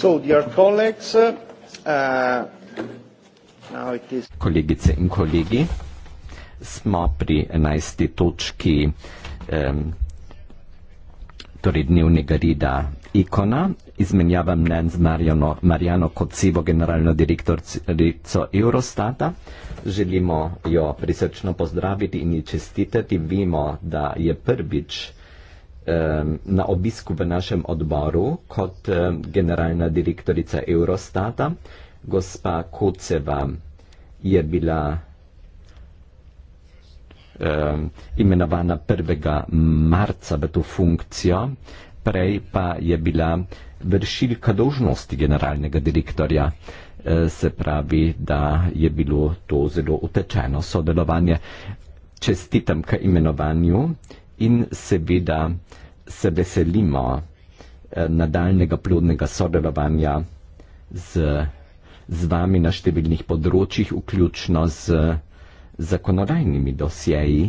Dear colleagues, uh, now it is. Kolegice in kolegi, smo pri 11. točki torej dnevnega reda ikona. Izmenjava mnen z Marjano, Marjano Kocivo, generalno direktorico Eurostata. Želimo jo prisrčno pozdraviti in ji čestitati. Vemo, da je prvič na obisku v našem odboru kot generalna direktorica Eurostata. Gospa Koceva je bila imenovana 1. marca v to funkcijo, prej pa je bila vršilka dožnosti generalnega direktorja. E, se pravi, da je bilo to zelo utečeno sodelovanje. Čestitam k imenovanju in seveda se veselimo eh, nadaljnega plodnega sodelovanja z, z vami na številnih področjih, vključno z zakonodajnimi dosjeji,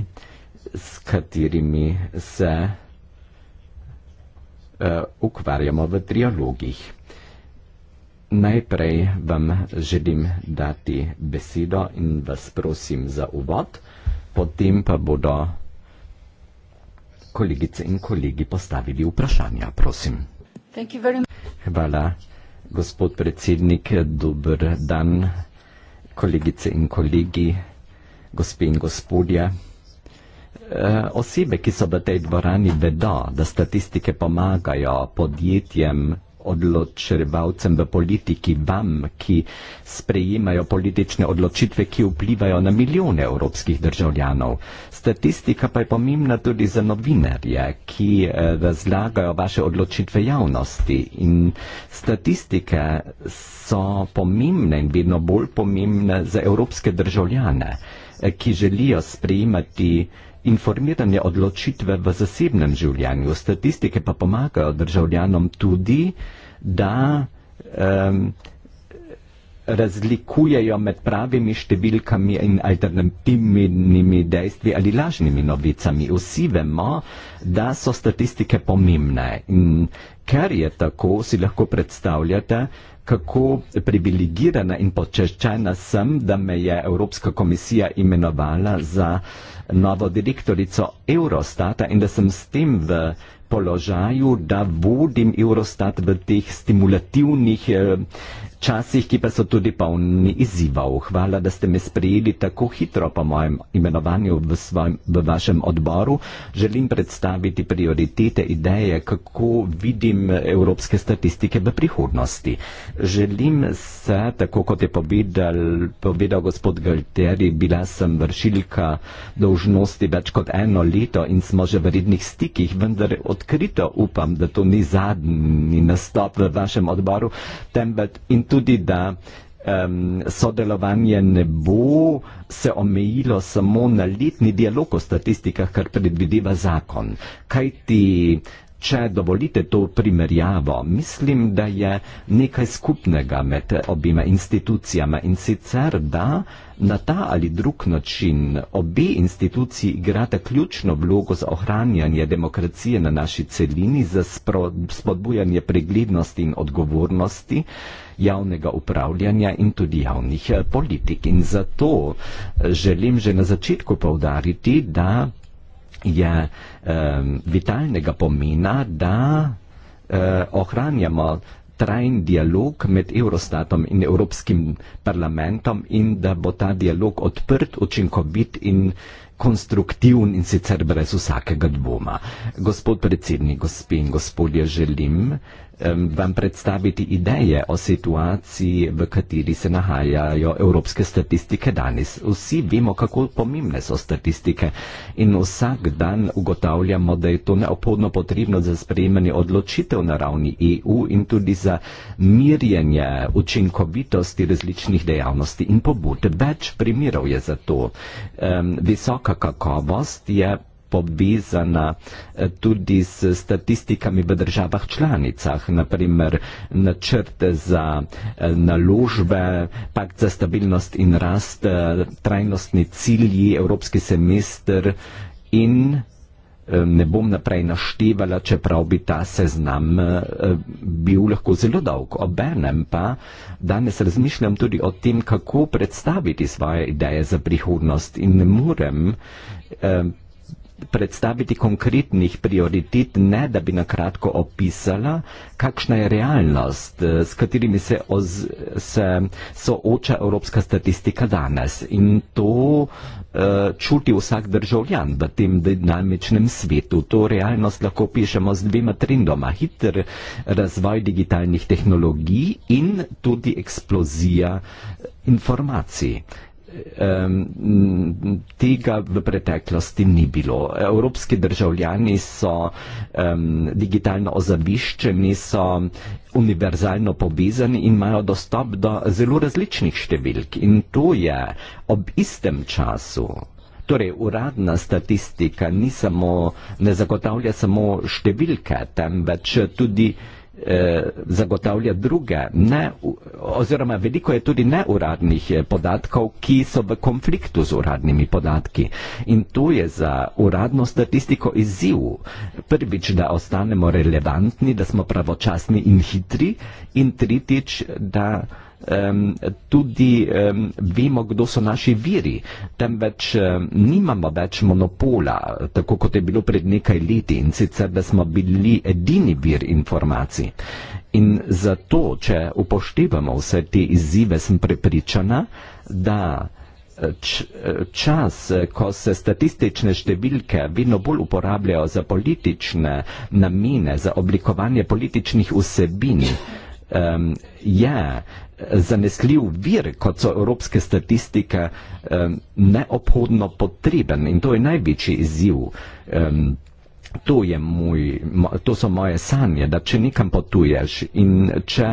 s katerimi se uh, ukvarjamo v trialogih. Najprej vam želim dati besedo in vas prosim za uvod, potem pa bodo kolegice in kolegi postavili vprašanja, prosim. Hvala, gospod predsednik, dober dan, kolegice in kolegi, gospe in gospodje. Eh, osebe, ki so v tej dvorani, vedo, da statistike pomagajo podjetjem odločevalcem v politiki, vam, ki sprejemajo politične odločitve, ki vplivajo na milijone evropskih državljanov. Statistika pa je pomembna tudi za novinarje, ki eh, razlagajo vaše odločitve javnosti. In statistike so pomembne in vedno bolj pomembne za evropske državljane, eh, ki želijo sprejemati informiranje odločitve v zasebnem življenju. Statistike pa pomagajo državljanom tudi, da um, razlikujejo med pravimi številkami in alternativnimi dejstvi ali lažnimi novicami. Vsi vemo, da so statistike pomembne in ker je tako, si lahko predstavljate, kako privilegirana in počeščena sem, da me je Evropska komisija imenovala za novo direktorico Eurostata in da sem s tem v položaju, da vodim Eurostat v teh stimulativnih eh, Včasih, ki pa so tudi polni izzivov. Hvala, da ste me sprejeli tako hitro po mojem imenovanju v, svojim, v vašem odboru. Želim predstaviti prioritete, ideje, kako vidim evropske statistike v prihodnosti. Želim se, tako kot je povedal, povedal gospod Galteri, bila sem vršilka dolžnosti več kot eno leto in smo že v rednih stikih, vendar odkrito upam, da to ni zadnji nastop v vašem odboru, temveč in to tudi, da um, sodelovanje ne bo se omejilo samo na letni dialog o statistikah, kar predvideva zakon. Kaj ti, če dovolite to primerjavo, mislim, da je nekaj skupnega med obima institucijama in sicer, da na ta ali drug način obe instituciji igrata ključno vlogo za ohranjanje demokracije na naši celini, za spodbujanje preglednosti in odgovornosti. Um, javnega upravljanja in tudi javnih eh, politik. In zato eh, želim že na začetku povdariti, da je eh, vitalnega pomena, da eh, ohranjamo trajen dialog med Eurostatom in Evropskim parlamentom in da bo ta dialog odprt, učinkovit in konstruktivn in sicer brez vsakega dvoma. Gospod predsednik, gospe in gospodje, želim vam predstaviti ideje o situaciji, v kateri se nahajajo evropske statistike danes. Vsi vemo, kako pomembne so statistike in vsak dan ugotavljamo, da je to neopodno potrebno za sprejemanje odločitev na ravni EU in tudi za mirjenje učinkovitosti različnih dejavnosti in pobud. Več primerov je za to. Visoka kakovost je povezana eh, tudi s statistikami v državah članicah, naprimer načrt za eh, naložbe, pakt za stabilnost in rast, eh, trajnostni cilji, evropski semester in ne bom naprej naštevala, čeprav bi ta seznam bil lahko zelo dolg. Obenem pa danes razmišljam tudi o tem, kako predstaviti svoje ideje za prihodnost in ne morem predstaviti konkretnih prioritet, ne da bi na kratko opisala, kakšna je realnost, eh, s katerimi se, oz, se sooča evropska statistika danes. In to uh, čuti vsak državljan v tem dinamičnem svetu. To realnost lahko opišemo z dvema trendoma. Hiter razvoj digitalnih tehnologij in tudi eksplozija informacij um, tega v preteklosti ni bilo. Evropski državljani so um, digitalno ozaviščeni, so univerzalno povezani in imajo dostop do zelo različnih številk. In to je ob istem času. Torej, uradna statistika ni samo, ne zagotavlja samo številke, temveč tudi Eh, zagotavlja druge, ne, oziroma veliko je tudi neuradnih eh, podatkov, ki so v konfliktu z uradnimi podatki. In tu je za uradno statistiko izziv. Prvič, da ostanemo relevantni, da smo pravočasni in hitri, in tretjič, da um, tudi um, vemo, kdo so naši viri, temveč um, nimamo več monopola, tako kot je bilo pred nekaj leti in sicer, da smo bili edini vir informacij. In zato, če upoštevamo vse te izzive, sem prepričana, da e, e, čas, ko se statistične številke vedno bolj uporabljajo za politične namene, za oblikovanje političnih vsebin, je zanesljiv vir, kot so evropske statistike, neobhodno potreben in to je največji izziv. To, je moj, to so moje sanje, da če nekam potuješ in če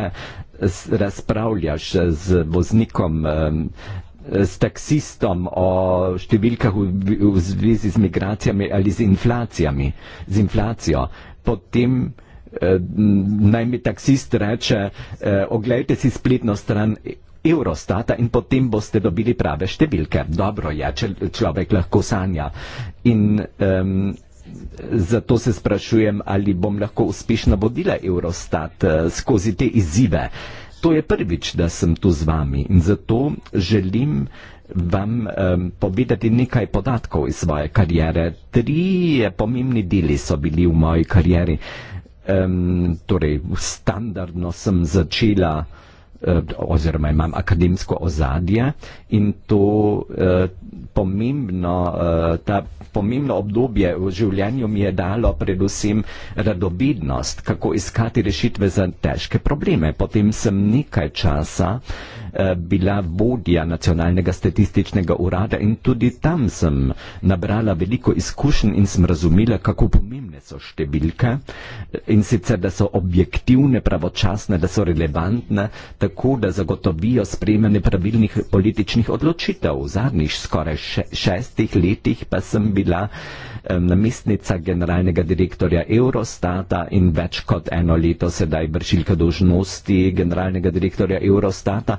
razpravljaš z voznikom, s taksistom o številkah v, v zvezi z migracijami ali z inflacijami, z inflacijo, potem Eh, naj mi taksist reče, eh, oglejte si spletno stran. Eurostata in potem boste dobili prave številke. Dobro je, če človek lahko sanja. In um, zato se sprašujem, ali bom lahko uspešno vodila Eurostat uh, skozi te izzive. To je prvič, da sem tu z vami in zato želim vam um, povedati nekaj podatkov iz svoje karijere. Tri pomembni deli so bili v moji karijeri. Uh, um, torej standardno sem začela eh, oziroma imam akademsko ozadje in to eh, pomembno, eh, ta pomembno obdobje v življenju mi je dalo predvsem radovednost, kako iskati rešitve za težke probleme. Potem sem nekaj časa eh, Eh, bila vodja nacionalnega statističnega urada in tudi tam sem nabrala veliko izkušenj in sem razumela, kako pomembne so številke eh, in sicer, da so objektivne, pravočasne, da so relevantne, tako da zagotovijo sprejemanje pravilnih političnih odločitev. V zadnjih skoraj šestih letih pa sem bila namestnica generalnega direktorja Eurostata in več kot eno leto sedaj vršilka dožnosti generalnega direktorja Eurostata.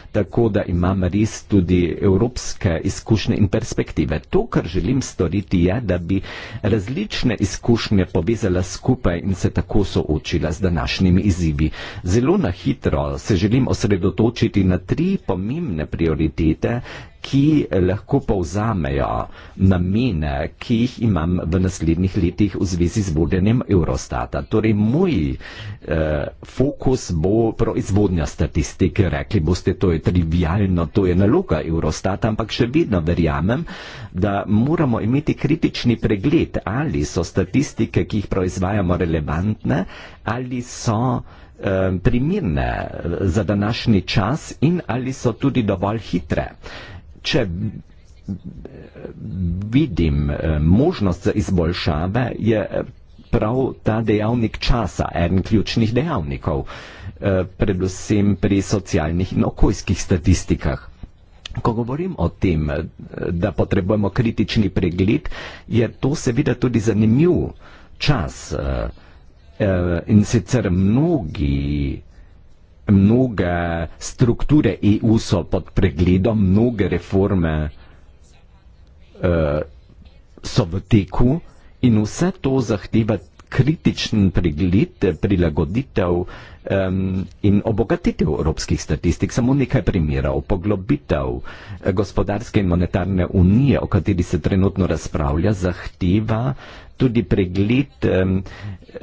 tako da imam res tudi evropske izkušnje in perspektive. To, kar želim storiti, je, da bi različne izkušnje povezala skupaj in se tako soočila z današnjimi izzivi. Zelo na hitro se želim osredotočiti na tri pomembne prioritete ki lahko povzamejo namene, ki jih imam v naslednjih letih v zvezi z vodenjem Eurostata. Torej, moj eh, fokus bo proizvodnja statistike, rekli boste, to je trivialno, to je naloga Eurostata, ampak še vedno verjamem, da moramo imeti kritični pregled, ali so statistike, ki jih proizvajamo, relevantne, ali so eh, primirne eh, za današnji čas in ali so tudi dovolj hitre. Če eh, vidim možnost za izboljšave, je prav ta dejavnik časa eden ključnih dejavnikov, eh, predvsem pri socialnih in okoljskih statistikah. Ko govorim o tem, eh, da potrebujemo kritični pregled, je to seveda tudi zanimiv čas. Eh, in sicer mnogi, mnoge strukture EU so pod pregledom, mnoge reforme so v teku, in vse to zahteva kritičen pregled, prilagoditev um, in obogatitev evropskih statistik. Samo nekaj primerov. Poglobitev eh, gospodarske in monetarne unije, o kateri se trenutno razpravlja, zahteva tudi pregled um,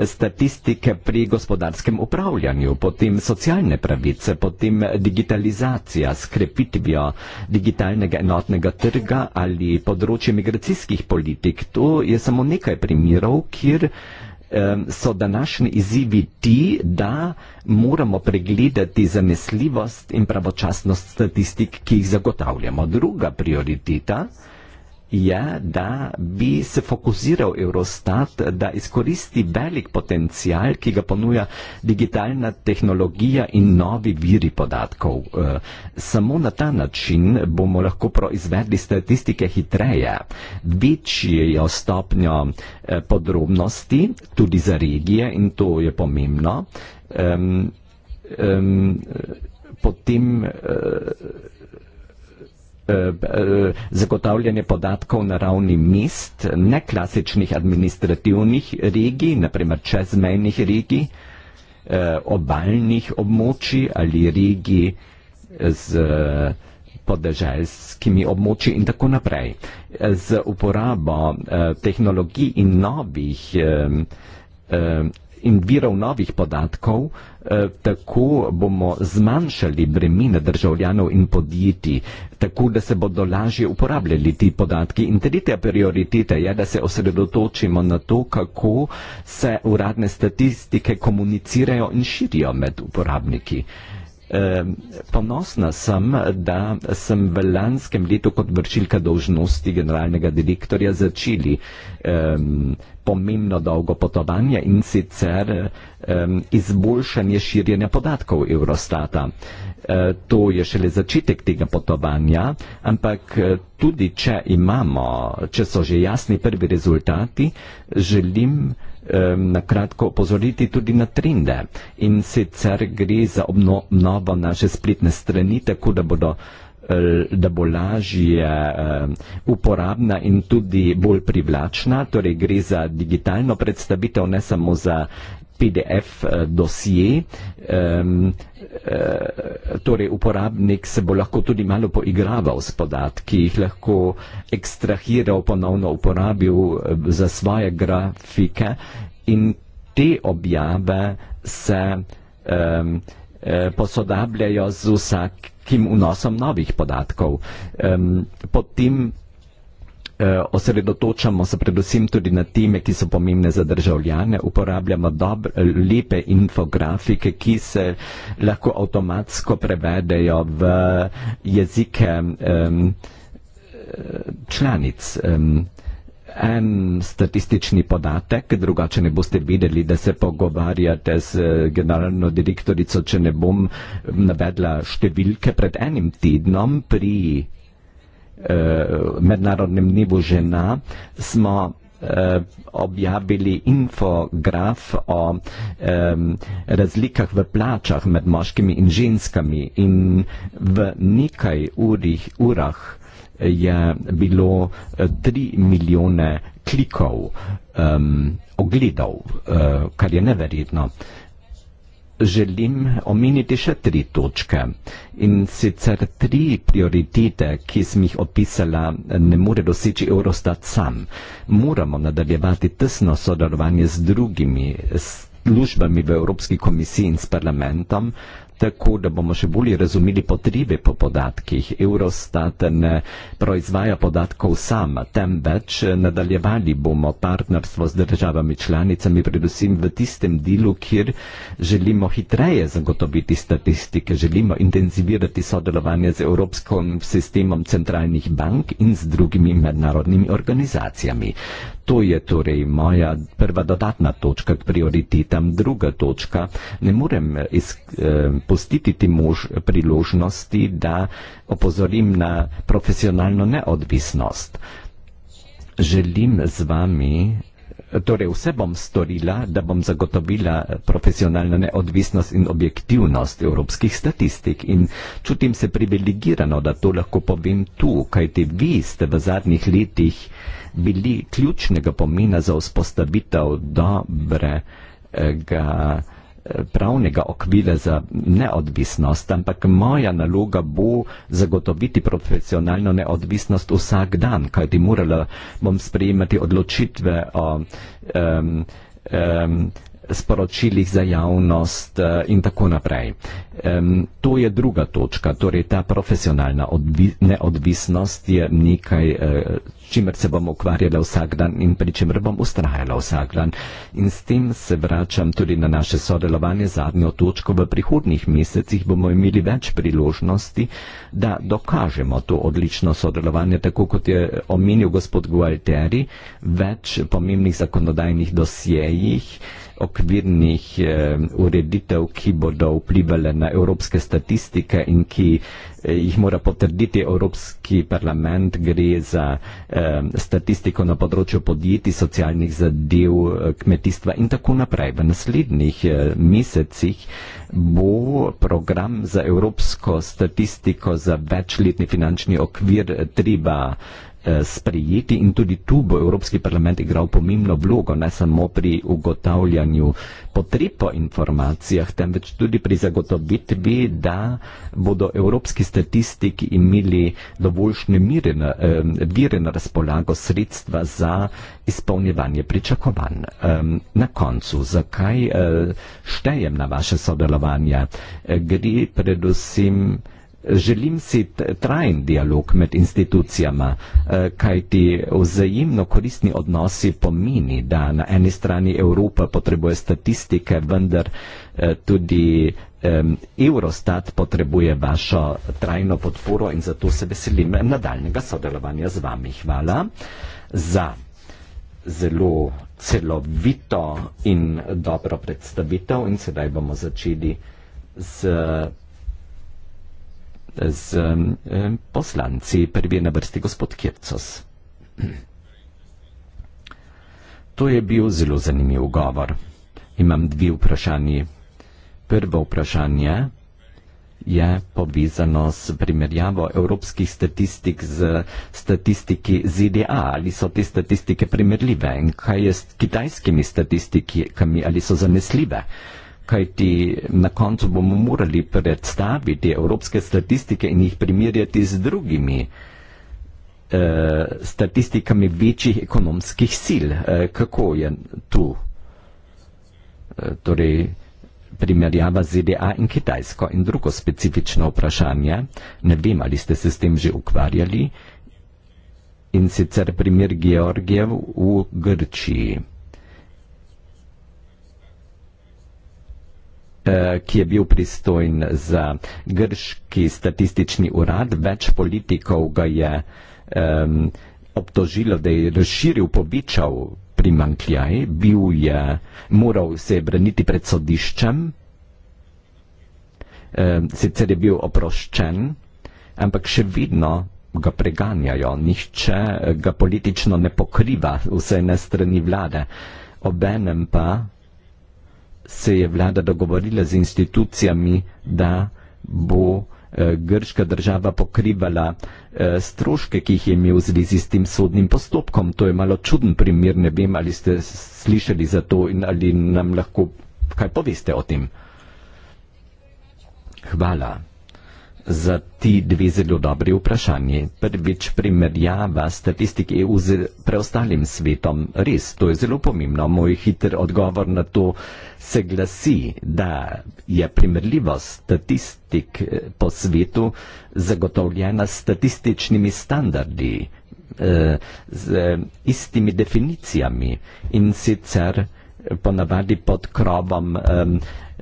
statistike pri gospodarskem upravljanju, potem socialne pravice, potem digitalizacija s krepitvijo digitalnega enotnega trga ali področje migracijskih politik. To je samo nekaj primerov, kjer so današnji izzivi ti, da moramo pregledati zanesljivost in pravočasnost statistik, ki jih zagotavljamo. Druga prioriteta je, ja, da bi se fokusiral Eurostat, da izkoristi velik potencial, ki ga ponuja digitalna tehnologija in novi viri podatkov. Eh, samo na ta način bomo lahko proizvedli statistike hitreje, večjo stopnjo eh, podrobnosti, tudi za regije in to je pomembno. Um, um, potem uh, Eh, zagotavljanje podatkov na ravni mest, ne klasičnih administrativnih regij, naprimer čezmejnih regij, eh, obaljnih območij ali regij z podeželskimi območji in tako naprej. Z uporabo eh, tehnologij in novih in virov novih podatkov, eh, tako bomo zmanjšali bremine državljanov in podjetij, tako da se bodo lažje uporabljali ti podatki. In tretja prioriteta je, da se osredotočimo na to, kako se uradne statistike komunicirajo in širijo med uporabniki ponosna sem, da sem v lanskem letu kot vršilka dolžnosti generalnega direktorja začeli um, pomembno dolgo potovanje in sicer um, izboljšanje širjenja podatkov Eurostata. E, to je šele začetek tega potovanja, ampak e, tudi če imamo, če so že jasni prvi rezultati, želim um, na kratko opozoriti tudi na trende. In sicer gre za obnovo naše spletne strani, tako da bodo eh, da bo lažje uporabna in tudi bolj privlačna. Torej gre za digitalno predstavitev, ne samo za PDF eh, dosje. Um, torej uporabnik se bo lahko tudi malo poigraval s podatki, jih lahko ekstrahiral, ponovno uporabil eh, za svoje grafike in te objave se um, posodabljajo z vsakim vnosom novih podatkov. Um, potem Eh, osredotočamo se predvsem tudi na teme, ki so pomembne za državljane, uporabljamo dobre, lepe infografike, ki se lahko avtomatsko prevedejo v jezike um, članic. Um, en statistični podatek, drugače ne boste videli, da se pogovarjate z generalno direktorico, če ne bom navedla številke pred enim tednom pri Eh, mednarodnem dnevu žena, smo eh, objavili infograf o um, razlikah v plačah med moškimi in ženskami in v nekaj urih, urah je bilo 3 eh, milijone klikov um, ogledov, uh, kar je neverjetno. Uh, želim omeniti še tri točke. In sicer tri prioritete, ki sem jih opisala, ne more doseči Eurostat sam. Moramo nadaljevati tesno sodelovanje z drugimi službami v Evropski komisiji in s parlamentom, tako da bomo še bolje razumeli potrebe po podatkih. Eurostat ne proizvaja podatkov sam, temveč eh, nadaljevali bomo partnerstvo z državami članicami, predvsem v tistem delu, kjer želimo hitreje zagotoviti statistike, želimo intenzivirati sodelovanje z Evropskim sistemom centralnih bank in z drugimi mednarodnimi organizacijami. To je torej moja prva dodatna točka k prioritetam. Druga točka, ne morem iz, eh, pustiti ti muž priložnosti, da opozorim na profesionalno neodvisnost. Želim z vami, torej vse bom storila, da bom zagotovila profesionalno neodvisnost in objektivnost evropskih statistik in čutim se privilegirano, da to lahko povem tu, kajti vi ste v zadnjih letih bili ključnega pomena za vzpostavitev dobrega. Eh, pravnega okvira za neodvisnost, ampak moja naloga bo zagotoviti profesionalno neodvisnost vsak dan, kajti morala bom sprejemati odločitve o um, um, sporočilih za javnost eh, in tako naprej. To je druga točka, torej ta profesionalna neodvisnost je nekaj, eh, s čimer se bom ukvarjala vsak dan in pri čemer bom ustrajala vsak dan. In s tem se vračam tudi na naše sodelovanje zadnjo točko. V prihodnjih mesecih bomo imeli več priložnosti, da dokažemo to odlično sodelovanje, tako kot je omenil gospod Gualteri, več pomembnih zakonodajnih dosjejih okvirnih eh, ureditev, ki bodo vplivali na evropske statistike in ki eh, jih mora potrditi Evropski parlament, gre za eh, statistiko na področju podjetij, socialnih zadev, kmetijstva in tako naprej. V naslednjih mesecih bo program za evropsko statistiko za večletni finančni okvir treba Eh, sprejeti in tudi tu bo Evropski parlament igral pomembno vlogo, ne samo pri ugotavljanju potreb po informacijah, temveč tudi pri zagotovitvi, da bodo evropski statistiki imeli dovoljšne eh, vire na razpolago sredstva za izpolnjevanje pričakovanj. Ehm, na koncu, zakaj eh, štejem na vaše sodelovanje? Gre predvsem Želim si trajen dialog med institucijama, eh, kaj ti vzajemno koristni odnosi pomeni, da na eni strani Evropa potrebuje statistike, vendar eh, tudi Eurostat potrebuje vašo trajno podporo in zato se veselim nadaljnega sodelovanja z vami. Hvala za zelo celovito in dobro predstavitev in sedaj bomo začeli z z poslanci. Prvi je na vrsti gospod Kircos. To je bil zelo zanimiv govor. Imam dve vprašanji. Prvo vprašanje je povezano s primerjavo evropskih statistik z statistiki ZDA. Ali so te statistike primerljive in kaj je s kitajskimi statistikami, ali so zanesljive? Uh, kajti na koncu bomo morali predstaviti evropske statistike in jih primerjati z drugimi eh, statistikami večjih ekonomskih sil. Eh, kako je tu eh, torej, primerjava ZDA in Kitajsko? In drugo specifično vprašanje, ne vem, ali ste se s tem že ukvarjali, in sicer primer Georgijev v Grčiji. Eh, ki je bil pristojen za grški statistični urad, več politikov ga je um, obtožilo, da je razširil pobičav primankljaj, bil je, moral se je braniti pred sodiščem, um, sicer je bil oproščen, ampak še vidno ga preganjajo, nihče eh, ga politično ne pokriva, vsaj ne strani vlade. Obenem pa se je vlada dogovorila z institucijami, da bo eh, grška država pokrivala eh, stroške, ki jih je imel v zvezi s tem sodnim postopkom. To je malo čuden primer, ne vem, ali ste slišali za to in ali nam lahko kaj poveste o tem. Hvala za ti dve zelo dobri vprašanji. Prvič primerjava statistik EU z preostalim svetom. Res, to je zelo pomembno. Moj hiter odgovor na to se glasi, da je primerljivost statistik eh, po svetu zagotovljena s statističnimi standardi, eh, z istimi definicijami in sicer eh, ponavadi pod krovom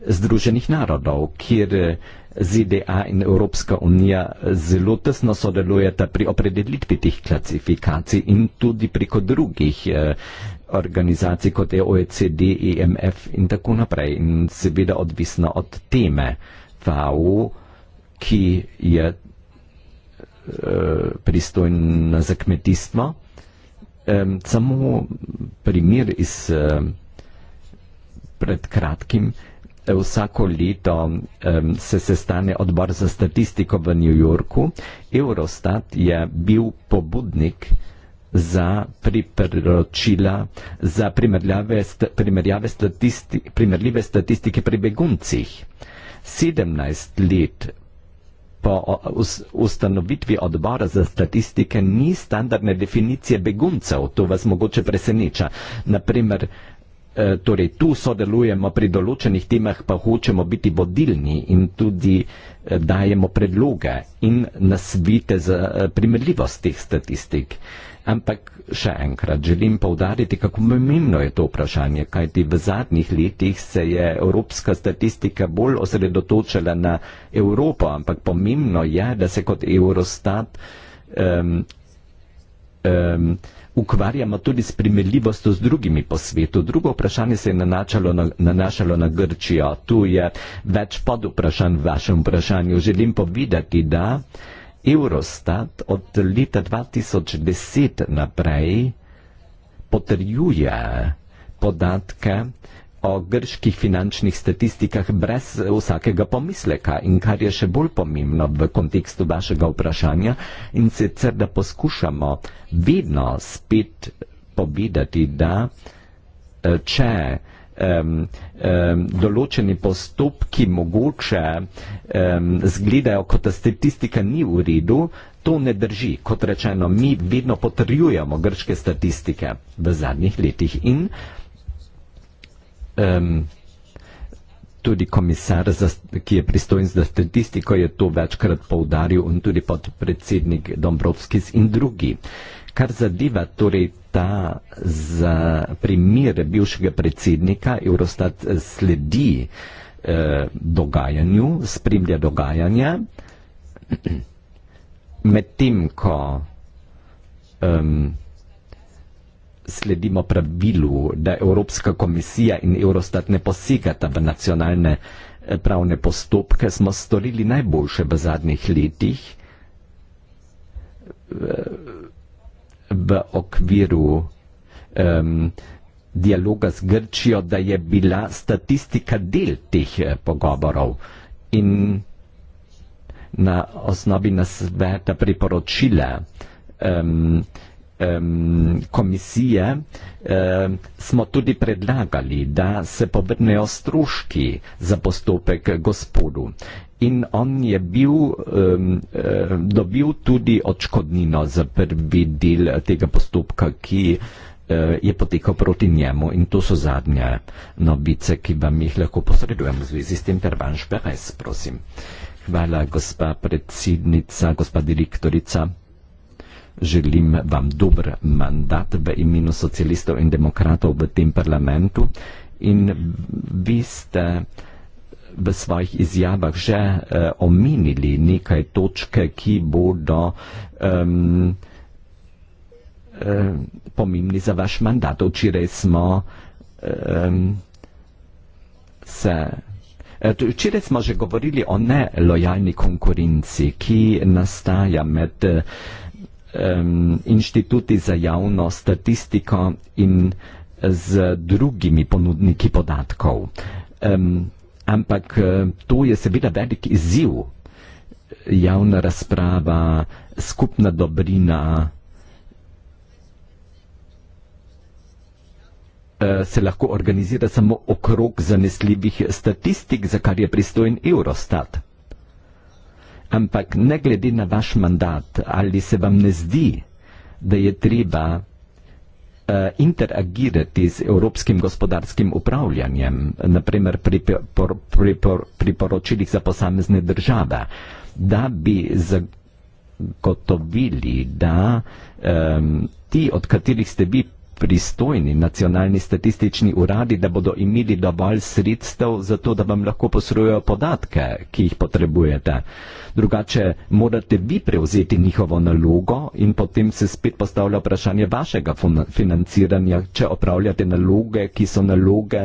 Združenih narodov, kjer ZDA in Evropska unija zelo tesno sodelujeta pri opredelitvi teh klasifikacij in tudi preko drugih eh, organizacij kot je OECD, IMF e in tako naprej. In seveda odvisno od teme VAU, ki je eh, pristojna za kmetijstvo. Samo primer iz eh, pred kratkim vsako leto um, se sestane odbor za statistiko v New Yorku. Eurostat je bil pobudnik za priporočila, za primerljave, sta, primerljave statisti, primerljive statistike pri beguncih. 17 let po ustanovitvi odbora za statistike ni standardne definicije beguncev, to vas mogoče preseneča. Naprimer, Eh, torej tu sodelujemo pri določenih temah, pa hočemo biti vodilni in tudi eh, dajemo predloge in nasvite za eh, primerljivost teh statistik. Ampak še enkrat želim povdariti, kako pomembno je to vprašanje, kajti v zadnjih letih se je evropska statistika bolj osredotočila na Evropo, ampak pomembno je, da se kot Eurostat um, um, ukvarjamo tudi s primerljivostjo z drugimi po svetu. Drugo vprašanje se je nanašalo na, nanašalo na Grčijo. Tu je več podvprašanj v vašem vprašanju. Želim povedati, da Eurostat od leta 2010 naprej potrjuje podatke o grških finančnih statistikah brez vsakega pomisleka in kar je še bolj pomembno v kontekstu vašega vprašanja in sicer, da poskušamo vedno spet povedati, da eh, če um, um, določeni postopki mogoče um, zgledajo, kot da statistika ni v redu, To ne drži. Kot rečeno, mi vedno potrjujemo grške statistike v zadnjih letih in um, tudi komisar, za, ki je pristojen za statistiko, je to večkrat poudaril in tudi podpredsednik Dombrovskis in drugi. Kar zadeva torej ta za primir bivšega predsednika, Eurostat sledi eh, dogajanju, spremlja dogajanja, medtem ko um, sledimo pravilu, da Evropska komisija in Eurostat ne posegata v nacionalne eh, pravne postopke, smo storili najboljše v zadnjih letih eh, v okviru um, dialoga z Grčijo, da je bila statistika del teh eh, pogovorov in na osnovi nasveta priporočila. Um, komisije smo tudi predlagali, da se povrnejo stroški za postopek gospodu. In on je bil, dobil tudi odškodnino za prvi del tega postopka, ki e, je potekal proti njemu. In to so zadnje novice, ki vam jih lahko posredujem v zvezi s tem, ter vanš beres, prosim. Hvala, gospa predsednica, gospa direktorica. Želim vam dober mandat v imenu socialistov in demokratov v tem parlamentu in vi ste v svojih izjavah že eh, omenili nekaj točke, ki bodo um, eh, pomembni za vaš mandat. Včeraj smo um, se eh, Včeraj smo že govorili o nelojalni konkurenci, ki nastaja med eh, um, inštituti za javno statistiko in z drugimi ponudniki podatkov. Um, ampak e, to je seveda velik izziv. Javna razprava, skupna dobrina e, se lahko organizira samo okrog zanesljivih statistik, za kar je pristojen Eurostat ampak ne glede na vaš mandat, ali se vam ne zdi, da je treba uh, interagirati z evropskim gospodarskim upravljanjem, naprimer pri por, pripor, priporočilih za posamezne države, da bi zagotovili, da um, ti, od katerih ste vi pristojni nacionalni statistični uradi, da bodo imeli dovolj sredstev za to, da vam lahko posrujajo podatke, ki jih potrebujete. Drugače, morate vi prevzeti njihovo nalogo in potem se spet postavlja vprašanje vašega financiranja, če opravljate naloge, ki so naloge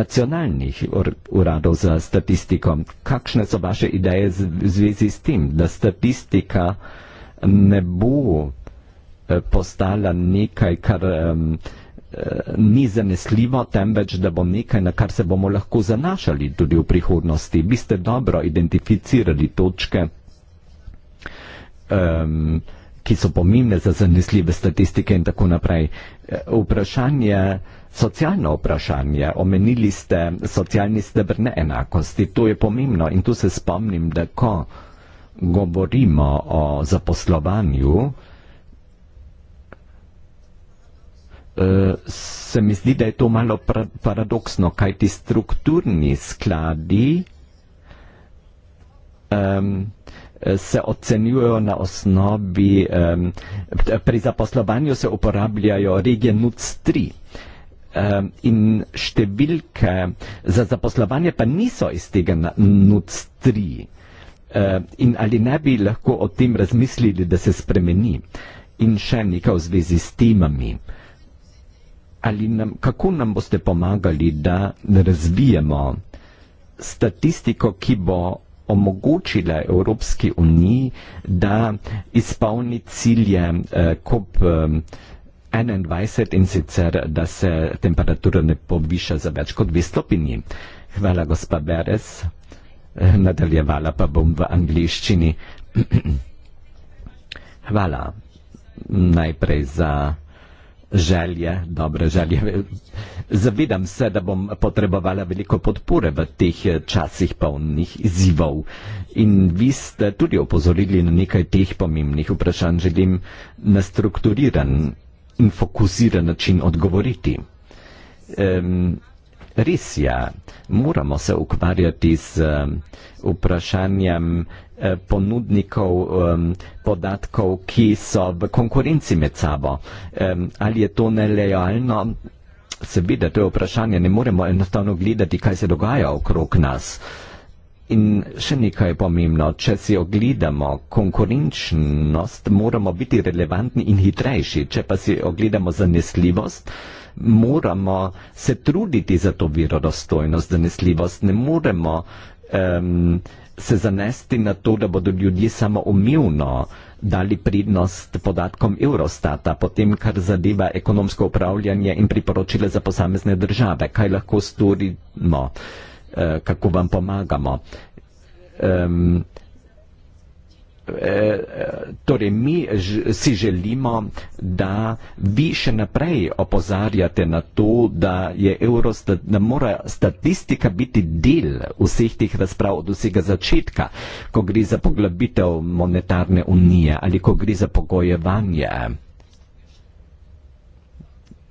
nacionalnih uradov za statistiko. Kakšne so vaše ideje v zvezi s tem, da statistika ne bo Eh, postala nekaj, kar um, ni zanesljivo, temveč da bo nekaj, na kar se bomo lahko zanašali tudi v prihodnosti. Vi ste dobro identificirali točke, um, ki so pomembne za zanesljive statistike in tako naprej. Eh, vprašanje, socialno vprašanje, omenili ste socialni stebr neenakosti, to je pomembno in tu se spomnim, da ko govorimo o zaposlovanju, se mi zdi, da je to malo paradoksno, kaj ti strukturni skladi um, se ocenjujejo na osnovi, um, pri zaposlovanju se uporabljajo regije NUC3 um, in številke za zaposlovanje pa niso iz tega NUC3 um, in ali ne bi lahko o tem razmislili, da se spremeni in še nekaj v zvezi s temami ali nam, kako nam boste pomagali, da razvijemo statistiko, ki bo omogočila Evropski uniji, da izpolni cilje eh, COP21 eh, in sicer, da se temperatura ne poviša za več kot dve stopinji. Hvala, gospa Beres. Eh, nadaljevala pa bom v angliščini. Hvala najprej za želje, dobre želje. Zavedam se, da bom potrebovala veliko podpore v teh eh, časih polnih izzivov. In vi ste tudi opozorili na nekaj teh pomembnih vprašanj, želim na strukturiran in fokusiran način odgovoriti. Um, res je, moramo se ukvarjati z um, vprašanjem, Eh, ponudnikov um, podatkov, ki so v konkurenci med sabo. Um, ali je to nelojalno? Seveda, to je vprašanje, ne moremo enostavno gledati, kaj se dogaja okrog nas. In še nekaj je pomembno, če si ogledamo konkurenčnost, moramo biti relevantni in hitrejši. Če pa si ogledamo zanesljivost, moramo se truditi za to verodostojnost, zanesljivost. Ne moremo um, se zanesti na to, da bodo ljudje samoumevno dali prednost podatkom Eurostata, potem kar zadeva ekonomsko upravljanje in priporočile za posamezne države, kaj lahko storimo, eh, kako vam pomagamo. Um, Eh, eh, torej mi si želimo, da vi še naprej opozarjate na to, da je Eurostat, da mora statistika biti del vseh tih razprav od vsega začetka, ko gre za poglobitev monetarne unije ali ko gre za pogojevanje.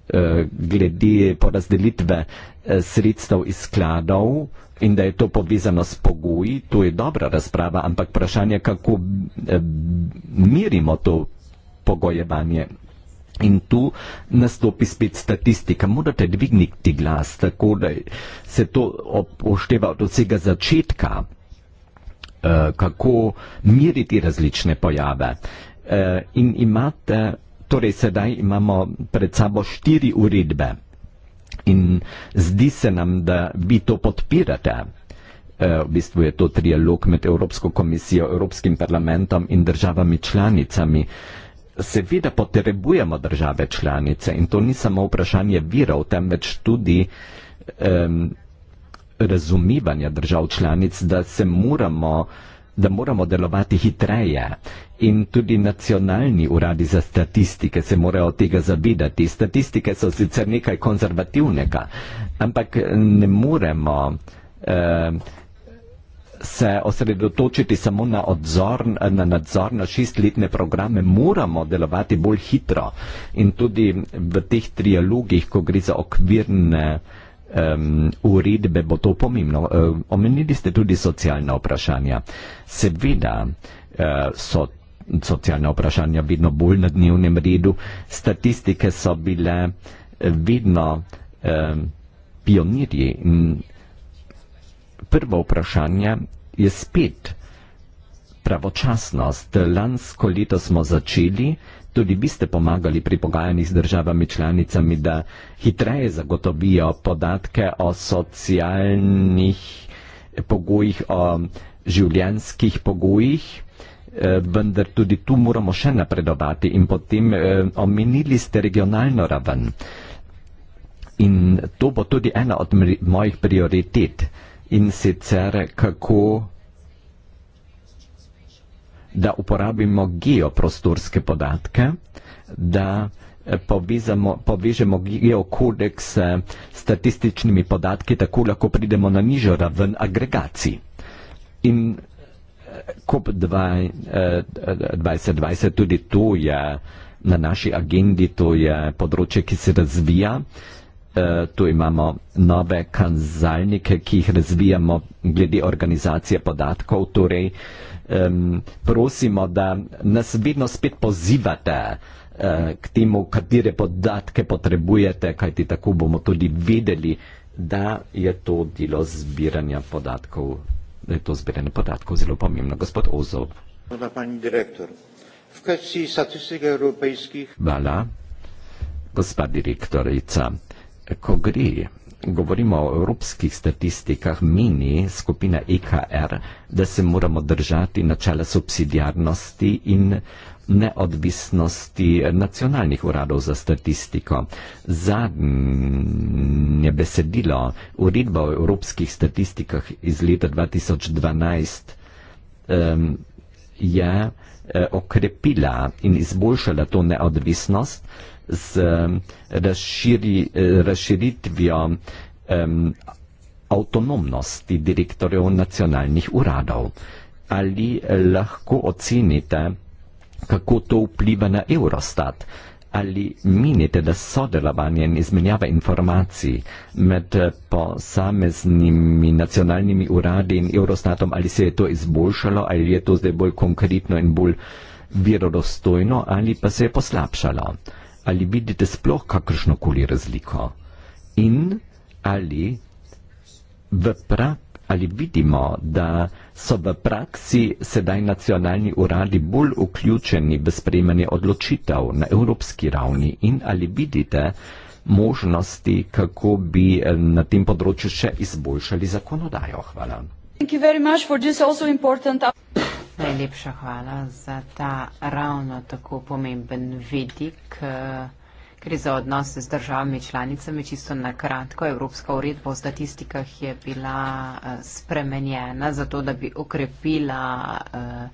Eh, glede porazdelitve eh, sredstev iz skladov in da je to povezano s pogoji, to je dobra razprava, ampak vprašanje, kako eh, merimo to pogojevanje. In tu nastopi spet statistika. Morate dvigniti glas, tako da se to upošteva od vsega začetka, kako meriti različne pojave. In imate torej sedaj imamo pred sabo štiri uredbe in zdi se nam, da vi to podpirate. E, v bistvu je to trialog med Evropsko komisijo, Evropskim parlamentom in državami članicami. Seveda potrebujemo države članice in to ni samo vprašanje virov, temveč tudi um, razumivanja držav članic, da se moramo uh, da moramo delovati hitreje. In tudi nacionalni uradi za statistike se morajo tega zavedati. Statistike so sicer nekaj konzervativnega, ampak ne moremo eh, se osredotočiti samo na, odzor, na nadzor na šestletne programe. Moramo delovati bolj hitro. In tudi v teh trialogih, ko gre za okvirne eh, um, uredbe bo to pomembno. Um, omenili ste tudi socialna vprašanja. Seveda uh, so socialna vprašanja vedno bolj na dnevnem redu. Statistike so bile eh, vedno um, pionirji. Prvo vprašanje je spet pravočasnost. Lansko leto smo začeli Tudi vi ste pomagali pri pogajanjih z državami članicami, da hitreje zagotovijo podatke o socialnih pogojih, o življenskih pogojih, eh, vendar tudi tu moramo še napredovati in potem eh, omenili ste regionalno raven. In to bo tudi ena od mojih prioritet in sicer kako da uporabimo geoprostorske podatke, da eh, Povizamo, povežemo geokodeks eh, s statističnimi podatki, tako lahko pridemo na nižjo raven agregacij. In eh, COP2020 tudi to je na naši agendi, to je področje, ki se razvija. Tu imamo nove kanzalnike, ki jih razvijamo glede organizacije podatkov. Torej, um, prosimo, da nas vedno spet pozivate uh, k temu, katere podatke potrebujete, kajti tako bomo tudi vedeli, da je to delo zbiranja podatkov, da je to zbiranje podatkov zelo pomembno. Gospod Ozov. Hvala, pani direktor. V kajci statistik evropejskih. Hvala, gospa direktorica. Ko gre govorimo o evropskih statistikah, meni skupina EKR, da se moramo držati načela subsidiarnosti in neodvisnosti nacionalnih uradov za statistiko. Zadnje besedilo uredba o evropskih statistikah iz leta 2012 um, je eh, okrepila in izboljšala to neodvisnost z razširi, eh, razširitvijo um, avtonomnosti direktorjev nacionalnih uradov. Ali eh, lahko ocenite, kako to vpliva na Eurostat? Ali menite, da sodelovanje in izmenjava informacij med eh, posameznimi nacionalnimi uradi in Eurostatom, ali se je to izboljšalo, ali je to zdaj bolj konkretno in bolj verodostojno, ali pa se je poslabšalo? ali vidite sploh kakršno koli razliko in ali, pra, ali vidimo, da so v praksi sedaj nacionalni uradi bolj vključeni v sprejemanje odločitev na evropski ravni in ali vidite možnosti, kako bi eh, na tem področju še izboljšali zakonodajo. Hvala. Thank you very much for this also important. Najlepša hvala za ta ravno tako pomemben vidik. Eh, gre za odnose z državami članicami, čisto na kratko. Evropska uredba o statistikah je bila eh, spremenjena zato, da bi okrepila eh,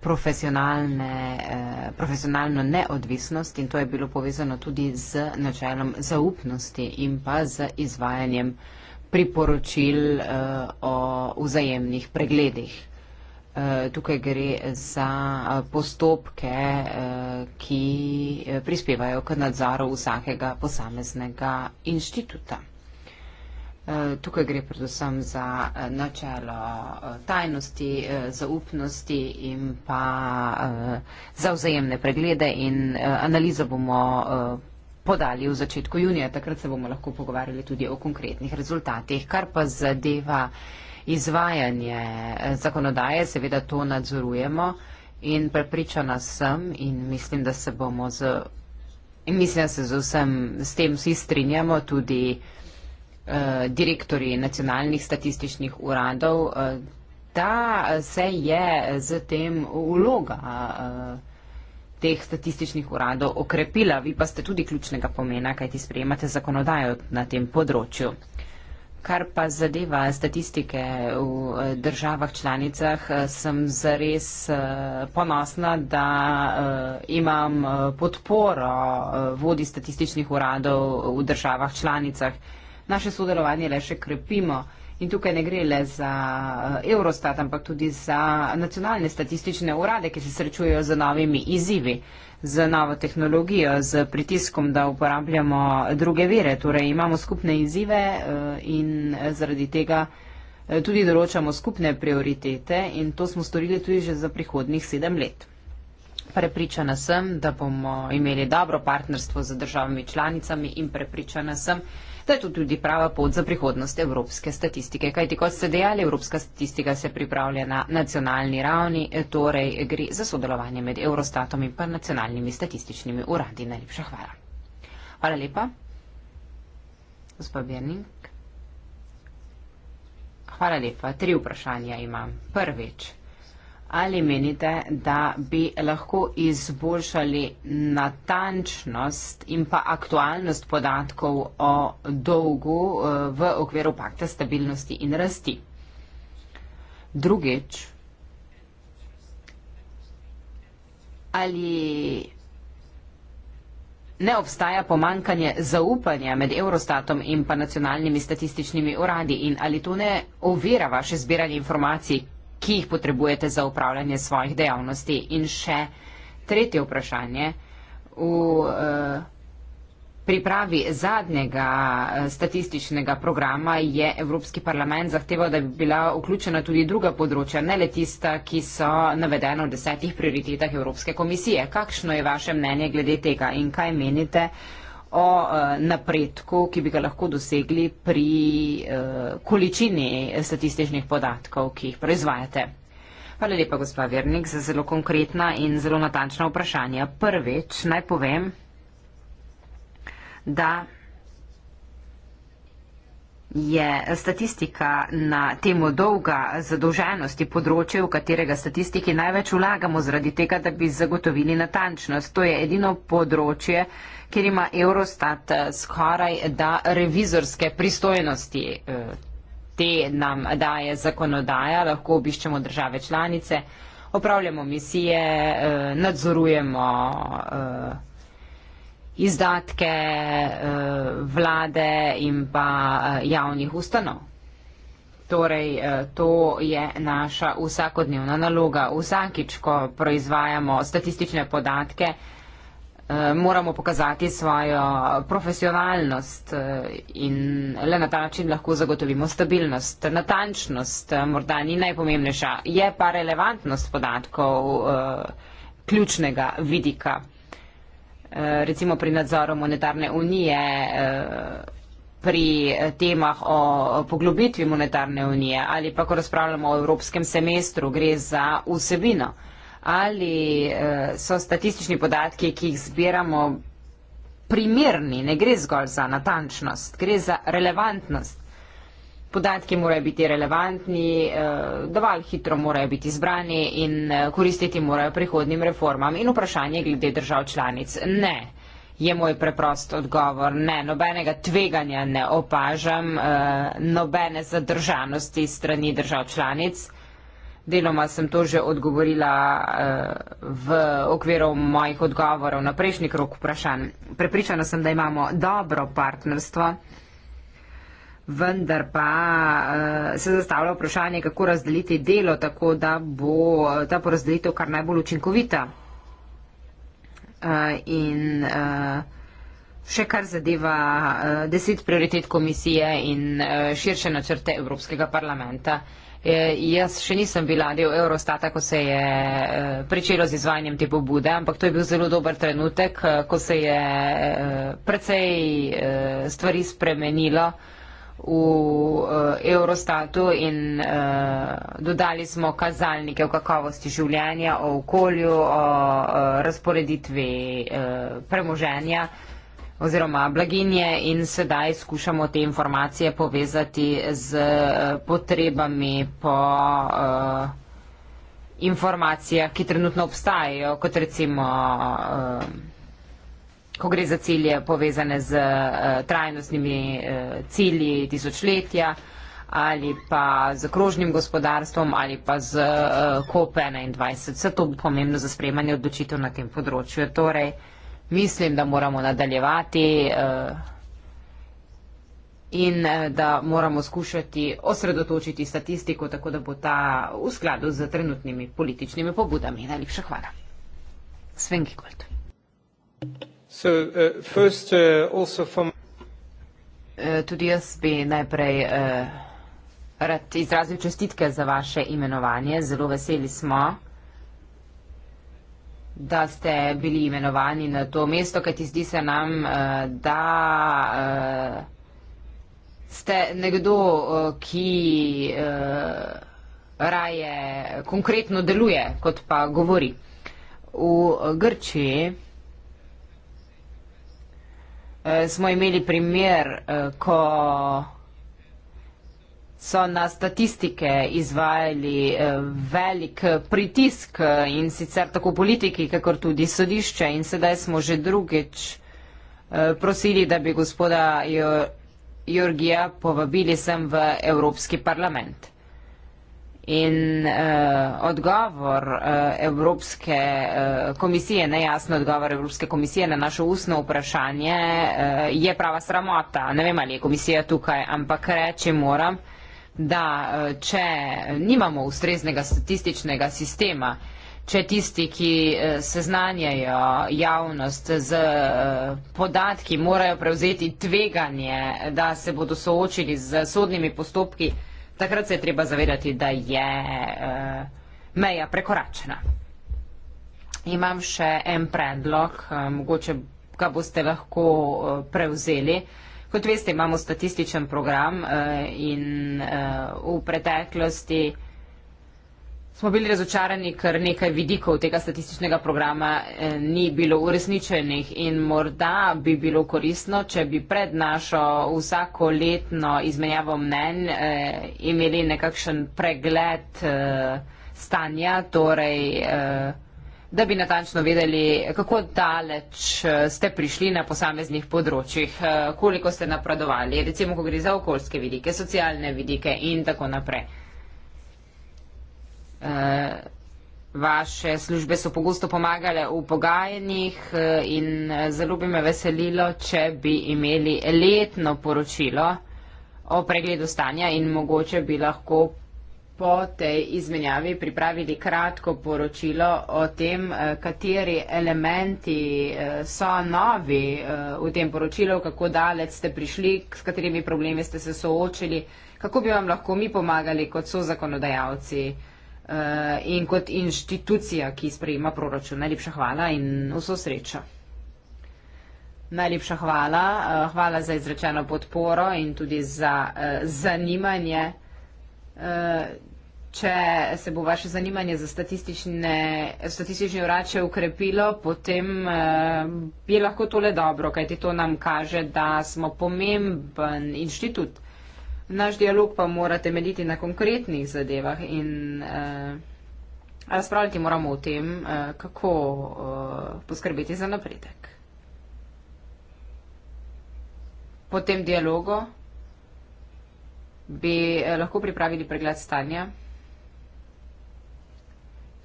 profesionalno neodvisnost in to je bilo povezano tudi z načelom zaupnosti in pa z izvajanjem priporočil o vzajemnih pregledih. Eh, tukaj gre za eh, postopke, eh, ki prispevajo k nadzoru vsakega posameznega inštituta. Tukaj gre predvsem za načelo tajnosti, zaupnosti in pa za vzajemne preglede in analizo bomo podali v začetku junija. Takrat se bomo lahko pogovarjali tudi o konkretnih rezultatih, kar pa zadeva izvajanje eh, zakonodaje, seveda to nadzorujemo in prepričana sem in mislim, da se bomo z, in mislim, da se z vsem s tem vsi strinjamo, tudi eh, direktori nacionalnih statističnih uradov, eh, da se je z tem uloga. Eh, teh statističnih uradov okrepila, vi pa ste tudi ključnega pomena, kaj ti sprejemate zakonodajo na tem področju kar pa zadeva statistike v eh, državah članicah, eh, sem zares eh, ponosna, da imam podporo vodi statističnih uradov v državah članicah. Naše sodelovanje le še krepimo. In tukaj ne gre le za eh, Eurostat, ampak tudi za nacionalne statistične urade, ki se srečujejo z novimi izzivi, z novo tehnologijo, z pritiskom, da uporabljamo druge vire. Torej imamo skupne izzive eh, in zaradi tega eh, tudi določamo skupne prioritete in to smo storili tudi že za prihodnih sedem let. Prepričana sem, da bomo imeli dobro partnerstvo z državami članicami in prepričana sem, da je to tudi prava pot za prihodnost evropske statistike. Kajti, kot ste dejali, evropska statistika se pripravlja na nacionalni ravni, e, torej gre za sodelovanje med Eurostatom in pa nacionalnimi statističnimi uradi. Najlepša hvala. Hvala lepa. Gospod Bernink. Hvala lepa. Tri vprašanja imam. Prvič. Ali menite, da bi lahko izboljšali natančnost in pa aktualnost podatkov o dolgu eh, v okviru pakta stabilnosti in rasti? Drugič, ali ne obstaja pomankanje zaupanja med Eurostatom in pa nacionalnimi statističnimi uradi in ali to ne ovira vaše zbiranje informacij, ki jih potrebujete za upravljanje svojih dejavnosti. In še tretje vprašanje. V uh, pripravi zadnjega eh, statističnega programa je Evropski parlament zahteval, da bi bila vključena tudi druga področja, ne le tista, ki so navedena v desetih prioritetah Evropske komisije. Kakšno je vaše mnenje glede tega in kaj menite? o uh, napredku, ki bi ga lahko dosegli pri uh, količini statističnih podatkov, ki jih proizvajate. Hvala lepa, gospa Vernik, za zelo konkretna in zelo natančna vprašanja. Prvič naj povem, da je statistika na temo dolga zadolženosti področje, v katerega statistiki največ vlagamo zaradi tega, da bi zagotovili natančnost. To je edino področje, uh, ker ima Eurostat eh, skoraj da revizorske pristojnosti. Eh, te nam daje zakonodaja, lahko obiščemo države članice, opravljamo misije, eh, nadzorujemo izdatke vlade in pa javnih ustanov. Torej, to je naša vsakodnevna naloga. Vsakič, ko proizvajamo statistične podatke, Eh, moramo pokazati svojo profesionalnost eh, in le na ta način lahko zagotovimo stabilnost. Natančnost eh, morda ni najpomembnejša, je pa relevantnost podatkov ključnega vidika. Recimo pri nadzoru monetarne unije, pri temah o poglobitvi monetarne unije ali pa ko razpravljamo o evropskem semestru, gre za vsebino ali eh, so statistični podatki, ki jih zbiramo, primerni, ne gre zgolj za natančnost, gre za relevantnost. Podatki morajo biti relevantni, eh, dovolj hitro morajo biti izbrani in eh, koristiti morajo prihodnim reformam in vprašanje glede držav članic. Ne, je moj preprost odgovor. Ne, nobenega tveganja ne opažam, nobene zadržanosti strani držav članic. Deloma sem to že odgovorila uh, v okviru mojih odgovorov na prejšnji krok vprašanj. Prepričana sem, da imamo dobro partnerstvo, vendar pa uh, se zastavlja vprašanje, kako razdeliti delo tako, da bo ta porazdelitev kar najbolj učinkovita. Uh, in uh, še kar zadeva uh, deset prioritet komisije in uh, širše načrte Evropskega parlamenta. Uh, E, jaz še nisem bila del Eurostata, ko se je e, pričelo z izvajanjem te pobude, ampak to je bil zelo dober trenutek, e, ko se je precej stvari spremenilo v Eurostatu in dodali smo kazalnike o kakovosti življenja, o okolju, o razporeditvi premoženja oziroma blaginje in sedaj skušamo te informacije povezati z eh, potrebami po eh, informacijah, ki trenutno obstajajo, kot recimo, eh, ko gre za cilje povezane z trajnostnimi cilji tisočletja ali pa z okrožnim gospodarstvom ali pa z COP21. Vse to bo pomembno za spremanje odločitev na tem področju. Torej, mislim, da moramo nadaljevati eh, in eh, da moramo skušati osredotočiti statistiko, tako da bo ta v skladu z trenutnimi političnimi pobudami. Najlepša hvala. Sven Gigold. So, uh, first, uh, from... Tudi jaz bi najprej uh, rad izrazil čestitke za vaše imenovanje. Zelo veseli smo da ste bili imenovani na to mesto, kajti zdi se nam, eh, da eh, ste nekdo, eh, ki raje konkretno deluje, kot pa govori. V Grčiji smo imeli primer, ko so na statistike izvajali eh, velik pritisk eh, in sicer tako politiki, kakor tudi sodišče in sedaj smo že drugič eh, prosili, da bi gospoda Jorgija povabili sem v Evropski parlament. In eh, odgovor eh, Evropske eh, komisije, nejasno odgovor Evropske komisije na naše ustno vprašanje eh, je prava sramota. Ne vem, ali je komisija tukaj, ampak reči moram, eh, da eh, če nimamo ustreznega statističnega sistema, če tisti, ki eh, seznanjajo javnost z eh, podatki, morajo prevzeti tveganje, da se bodo soočili z sodnimi postopki, takrat se je treba zavedati, da je meja prekoračena. Imam še en predlog, mogoče ga boste lahko prevzeli. Kot veste, imamo statističen program eh, in eh, v preteklosti smo bili razočarani, ker nekaj vidikov tega statističnega programa eh, ni bilo uresničenih in morda bi bilo koristno, če bi pred našo vsako letno izmenjavo mnen imeli nekakšen pregled stanja, torej vsega, da bi natančno vedeli, kako daleč eh, ste prišli na posameznih področjih, eh, koliko ste napredovali, recimo, ko gre za okoljske vidike, socialne vidike in tako naprej. Eh, vaše službe so pogosto pomagale v pogajanjih in zelo bi me veselilo, če bi imeli letno poročilo o pregledu stanja in mogoče bi lahko po tej izmenjavi pripravili kratko poročilo o tem, eh, kateri elementi eh, so novi eh, v tem poročilu, kako daleč ste prišli, s katerimi problemi ste se soočili, kako bi vam lahko mi pomagali kot so zakonodajalci in kot inštitucija, ki sprejema proračun. Najlepša hvala in vso srečo. Najlepša hvala. Hvala za izrečeno podporo in tudi za zanimanje. Eh, če se bo vaše zanimanje za statistične, statistični urad še ukrepilo, potem eh, je lahko tole dobro, kajti to nam kaže, da smo pomemben inštitut. Naš dialog pa mora temeljiti na konkretnih zadevah in eh, razpravljati moramo o tem, kako poskrbeti za napredek. Po tem dialogu bi eh, lahko pripravili pregled stanja.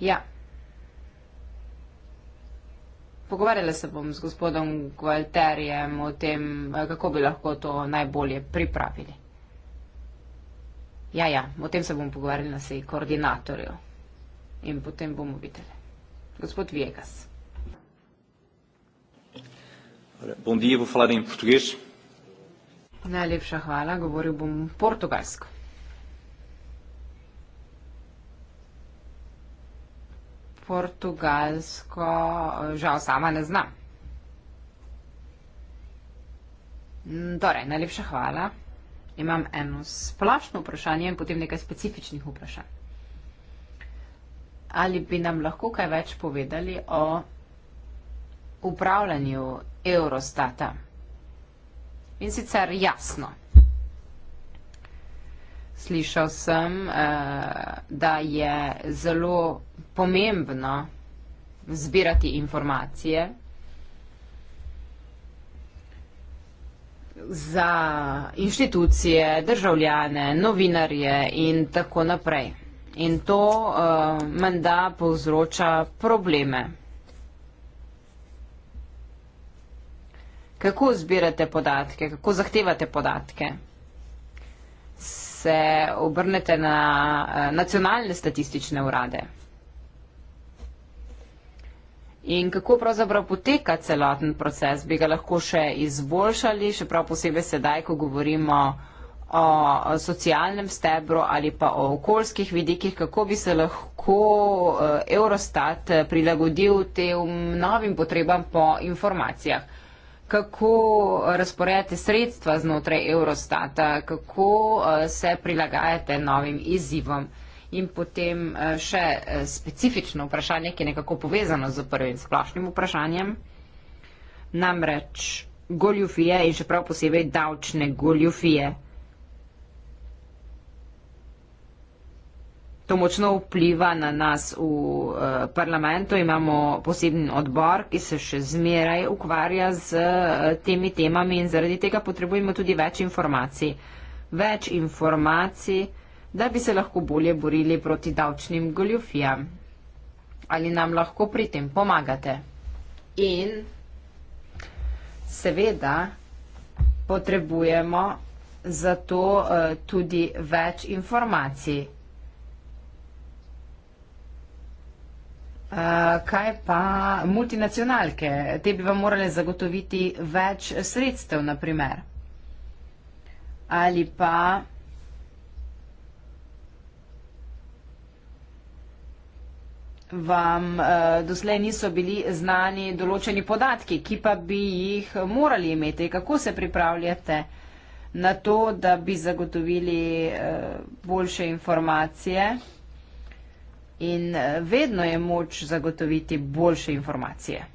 Ja. Pogovarjala se bom z gospodom Gualterjem o tem, eh, kako bi lahko to najbolje pripravili. Ja, ja, o tem se bom pogovarjala s koordinatorjem in potem bomo videli. Gospod Viegas. Bom dia, vou falar em português. Najlepša hvala, govoril bom portugalsko. Portugalsko žal sama ne znam. Mm, torej, najlepša hvala. Imam eno splošno vprašanje in potem nekaj specifičnih vprašanj. Ali bi nam lahko kaj več povedali o upravljanju Eurostata? In sicer jasno. Slišal sem, eh, da je zelo pomembno zbirati informacije za inštitucije, državljane, novinarje in tako naprej. In to eh, menda povzroča probleme. kako zbirate podatke, kako zahtevate podatke? Se obrnete na eh, nacionalne statistične urade? In kako pravzaprav poteka celoten proces? Bi ga lahko še izboljšali, še prav posebej sedaj, ko govorimo o socialnem stebru ali pa o okoljskih vidikih, kako bi se lahko eh, Eurostat prilagodil tem novim potrebam po informacijah? kako eh, razporejate sredstva znotraj Eurostata, kako eh, se prilagajate novim izzivom. In potem eh, še specifično vprašanje, ki je nekako povezano z prvim splošnim vprašanjem. Namreč goljufije in še prav posebej davčne goljufije. to močno vpliva na nas v eh, parlamentu. Imamo poseben odbor, ki se še zmeraj ukvarja z eh, temi temami in zaradi tega potrebujemo tudi več informacij. Več informacij, da bi se lahko bolje borili proti davčnim goljufijam. Ali nam lahko pri tem pomagate? In seveda potrebujemo zato eh, tudi več informacij. Eh, kaj pa multinacionalke? Te bi vam morale zagotoviti več sredstev, naprimer. Ali pa. vam uh, doslej niso bili znani določeni podatki, ki pa bi jih morali imeti. Kako se pripravljate na to, da bi zagotovili uh, boljše informacije? in eh, vedno je moč zagotoviti boljše informacije.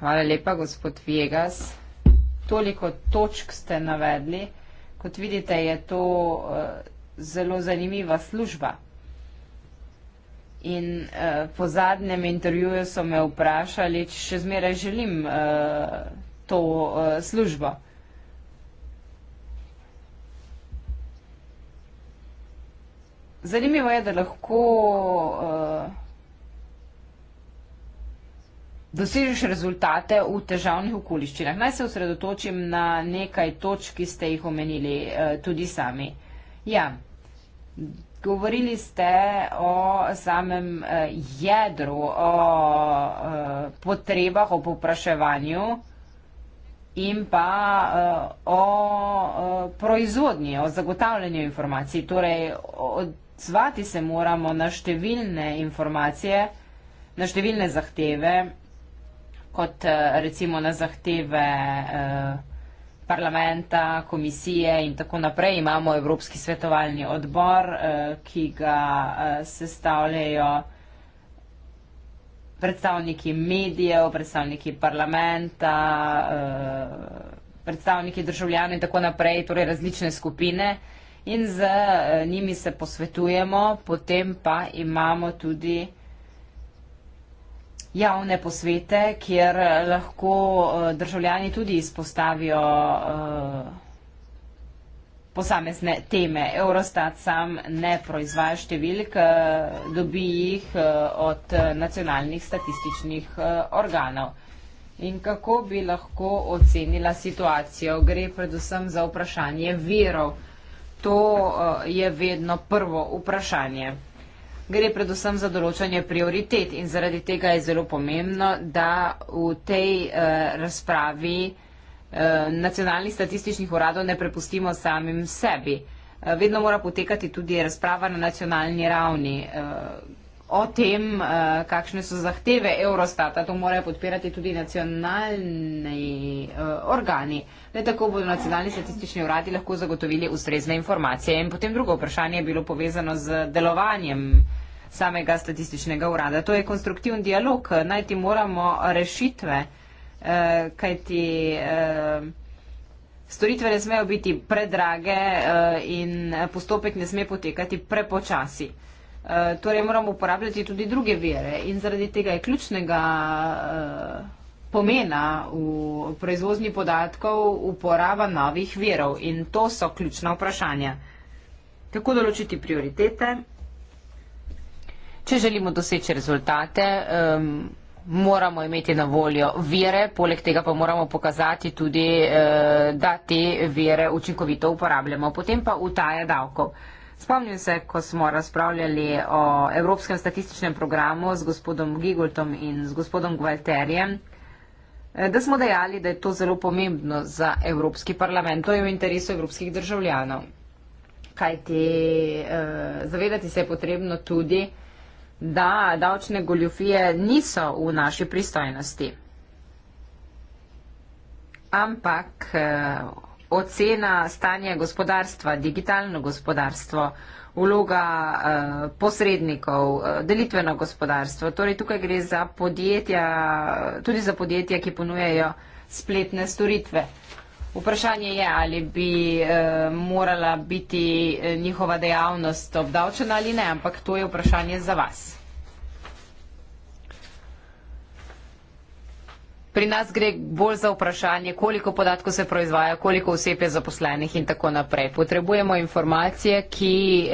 Hvala lepa, gospod Vegas. Toliko točk ste navedli. Kot vidite, je to eh, zelo zanimiva služba. In eh, po zadnjem intervjuju so me vprašali, če še zmeraj želim eh, to eh, službo. Zanimivo je, da lahko uh, dosežeš rezultate v težavnih okoliščinah. Naj se osredotočim na nekaj točk, ki ste jih omenili uh, tudi sami. Ja, govorili ste o samem uh, jedru, o uh, potrebah, o popraševanju in pa uh, o uh, proizvodnji, o zagotavljanju informacij, torej od odzvati se moramo na številne informacije, na številne zahteve, kot eh, recimo na zahteve eh, parlamenta, komisije in tako naprej. Imamo Evropski svetovalni odbor, eh, ki ga sestavljajo predstavniki medijev, predstavniki parlamenta, predstavniki državljanov in tako naprej, torej različne skupine in z eh, njimi se posvetujemo, potem pa imamo tudi javne posvete, kjer lahko eh, državljani tudi izpostavijo eh, posamezne teme. Eurostat sam ne proizvaja številk, dobi jih od nacionalnih statističnih organov. In kako bi lahko ocenila situacijo? Gre predvsem za vprašanje virov. To eh, je vedno prvo vprašanje. Gre predvsem za določanje prioritet in zaradi tega je zelo pomembno, da v tej eh, razpravi eh, nacionalnih statističnih uradov ne prepustimo samim sebi. Vedno mora potekati tudi razprava na nacionalni ravni o tem, uh, kakšne so zahteve Eurostata, to morajo podpirati tudi nacionalni uh, organi. Le tako bodo nacionalni statistični uradi lahko zagotovili ustrezne informacije. In potem drugo vprašanje je bilo povezano z delovanjem samega statističnega urada. To je konstruktivn dialog, najti moramo rešitve, uh, kajti. Uh, Storitve ne smejo biti predrage uh, in postopek ne sme potekati prepočasi. Uh, Eh, torej moramo uporabljati tudi druge vere in zaradi tega je ključnega eh, pomena v proizvozni podatkov uporaba novih verov in to so ključna vprašanja. Kako določiti prioritete? Če želimo doseči rezultate, um, moramo imeti na voljo vire, poleg tega pa moramo pokazati tudi, uh, da te vire učinkovito uporabljamo, potem pa utaja davkov. Uh, Spomnim se, ko smo razpravljali o Evropskem statističnem programu z gospodom Gigoltom in z gospodom Gualterjem, eh, da smo dejali, da je to zelo pomembno za Evropski parlament, to je v interesu evropskih državljanov. Kaj ti eh, zavedati se je potrebno tudi, da davčne goljofije niso v naši pristojnosti. Ampak eh, ocena stanja gospodarstva, digitalno gospodarstvo, vloga eh, posrednikov, eh, delitveno gospodarstvo. Torej tukaj gre za podjetja, tudi za podjetja, ki ponujejo spletne storitve. Vprašanje je, ali bi eh, morala biti njihova dejavnost obdavčena ali ne, ampak to je vprašanje za vas. Pri nas gre bolj za vprašanje, koliko podatkov se proizvaja, koliko oseb je zaposlenih in tako naprej. Potrebujemo informacije, ki eh,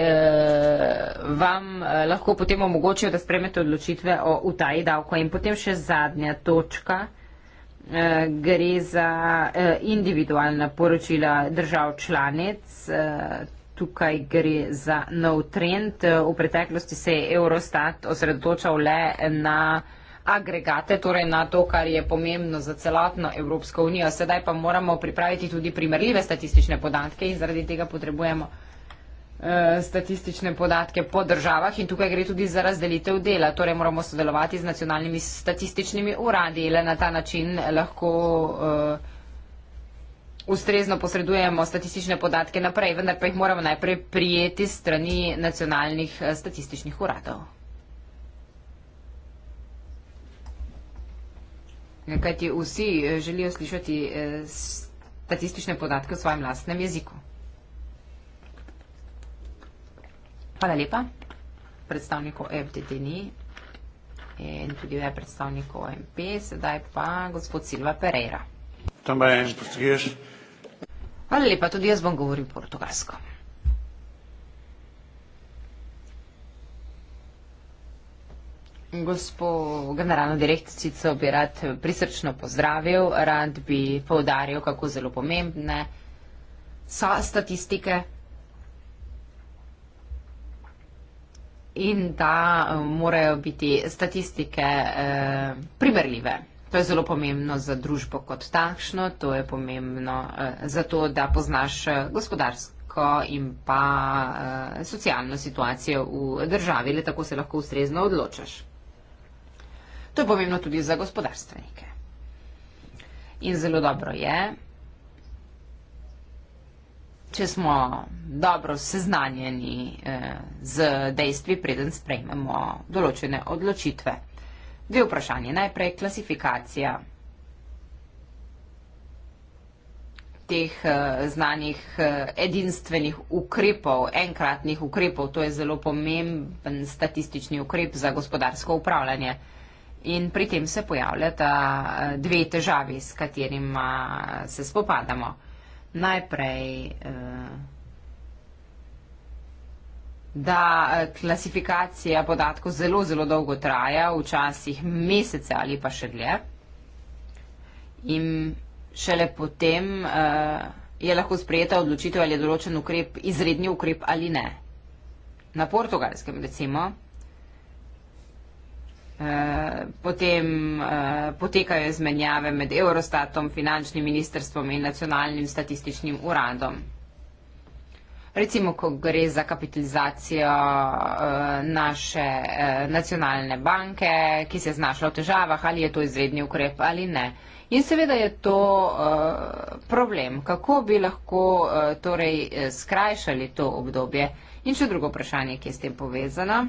vam eh, lahko potem omogočijo, da spremete odločitve o utaji davko. In potem še zadnja točka eh, gre za eh, individualna poročila držav članic. Eh, Tukaj gre za nov trend. V preteklosti se je Eurostat osredotočal le na agregate, torej na to, kar je pomembno za celotno Evropsko unijo. Sedaj pa moramo pripraviti tudi primerljive statistične podatke in zaradi tega potrebujemo eh, statistične podatke po državah in tukaj gre tudi za razdelitev dela. Torej moramo sodelovati z nacionalnimi statističnimi uradi in le na ta način lahko uh, ustrezno posredujemo statistične podatke naprej, vendar pa jih moramo najprej prijeti strani nacionalnih eh, statističnih uradov. kaj ti vsi eh, želijo slišati eh, statistične podatke v svojem lastnem jeziku. Hvala lepa predstavniku FTT ni in tudi je predstavnik OMP, sedaj pa gospod Silva Pereira. Tam je en portugiš. Hvala lepa, tudi jaz bom govoril portugalsko. Gospod generalno direktorico bi rad prisrčno pozdravil, rad bi povdaril, kako zelo pomembne so statistike in da eh, morajo biti statistike eh, primerljive. To je zelo pomembno za družbo kot takšno, to je pomembno eh, za to, da poznaš eh, gospodarsko in pa uh, socialno situacijo v državi, le tako se lahko ustrezno odločaš. To je pomembno tudi za gospodarstvenike. In zelo dobro je, če smo dobro seznanjeni eh, z dejstvi, preden sprejmemo določene odločitve. Dve vprašanje. Najprej klasifikacija teh eh, znanih eh, edinstvenih ukrepov, enkratnih ukrepov. To je zelo pomemben statistični ukrep za gospodarsko upravljanje. In pri tem se pojavljata eh, dve težavi, s katerima eh, se spopadamo. Najprej, eh, da klasifikacija podatkov zelo, zelo dolgo traja, včasih mesece ali pa še dlje. In šele potem je lahko sprejeta odločitev, ali je določen ukrep izredni ukrep ali ne. Na portugalskem, recimo, Eh, potem eh, potekajo izmenjave med Eurostatom, finančnim ministrstvom in nacionalnim statističnim uradom. Recimo, ko gre za kapitalizacijo eh, naše nacionalne banke, ki se je znašla v težavah, ali je to izredni ukrep ali ne. In seveda je to problem, kako bi lahko torej skrajšali to obdobje. In še drugo vprašanje, ki je s tem povezano.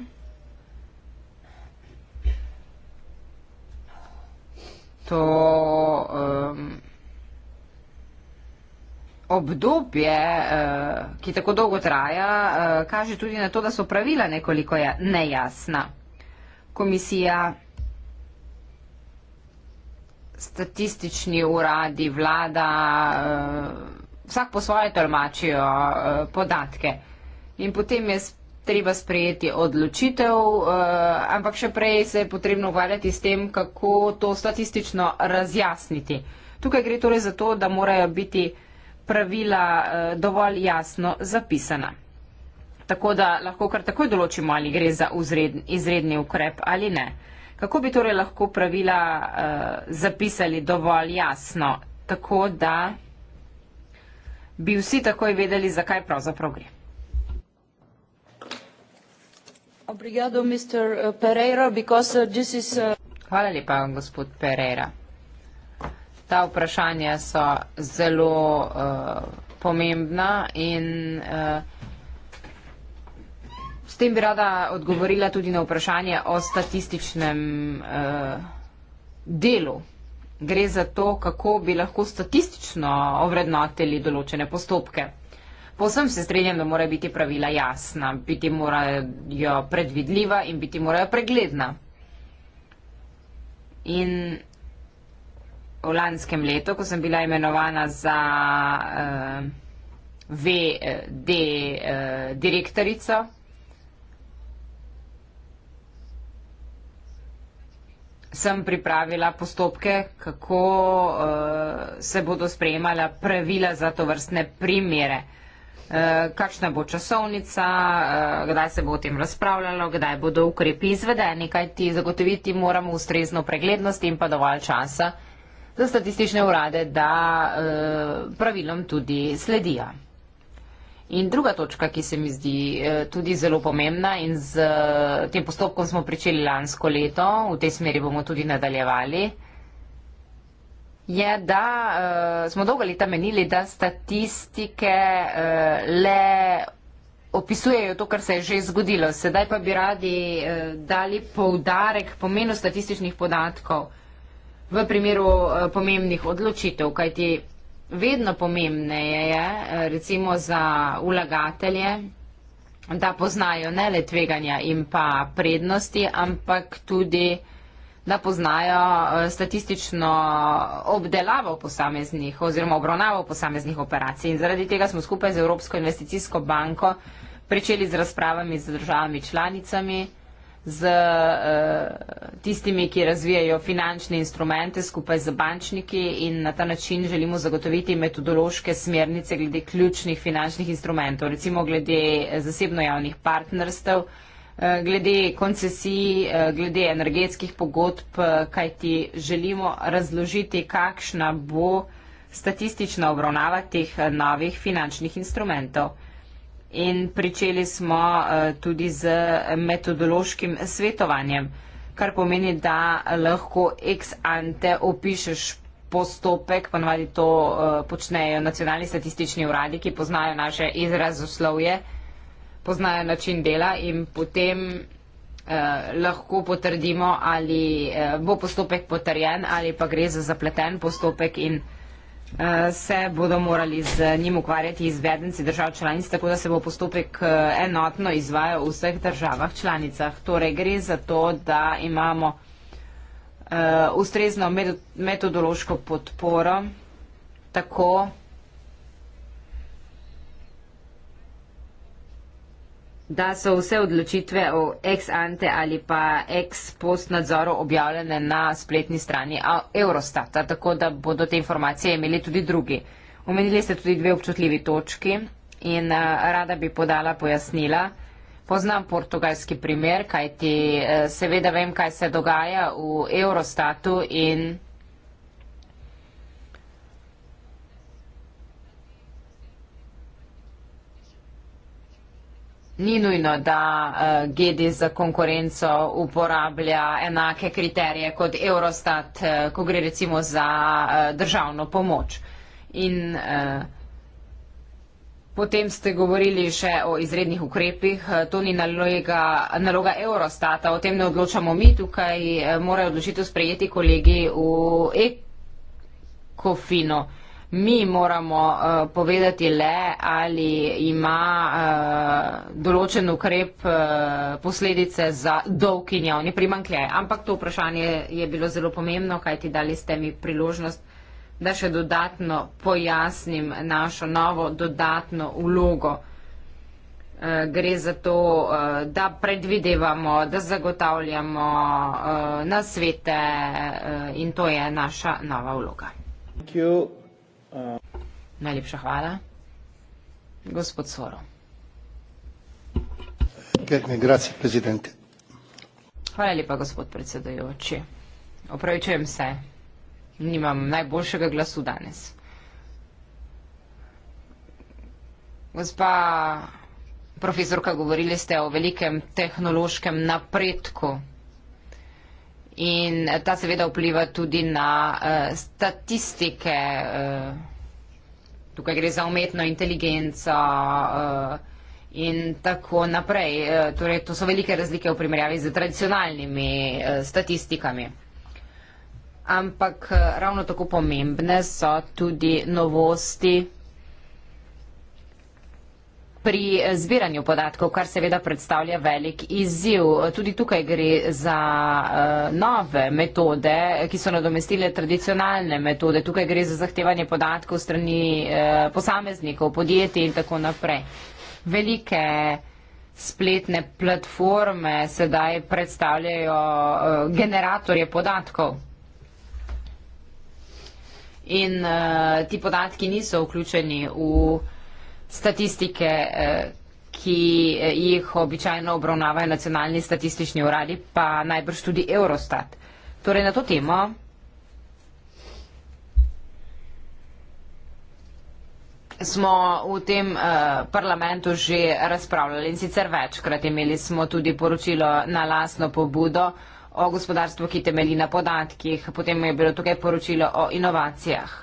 to um, obdobje, uh, ki tako dolgo traja, uh, kaže tudi na to, da so pravila nekoliko ja-, nejasna. Komisija, statistični uradi, vlada, uh, vsak po svoje tolmačijo uh, podatke. In potem je spet treba sprejeti odločitev, eh, ampak še prej se je potrebno ukvarjati s tem, kako to statistično razjasniti. Tukaj gre torej za to, da morajo biti pravila eh, dovolj jasno zapisana. Tako da lahko kar takoj določimo, ali gre za izredni ukrep ali ne. Kako bi torej lahko pravila eh, zapisali dovolj jasno, tako da bi vsi takoj vedeli, zakaj pravzaprav gre. Eh, eh, eh, Hvala lepa, gospod Pereira. Ta vprašanja so zelo uh, pomembna in uh, s tem bi rada odgovorila tudi na vprašanje o statističnem uh, delu. Gre za to, kako bi lahko statistično ovrednotili določene postopke. Posem se strinjam, da morajo biti pravila jasna, biti morajo predvidljiva in biti morajo pregledna. In v lanskem letu, ko sem bila imenovana za uh, eh, VD uh, eh, direktorico, sem pripravila postopke, kako uh, se bodo sprejemala pravila za to vrstne primere. Eh, kakšna bo časovnica, eh, kdaj se bo o tem razpravljalo, kdaj bodo ukrepi izvedeni, kaj ti zagotoviti moramo ustrezno preglednost in pa dovolj časa za statistične urade, da eh, pravilom tudi sledijo. In druga točka, ki se mi zdi tudi zelo pomembna in z tem postopkom smo pričeli lansko leto, v tej smeri bomo tudi nadaljevali, je, da uh, smo dolgo leta menili, da statistike uh, le opisujejo to, kar se je že zgodilo. Sedaj pa bi radi uh, dali poudarek pomenu statističnih podatkov v primeru uh, pomembnih odločitev, kajti vedno pomembneje je uh, recimo za ulagatelje, da poznajo ne le tveganja in pa prednosti, ampak tudi uh, da poznajo eh, statistično obdelavo posameznih oziroma obravnavo posameznih operacij. In zaradi tega smo skupaj z Evropsko investicijsko banko pričeli z razpravami z državami članicami, z uh, tistimi, ki razvijajo finančne instrumente skupaj z bančniki in na ta način želimo zagotoviti metodološke smernice glede ključnih finančnih instrumentov, recimo glede eh, zasebno-javnih partnerstv. Eh, glede koncesij, eh, glede energetskih pogodb, eh, kaj ti želimo razložiti, kakšna bo statistična obravnava teh novih finančnih instrumentov. In pričeli smo tudi z metodološkim svetovanjem, kar pomeni, da lahko ex ante opišeš postopek, ponovadi to počnejo nacionalni statistični uradi, ki poznajo naše izrazoslovje, poznajo način dela in potem eh, lahko potrdimo, ali eh, bo postopek potrjen ali pa gre za zapleten postopek in eh, se bodo morali z njim ukvarjati izvedenci držav članic, tako da se bo postopek eh, enotno izvajal v vseh državah članicah. Torej gre za to, da imamo eh, ustrezno metodološko podporo tako, da so vse odločitve o ex ante ali pa ex post nadzoru objavljene na spletni strani Eurostata, tako da bodo te informacije imeli tudi drugi. Omenili ste tudi dve občutljivi točki in eh, rada bi podala pojasnila. Poznam portugalski primer, kajti eh, seveda vem, kaj se dogaja v Eurostatu in ni nujno, da uh, eh, GEDI za konkurenco uporablja enake kriterije kot Eurostat, uh, ko gre recimo za uh, državno pomoč. In uh, potem ste govorili še o izrednih ukrepih. Uh, to ni naloga, naloga Eurostata, o tem ne odločamo mi tukaj, uh, morajo odločitev sprejeti kolegi v ECOFINO. Uh, mi moramo uh, povedati le, ali ima uh, določen ukrep uh, posledice za dolg in javni primankljaj. Ampak to vprašanje je bilo zelo pomembno, kajti dali ste mi priložnost, da še dodatno pojasnim našo novo dodatno ulogo. Gre za to, da predvidevamo, da zagotavljamo nasvete in to je naša nova vloga. Thank you. Najlepša hvala. Gospod Soro. Hvala lepa, gospod predsedajoči. Opravičujem se, nimam najboljšega glasu danes. Gospa profesorka, govorili ste o velikem tehnološkem napredku In ta seveda vpliva tudi na uh, statistike. Uh, tukaj gre za umetno inteligenco uh, in tako naprej. Uh, torej, to so velike razlike v primerjavi z tradicionalnimi uh, statistikami. Ampak uh, ravno tako pomembne so tudi novosti pri eh, zbiranju podatkov, kar seveda predstavlja velik izziv. Tudi tukaj gre za eh, nove metode, ki so nadomestile tradicionalne metode. Tukaj gre za zahtevanje podatkov strani eh, posameznikov, podjetij in tako naprej. Velike spletne platforme sedaj predstavljajo generatorje podatkov. In uh, ti podatki niso vključeni v uh, statistike, eh, ki eh, jih običajno obravnavajo nacionalni statistični uradi, pa najbrž tudi Eurostat. Torej na to temo. Smo v tem eh, parlamentu že razpravljali in sicer večkrat imeli smo tudi poročilo na lasno pobudo o gospodarstvu, ki temeli na podatkih. Potem je bilo tukaj poročilo o inovacijah.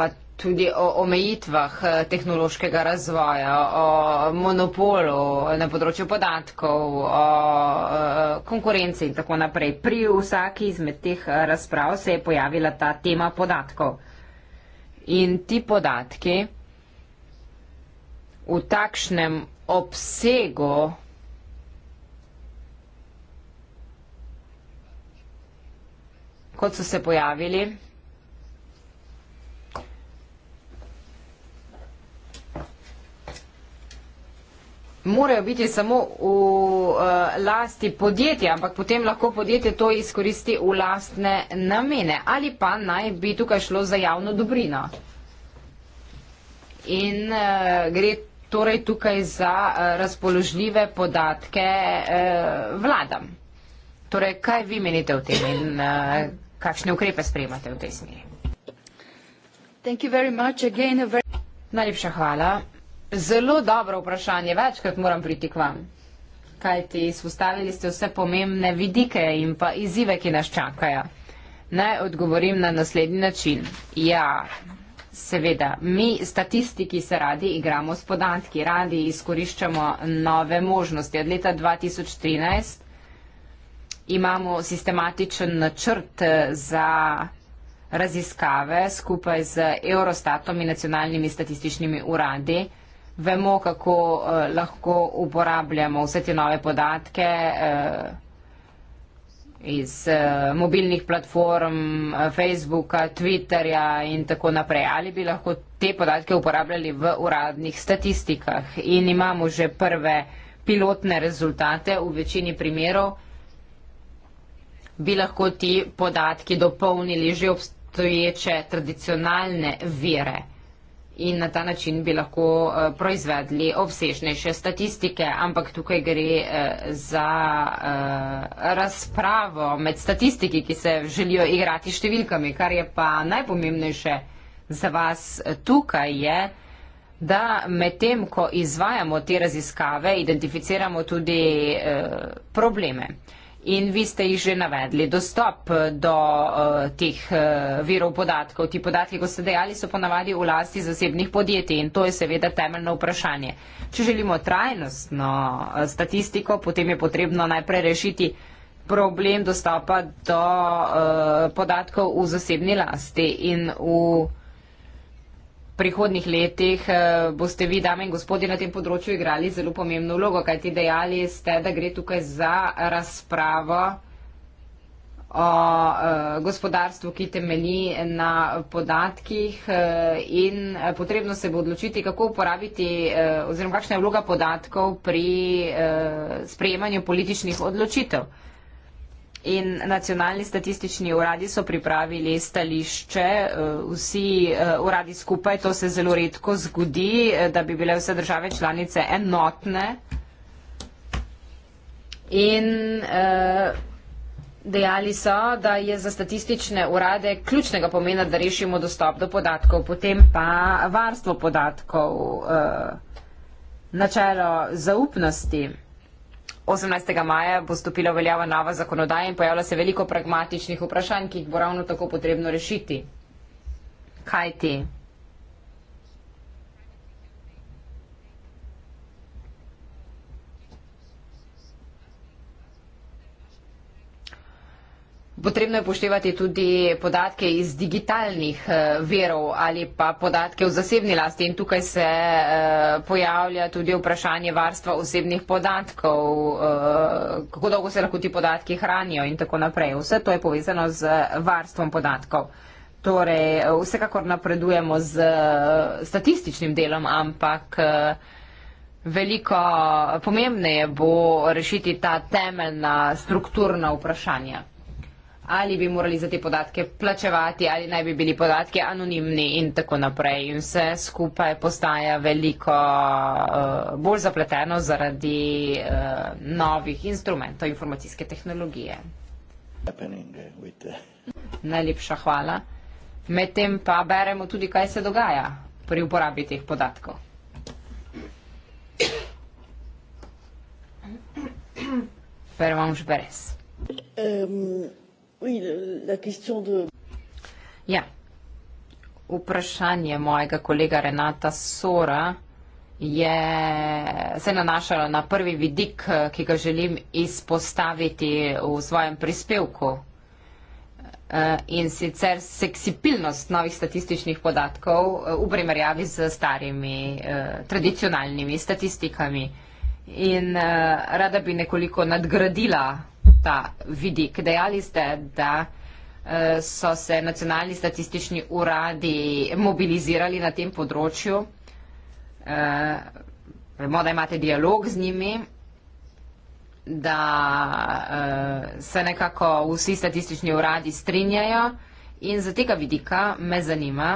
pa tudi o omejitvah eh, tehnološkega razvoja, o monopolu na področju podatkov, o eh, konkurenci in tako naprej. Pri vsaki izmed teh eh, razprav se je pojavila ta tema podatkov. In ti podatki v takšnem obsegu kot so se pojavili, morajo biti samo v uh, lasti podjetja, ampak potem lahko podjetje to izkoristi v lastne namene. Ali pa naj bi tukaj šlo za javno dobrino. In uh, gre torej tukaj za uh, razpoložljive podatke uh, vladam. Torej, kaj vi menite o tem in uh, kakšne ukrepe sprejmate v tej smeri? Najlepša hvala. Zelo dobro vprašanje. Večkrat moram priti k vam. Kaj ti izpostavili ste vse pomembne vidike in pa izzive, ki nas čakajo? Naj odgovorim na naslednji način. Ja, seveda, mi statistiki se radi igramo s podatki, radi izkoriščamo nove možnosti. Od leta 2013 imamo sistematičen načrt eh, za raziskave skupaj z Eurostatom in nacionalnimi statističnimi uradi vemo, kako uh, lahko uporabljamo vse te nove podatke uh, iz uh, mobilnih platform, uh, Facebooka, Twitterja in tako naprej. Ali bi lahko te podatke uporabljali v uradnih statistikah? In imamo že prve pilotne rezultate v večini primerov. Bi lahko ti podatki dopolnili že obstoječe tradicionalne vire? in na ta način bi lahko eh, proizvedli obsežnejše statistike, ampak tukaj gre eh, za eh, razpravo med statistiki, ki se želijo igrati številkami, kar je pa najpomembnejše za vas tukaj je, da med tem, ko izvajamo te raziskave, identificiramo tudi probleme. In vi ste jih že navedli. Dostop eh, do uh, teh uh, virov podatkov, ti podatki, kot ste dejali, so ponavadi v lasti zasebnih podjetij in to je seveda temeljno vprašanje. Če želimo trajnostno uh, statistiko, potem je potrebno najprej rešiti problem dostopa do uh, podatkov v zasebni lasti in v prihodnih letih eh, boste vi, dame in gospodje, na tem področju igrali zelo pomembno vlogo, kajti dejali ste, da gre tukaj za razpravo o eh, gospodarstvu, ki temelji na podatkih eh, in potrebno se bo odločiti, kako uporabiti oziroma kakšna je vloga podatkov pri sprejemanju političnih odločitev. In nacionalni statistični uradi so pripravili stališče, eh, vsi eh, uradi skupaj, to se zelo redko zgodi, eh, da bi bile vse države članice enotne. In eh, dejali so, da je za statistične urade ključnega pomena, da rešimo dostop do podatkov, potem pa varstvo podatkov, eh, načelo zaupnosti. 18. maja bo stopila veljava nova zakonodaja in pojavlja se veliko pragmatičnih vprašanj, ki jih bo ravno tako potrebno rešiti. Kaj ti? Potrebno je poštevati tudi podatke iz digitalnih eh, verov ali pa podatke v zasebni lasti in tukaj se eh, pojavlja tudi vprašanje varstva osebnih podatkov, eh, kako dolgo se lahko ti podatki hranijo in tako naprej. Vse to je povezano z varstvom podatkov. Torej, vsekakor napredujemo z statističnim delom, ampak veliko pomembneje bo rešiti ta temeljna strukturna vprašanja ali bi morali za te podatke plačevati, ali naj bi bili podatki anonimni in tako naprej. In vse skupaj postaja veliko uh, bolj zapleteno zaradi uh, novih instrumentov informacijske tehnologije. With, uh... Najlepša hvala. Medtem pa beremo tudi, kaj se dogaja pri uporabi teh podatkov. Pero vamos para eso. Um... Oui, la question de... Ja, vprašanje mojega kolega Renata Sora je, se je nanašalo na prvi vidik, ki ga želim izpostaviti v svojem prispevku eh, in sicer seksipilnost novih statističnih podatkov eh, v primerjavi z starimi eh, tradicionalnimi statistikami. In rada bi nekoliko nadgradila ta vidik. Dejali ste, da eh, so se nacionalni statistični uradi mobilizirali na tem področju. Eh, vemo, da imate dialog z njimi, da eh, se nekako vsi statistični uradi strinjajo in za tega vidika me zanima,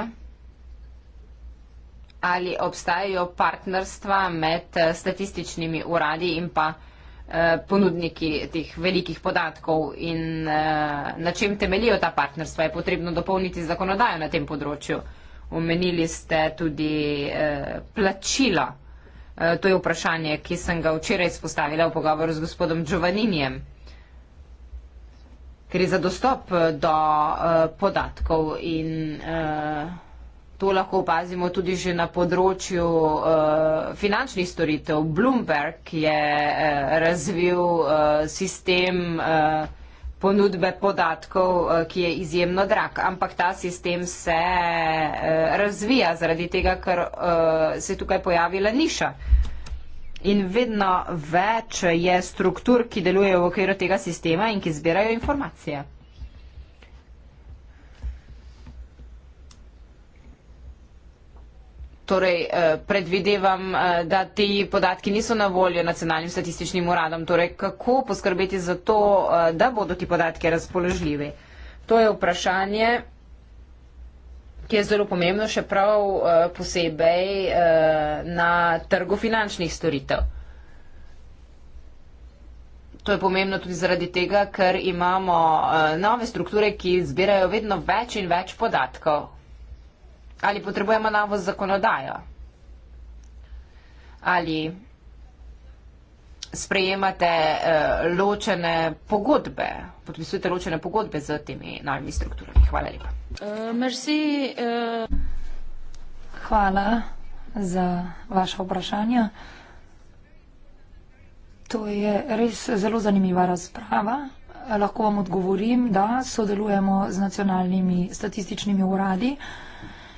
ali obstajajo partnerstva med statističnimi uradi in pa vsega, Eh, ponudniki teh velikih podatkov in eh, na čem temelijo ta partnerstva. Je potrebno dopolniti zakonodajo na tem področju. Omenili ste tudi eh, plačila. To je vprašanje, ki sem ga včeraj izpostavila v pogovoru z gospodom Giovanninjem. Gre za dostop do podatkov in To lahko opazimo tudi že na področju uh, finančnih storitev. Bloomberg je uh, razvil uh, sistem uh, ponudbe podatkov, uh, ki je izjemno drag, ampak ta sistem se uh, razvija zaradi tega, ker uh, se je tukaj pojavila niša. In vedno več je struktur, ki delujejo v okviru tega sistema in ki zbirajo informacije. Torej, eh, predvidevam, eh, da ti podatki niso na voljo nacionalnim statističnim uradom. Torej, kako poskrbeti za to, eh, da bodo ti podatki razpoložljivi? To je vprašanje, ki je zelo pomembno, še prav posebej na trgu finančnih storitev. To je pomembno tudi zaradi tega, ker imamo nove strukture, ki zbirajo vedno več in več podatkov ali potrebujemo novo zakonodajo, ali sprejemate uh, ločene pogodbe, podpisujete ločene pogodbe z temi novimi strukturami. Hvala lepa. Uh, merci, uh... Hvala za vaše vprašanje. To je res zelo zanimiva razprava. Lahko vam odgovorim, da sodelujemo z nacionalnimi statističnimi uradi. Uh,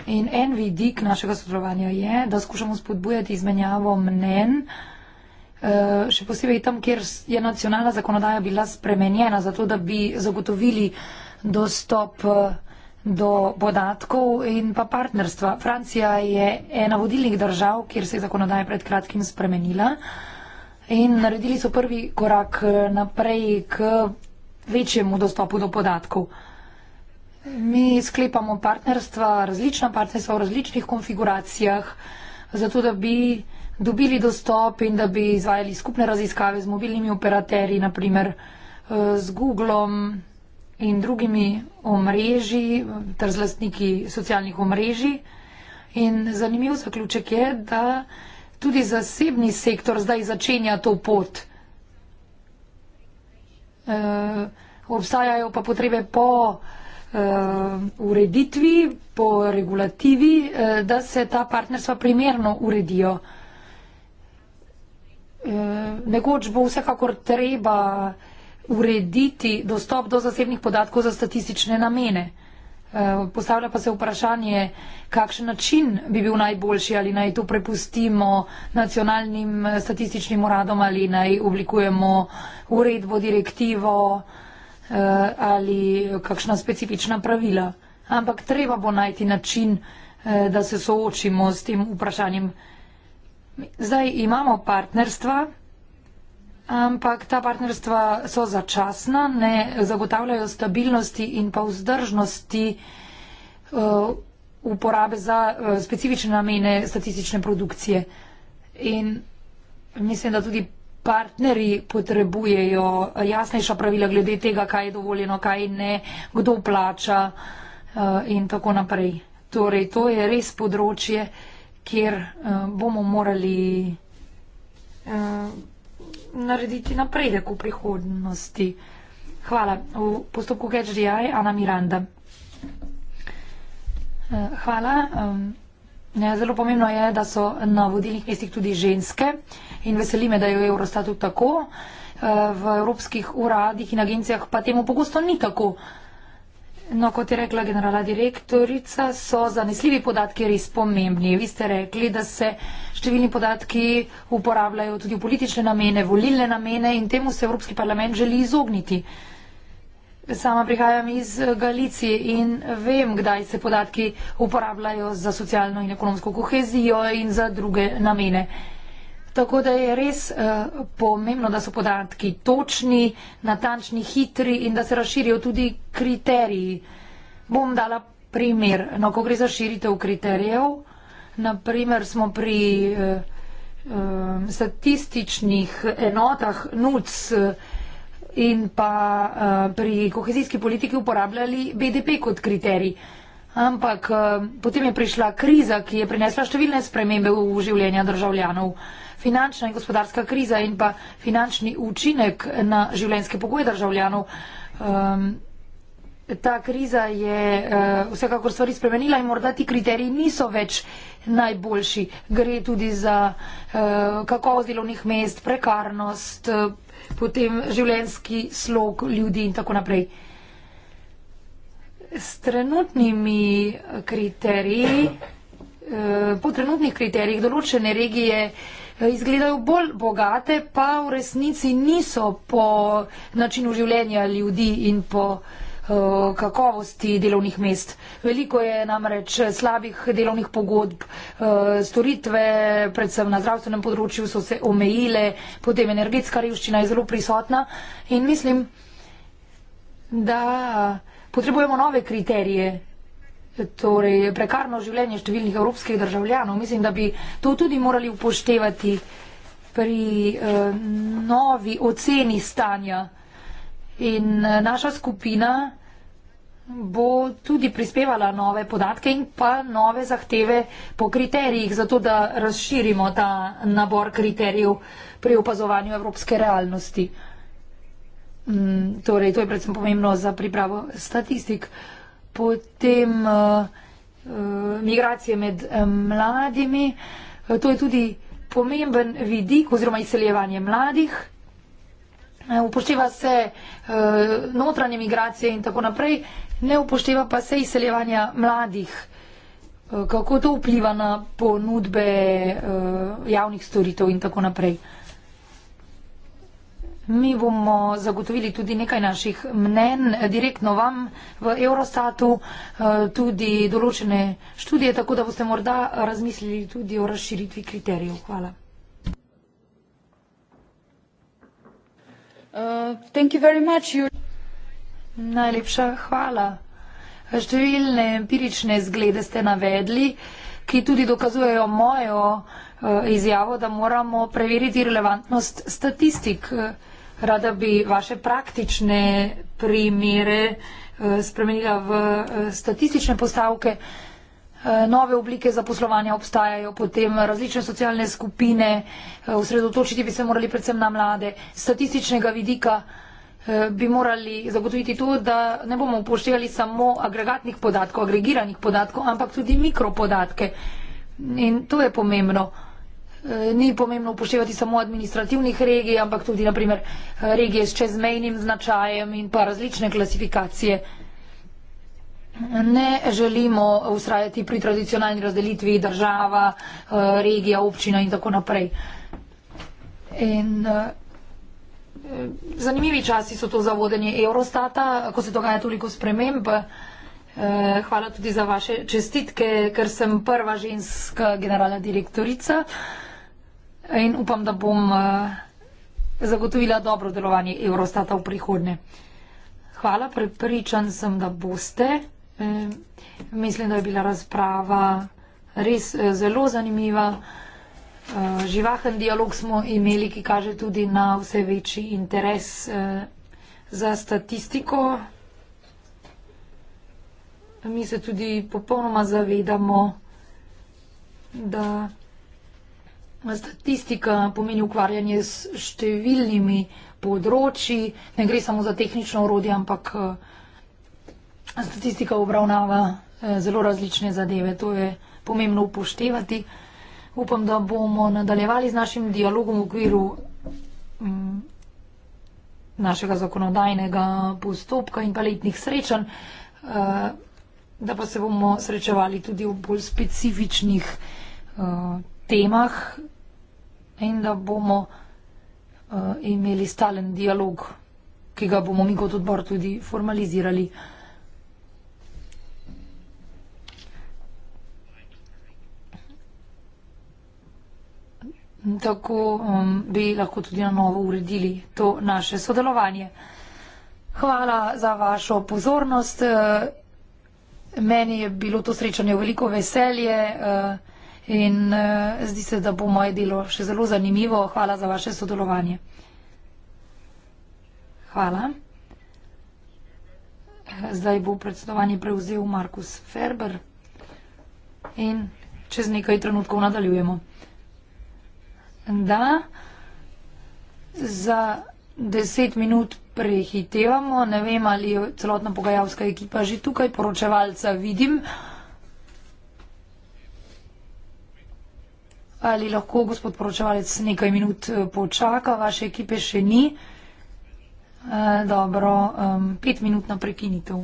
In en vidik našega sodelovanja je, da skušamo spodbujati izmenjavo mnen, eh, še posebej tam, kjer je nacionalna zakonodaja bila spremenjena, zato da bi zagotovili dostop eh, do podatkov in pa partnerstva. Francija je ena vodilnih držav, kjer se je zakonodaja pred kratkim spremenila in naredili so prvi korak eh, naprej k večjemu dostopu do podatkov. Mi sklepamo partnerstva, različna partnerstva v različnih konfiguracijah, zato da bi dobili dostop in da bi izvajali skupne raziskave z mobilnimi operaterji, naprimer eh, z Googlom in drugimi omrežji ter z lastniki socialnih omrežji. In zanimiv zaključek je, da tudi zasebni sektor zdaj začenja to pot. E, obstajajo pa potrebe po uh, ureditvi, po regulativi, uh, da se ta partnerstva primerno uredijo. Uh, nekoč bo vsekakor treba urediti dostop do zasebnih podatkov za statistične namene. Postavlja pa se vprašanje, kakšen način bi bil najboljši, ali naj to prepustimo nacionalnim statističnim uradom ali naj oblikujemo uredbo, direktivo. Uh, Eh, ali kakšna specifična pravila. Ampak treba bo najti način, eh, da se soočimo s tem vprašanjem. Zdaj imamo partnerstva, ampak ta partnerstva so začasna, ne zagotavljajo stabilnosti in pa vzdržnosti eh, uporabe za specifične namene statistične produkcije. In mislim, da tudi partnerji potrebujejo jasnejša pravila glede tega, kaj je dovoljeno, kaj ne, kdo plača uh, in tako naprej. Torej, to je res področje, kjer uh, bomo morali uh, narediti napredek v prihodnosti. Hvala. V postopku GDI, Ana Miranda. Uh, hvala. Um, Zelo pomembno je, da so na vodilnih mestih tudi ženske in veseli me, da je v Eurostatu tako, eh, v evropskih uradih in agencijah pa temu pogosto ni tako. No, kot je rekla generala direktorica, so zanesljivi podatki res pomembni. Vi ste rekli, da se številni podatki uporabljajo tudi v politične namene, volilne namene in temu se Evropski parlament želi izogniti. Sama prihajam iz Galicije in vem, kdaj se podatki uporabljajo za socialno in ekonomsko kohezijo in za druge namene. Tako da je res eh, pomembno, da so podatki točni, natančni, hitri in da se razširijo tudi kriteriji. Bom dala primer. No, ko gre za širitev kriterijev, naprimer smo pri eh, eh, statističnih enotah NUC. Eh, in pa uh, pri kohezijski politiki uporabljali BDP kot kriterij. Ampak uh, potem je prišla kriza, ki je prinesla številne spremembe v življenja državljanov. Finančna in gospodarska kriza in pa finančni učinek na življenjske pogoje državljanov. Um, ta kriza je uh, vsekakor stvari spremenila in morda ti kriteriji niso več najboljši. Gre tudi za uh, kakovost delovnih mest, prekarnost, uh, potem življenski slog ljudi in tako naprej. S trenutnimi kriteriji, eh, po trenutnih kriterijih določene regije eh, izgledajo bolj bogate, pa v resnici niso po načinu življenja ljudi in po Eh, kakovosti delovnih mest. Veliko je namreč slabih delovnih pogodb, eh, storitve, predvsem na zdravstvenem področju, so se omejile, potem energetska revščina je zelo prisotna in mislim, da potrebujemo nove kriterije. Torej, prekarno življenje številnih evropskih državljanov. Mislim, da bi to tudi morali upoštevati pri eh, novi oceni stanja. In eh, naša skupina bo tudi prispevala nove podatke in pa nove zahteve po kriterijih, zato da razširimo ta nabor kriterijev pri opazovanju evropske realnosti. Mm, torej, to je predvsem pomembno za pripravo statistik. Potem eh, eh, migracije med mladimi, to je tudi pomemben vidik oziroma izseljevanje mladih upošteva se uh, notranje migracije in tako naprej, ne upošteva pa se izseljevanja mladih. Uh, kako to vpliva na ponudbe uh, javnih storitev in tako naprej. Mi bomo zagotovili tudi nekaj naših mnen direktno vam v Eurostatu, tudi določene študije, tako da boste morda razmislili tudi o razširitvi kriterijev. Hvala. Uh, thank you very much. You... Najlepša hvala. Številne empirične zglede ste navedli, ki tudi dokazujejo mojo uh, izjavo, da moramo preveriti relevantnost statistik. Rada bi vaše praktične primere uh, spremenila v statistične postavke. Eh, nove oblike zaposlovanja obstajajo, potem različne socialne skupine, eh, osredotočiti bi se morali predvsem na mlade. Z statističnega vidika eh, bi morali zagotoviti to, da ne bomo upoštevali samo agregatnih podatkov, agregiranih podatkov, ampak tudi mikropodatke. In to je pomembno. Ni pomembno upoštevati samo administrativnih regij, ampak tudi naprimer regije s čezmejnim značajem in pa različne klasifikacije ne želimo ustrajati pri tradicionalni razdelitvi država, eh, regija, občina in tako naprej. In, eh, eh, zanimivi časi so to za vodenje Eurostata, ko se dogaja toliko sprememb. Hvala tudi za vaše čestitke, ker sem prva ženska generalna direktorica in upam, da bom zagotovila dobro delovanje Eurostata v prihodnje. Hvala, prepričan sem, da boste. Eh, mislim, da je bila razprava res eh, zelo zanimiva. Eh, živahen dialog smo imeli, ki kaže tudi na vse večji interes za statistiko. Mi se tudi popolnoma zavedamo, da statistika pomeni ukvarjanje s številnimi področji. Ne gre samo za tehnično urodje, ampak uh, Statistika obravnava eh, zelo različne zadeve, to je pomembno upoštevati. Upam, da bomo nadaljevali z našim dialogom v okviru mm, našega zakonodajnega postopka in paletnih srečanj, eh, da pa se bomo srečevali tudi v bolj specifičnih eh, temah in da bomo imeli stalen dialog, ki ga bomo mi kot odbor tudi formalizirali. tako um, bi lahko tudi na novo uredili to naše sodelovanje. Hvala za vašo pozornost. Eh, meni je bilo to srečanje veliko veselje eh, in eh, zdi se, da bo moje delo še zelo zanimivo. Hvala za vaše sodelovanje. Hvala. Zdaj bo predsedovanje prevzel Markus Ferber in čez nekaj trenutkov nadaljujemo da za deset minut prehitevamo. Ne vem, ali je celotna pogajalska ekipa že tukaj, poročevalca vidim. Ali lahko gospod poročevalec nekaj minut eh, počaka, vaše ekipe še ni. E, dobro, um, pet minut na prekinitev.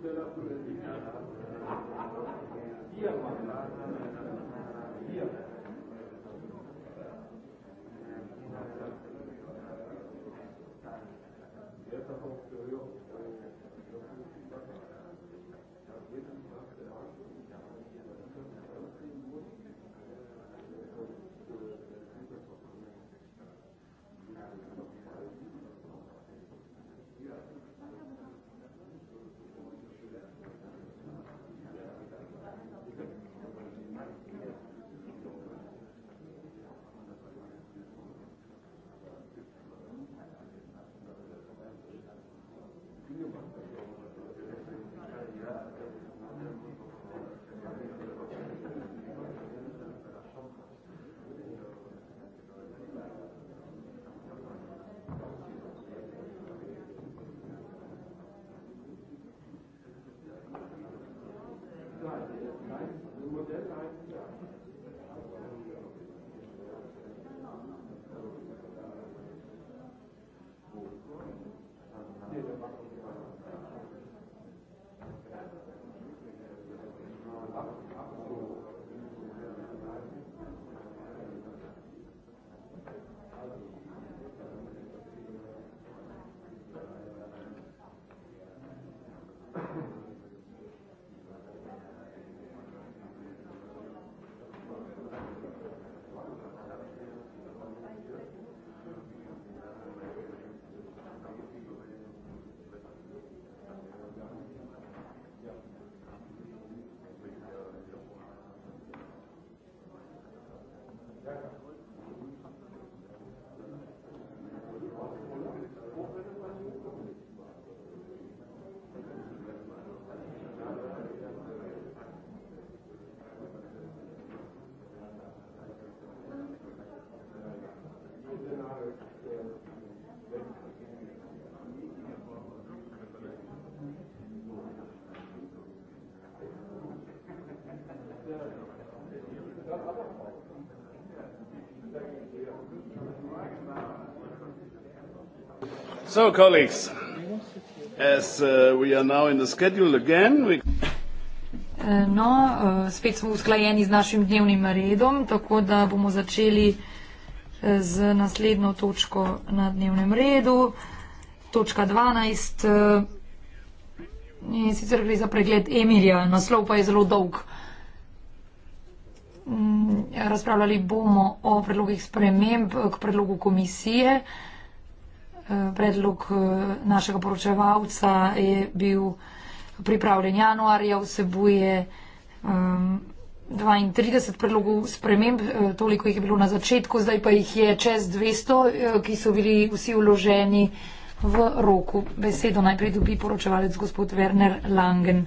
de la Tía, Colleagues, as uh, we are now in the schedule again. Eh, no, eh, spet smo usklajeni z našim dnevnim redom, tako da bomo začeli eh, z naslednjo točko na dnevnem redu. Točka 12, in sicer gre za pregled Emirja. Naslov pa je zelo dolg. Mm, razpravljali bomo o predlogih sprememb k predlogu komisije predlog eh, našega poročevalca je bil pripravljen januarja, vsebuje 32 ehm, predlogov sprememb, eh, toliko jih je bilo na začetku, zdaj pa jih je čez 200, eh, ki so bili vsi uloženi v roku. Besedo najprej dobi poročevalec gospod Werner Langen.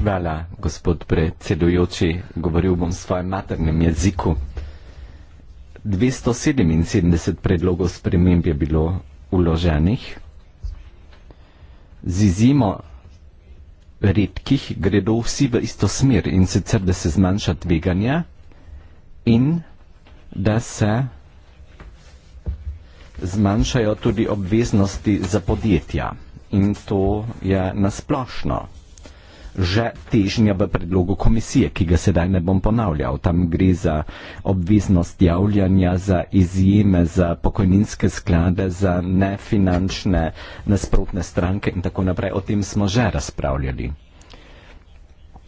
Hvala, gospod predsedujoči. Govoril bom v svojem maternem jeziku. 277 predlogov sprememb je bilo uloženih. Z izjemo redkih gredo vsi v isto smer in sicer, da se zmanjša tveganje in da se zmanjšajo tudi obveznosti za podjetja. In to je nasplošno že težnja v predlogu komisije, ki ga sedaj ne bom ponavljal. Tam gre za obveznost javljanja, za izjeme, za pokojninske sklade, za nefinančne nasprotne stranke in tako naprej. O tem smo že razpravljali.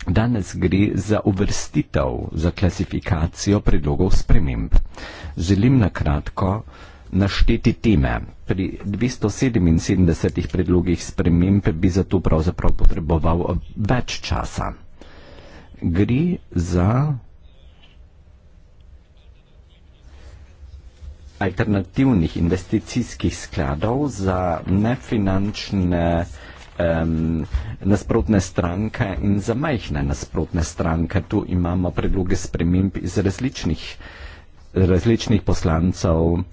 Danes gre za uvrstitev, za klasifikacijo predlogov sprememb. Želim na kratko našteti teme. Pri 277 predlogih sprememb bi zato pravzaprav potreboval eh, več časa. Gre za alternativnih investicijskih skladov za nefinančne um, nasprotne stranke in za majhne nasprotne stranke. Tu imamo predloge sprememb iz različnih, različnih poslancev.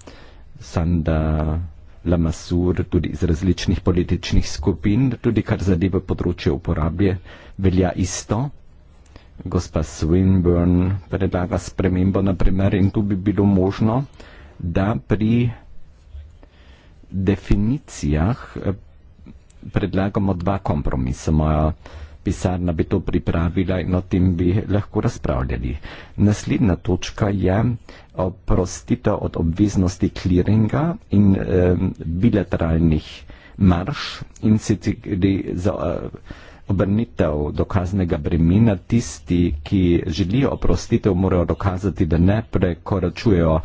Sanda Lamasur, tudi iz različnih političnih skupin, tudi kar zadeva področje uporabje, velja isto. Gospa Swinburne predlaga spremembo, naprimer, in tu bi bilo možno, da pri definicijah eh, predlagamo dva kompromisa. Moja pisarna bi to pripravila in o tem bi lahko razpravljali. Naslednja točka je oprostitev od obveznosti kliringa in eh, bilateralnih marš in se tudi za eh, obrnitev dokaznega bremena tisti, ki želijo oprostitev, morajo dokazati, da ne prekoračujejo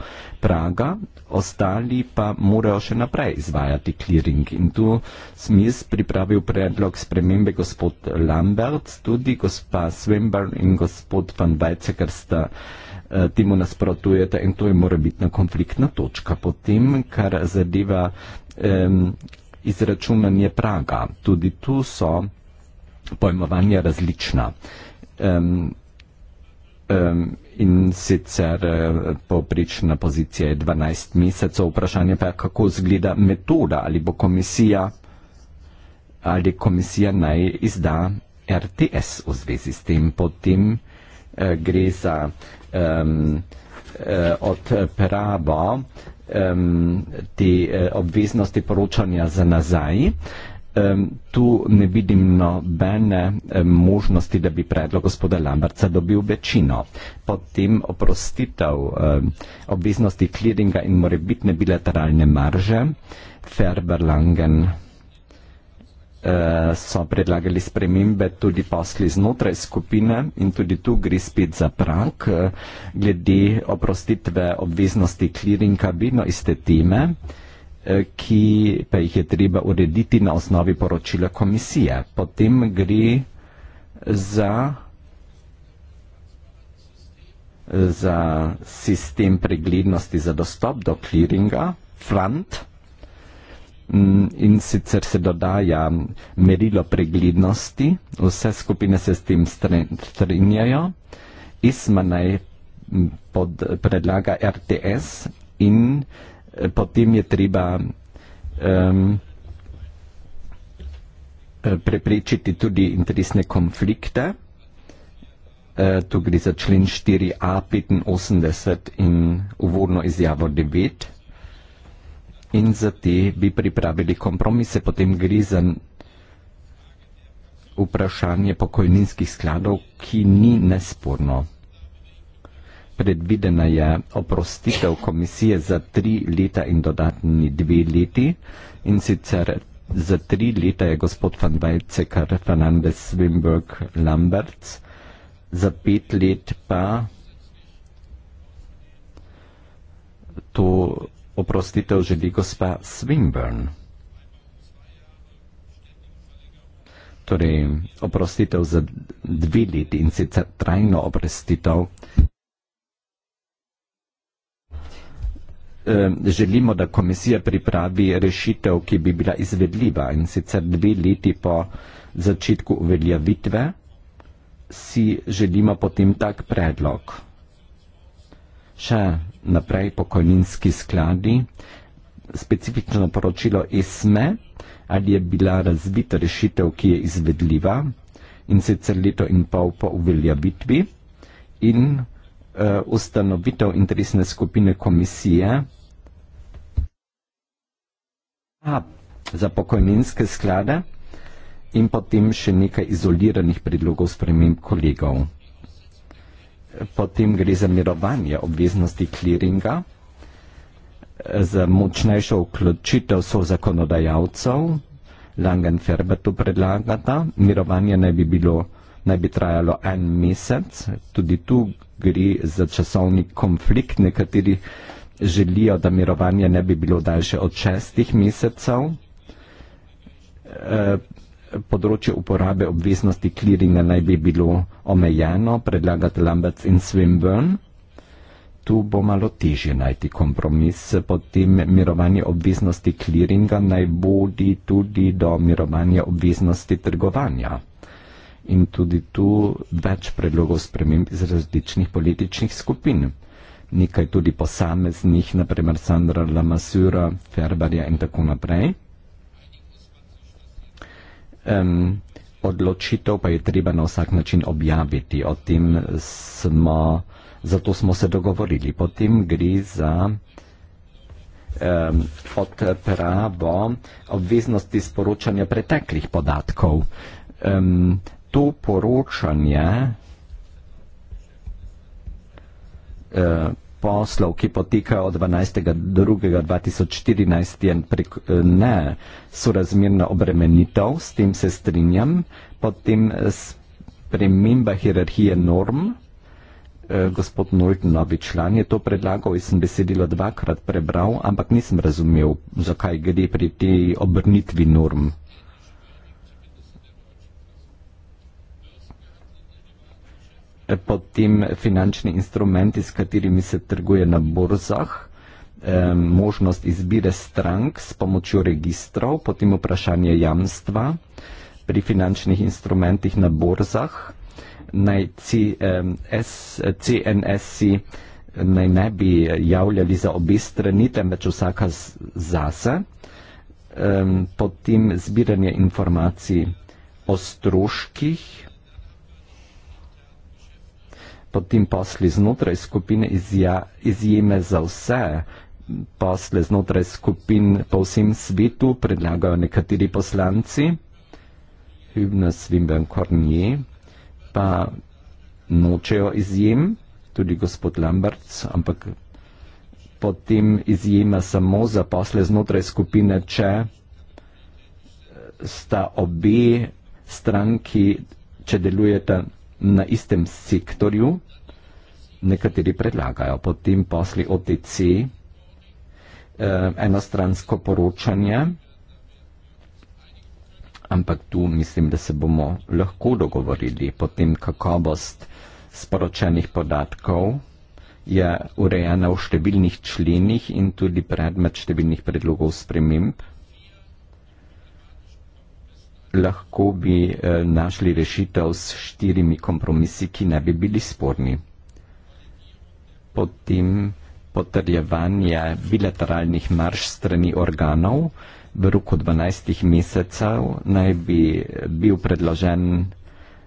praga, ostali pa morajo še naprej izvajati kliring. In tu sem jaz pripravil predlog spremembe gospod Lambert, tudi gospa Swinburne in gospod Van Weizsäcker sta eh, Eh, ti mu nasprotujete in to je mora biti na konfliktna točka. Potem, kar zadeva um, izračunanje praga, tudi tu so pojmovanja različna. Um, um, in sicer eh, poprična pozicija je 12 mesecev, vprašanje pa je, kako zgleda metoda ali bo komisija ali komisija naj izda RTS v zvezi s tem. Potem eh, gre za Um, eh, odprava um, te eh, obveznosti poročanja za nazaj. Um, tu ne vidim nobene eh, možnosti, da bi predlog gospoda Lambrca dobil večino. Potem oprostitev obveznosti clearinga in morebitne bilateralne marže, Ferberlangen eh, so predlagali spremembe tudi posli znotraj skupine in tudi tu gre spet za prank eh, glede oprostitve obveznosti clearing kabino iz te teme, eh, ki pa jih je treba urediti na osnovi poročila komisije. Potem gre za za sistem preglednosti za dostop do kliringa, front, eh, Mm, in sicer se dodaja merilo preglednosti, vse skupine se s tem strinjajo. ISMA naj mm, pod, predlaga RTS in eh, potem je treba um, preprečiti tudi interesne konflikte. Uh, tu gre za člen 4a85 in uvodno izjavo 9 in za te bi pripravili kompromise, potem gre za vprašanje pokojninskih skladov, ki ni nesporno. Predvidena je oprostitev komisije za tri leta in dodatni dve leti in sicer za tri leta je gospod van Weizsäcker, Fernandez, Swimberg, Lambert, za pet let pa to Oprostitev želi gospa Swinburne. Torej, oprostitev za dve leti in sicer trajno oprostitev. E, želimo, da komisija pripravi rešitev, ki bi bila izvedljiva in sicer dve leti po začetku uveljavitve si želimo potem tak predlog še naprej pokojninski skladi, specifično poročilo ISME, ali je bila razbita rešitev, ki je izvedljiva in sicer leto in pol po uveljavitvi in uh, ustanovitev interesne skupine komisije A, za pokojninske sklade in potem še nekaj izoliranih predlogov spremem kolegov potem gre za mirovanje obveznosti kliringa, za močnejšo vključitev so zakonodajalcev, Langenferbe tu predlagata, mirovanje naj bi bilo naj bi trajalo en mesec, tudi tu gre za časovni konflikt, nekateri želijo, da mirovanje ne bi bilo daljše od šestih mesecev. E, področje uporabe obveznosti kliringa naj bi bilo omejeno, predlagat Lambert in Swinburne. Tu bo malo težje najti kompromis, potem mirovanje obveznosti kliringa naj bodi tudi do mirovanja obveznosti trgovanja. In tudi tu več predlogov sprememb iz različnih političnih skupin. Nekaj tudi posameznih, naprimer Sandra Lamasura, Ferbarja in tako naprej um, odločitev pa je treba na vsak način objaviti. O tem smo, zato smo se dogovorili. Potem gre za um, odpravo obveznosti sporočanja preteklih podatkov. Um, to poročanje. Uh, poslov, ki poteka od 12.2.2014, je prek ne sorazmerna obremenitev, s tem se strinjam, potem sprememba hierarhije norm, e, gospod Nult, novi član, je to predlagal in sem besedilo dvakrat prebral, ampak nisem razumel, zakaj gre pri tej obrnitvi norm. pod tem finančni instrumenti, s katerimi se trguje na borzah, možnost izbire strank s pomočjo registrov, potem vprašanje jamstva pri finančnih instrumentih na borzah. Naj CNS-i naj ne bi javljali za obe strani, temveč vsaka zase. Potem zbiranje informacij o stroških potem posli znotraj skupine izja, izjeme za vse posle znotraj skupin po vsem svetu, predlagajo nekateri poslanci, Hübner Svimben Kornier, pa nočejo izjem, tudi gospod Lambert, ampak potem izjema samo za posle znotraj skupine, če sta obe stranki, če delujeta na istem sektorju, nekateri predlagajo potem posli OTC, eh, enostransko poročanje, ampak tu mislim, da se bomo lahko dogovorili potem kakovost sporočenih podatkov je urejena v številnih členih in tudi predmet številnih predlogov sprememb lahko bi eh, našli rešitev s štirimi kompromisi, ki ne bi bili sporni. Potem potrjevanje bilateralnih marš strani organov v roku 12 mesecev naj bi eh, bil predložen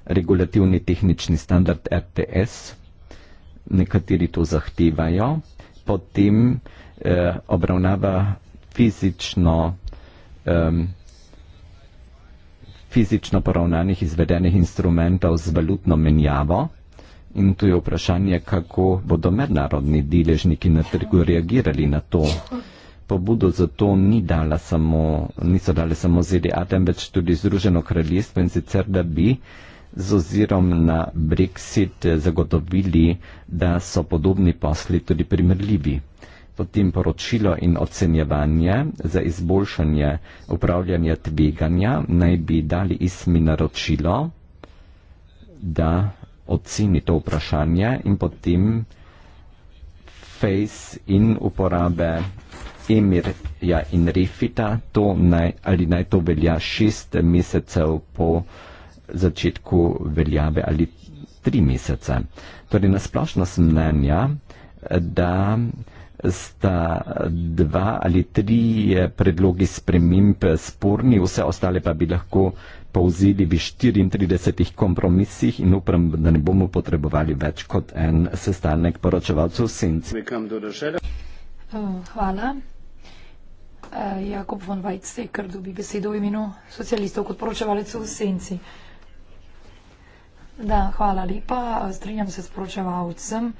regulativni tehnični standard RTS. Nekateri to zahtevajo. Potem eh, obravnava fizično eh, fizično poravnanih izvedenih instrumentov z valutno menjavo. In tu je vprašanje, kako bodo mednarodni deležniki na trgu reagirali na to. Pobudo za to ni dala samo, niso dale samo ZDA, temveč tudi Združeno kraljestvo in sicer, da bi z ozirom na Brexit zagotovili, da so podobni posli tudi primerljivi potem poročilo in ocenjevanje za izboljšanje upravljanja tveganja naj bi dali ISMI naročilo, da oceni to vprašanje in potem FACE in uporabe Emirja in Refita to naj, ali naj to velja šest mesecev po začetku veljave ali tri mesece. Torej, nasplošno sem mnenja, da sta dva ali tri eh, predlogi sprememb eh, sporni, vse ostale pa bi lahko povzeli v 34 kompromisih in upam, da ne bomo potrebovali več kot en sestanek poročevalcev senc. Eh, hvala. Jakob von Weizsäcker dobi besedo v imenu socialistov kot poročevalec v senci. Da, hvala lepa. Strinjam se s poročevalcem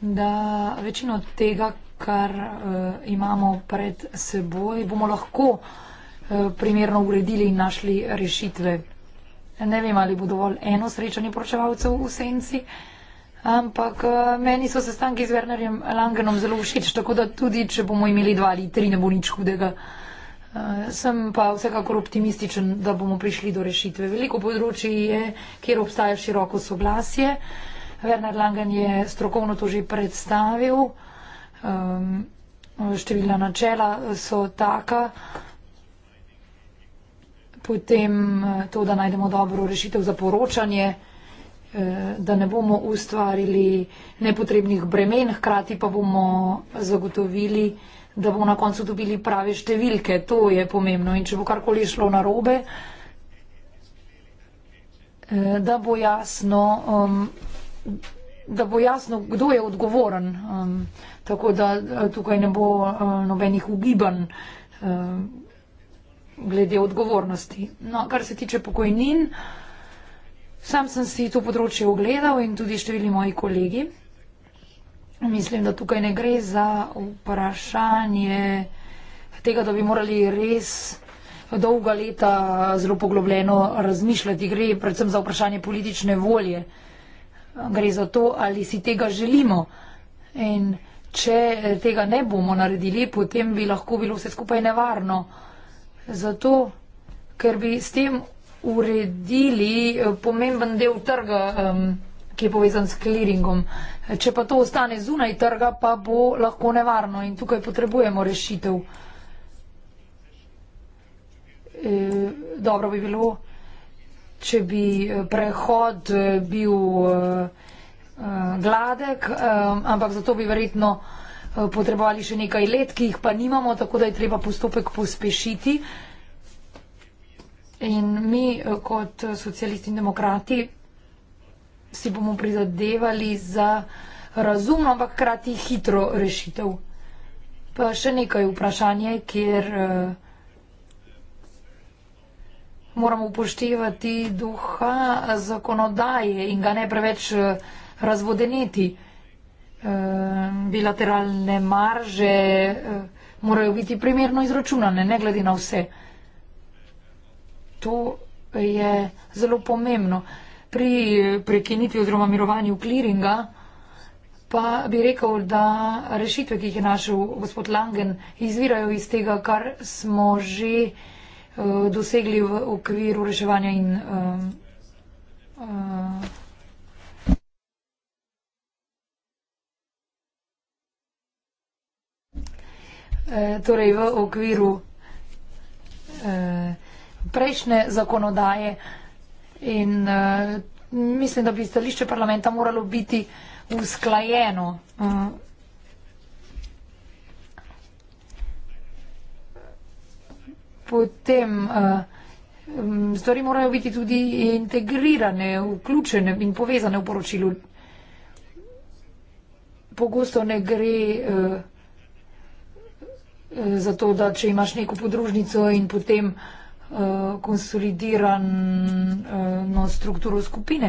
da večino tega, kar uh, imamo pred seboj, bomo lahko uh, primerno uredili in našli rešitve. Ne vem, ali bo dovolj eno srečanje poročevalcev v senci, ampak uh, meni so sestanki z Wernerjem Langenom zelo všeč, tako da tudi, če bomo imeli dva ali tri, ne bo nič hudega. Uh, sem pa vsekakor optimističen, da bomo prišli do rešitve. Veliko področji je, kjer obstaja široko soglasje. Uh, Werner Langen je strokovno to že predstavil. Um, Številna načela so taka. Potem eh, to, da najdemo dobro rešitev za poročanje, eh, da ne bomo ustvarili nepotrebnih bremen, hkrati pa bomo zagotovili, da bomo na koncu dobili prave številke. To je pomembno. In če bo karkoli šlo narobe, eh, da bo jasno, ehm, da bo jasno, kdo je odgovoren. Um, tako da eh, tukaj ne bo uh, nobenih ugibanj um, glede odgovornosti. No, kar se tiče pokojnin, sam sem si to področje ogledal in tudi številni moji kolegi. Mislim, da tukaj ne gre za vprašanje tega, da bi morali res dolga leta zelo poglobljeno razmišljati. Gre predvsem za vprašanje politične volje. Uh, gre za to, ali si tega želimo. In če eh, tega ne bomo naredili, potem bi lahko bilo vse skupaj nevarno. Zato, ker bi s tem uredili eh, pomemben del trga, ki je povezan s kliringom. Če pa to ostane zunaj trga, pa bo lahko nevarno in tukaj potrebujemo rešitev. E, dobro bi bilo, če bi eh, prehod eh, bil eh, gladek, ampak zato bi verjetno potrebovali še nekaj let, ki jih pa nimamo, tako da je treba postopek pospešiti. In mi kot socialisti in demokrati si bomo prizadevali za razumno, ampak krati hitro rešitev. Pa še nekaj vprašanje, kjer. Uh, moramo upoštevati duha zakonodaje in ga ne preveč eh, razvodeniti. Eh, bilateralne marže eh, morajo biti primerno izračunane, ne glede na vse. To je zelo pomembno. Pri prekinitvi oziroma mirovanju kliringa pa bi rekel, da rešitve, ki jih je našel gospod Langen, izvirajo iz tega, kar smo že Eh, dosegli v okviru reševanja in eh, eh, torej v okviru prejšnje zakonodaje in mislim, da bi stališče parlamenta moralo biti usklajeno. potem eh, mm, stvari morajo biti tudi integrirane, vključene in povezane v poročilu. Pogosto ne gre eh, eh, za to, da če imaš neko podružnico in potem konsolidirano strukturo skupine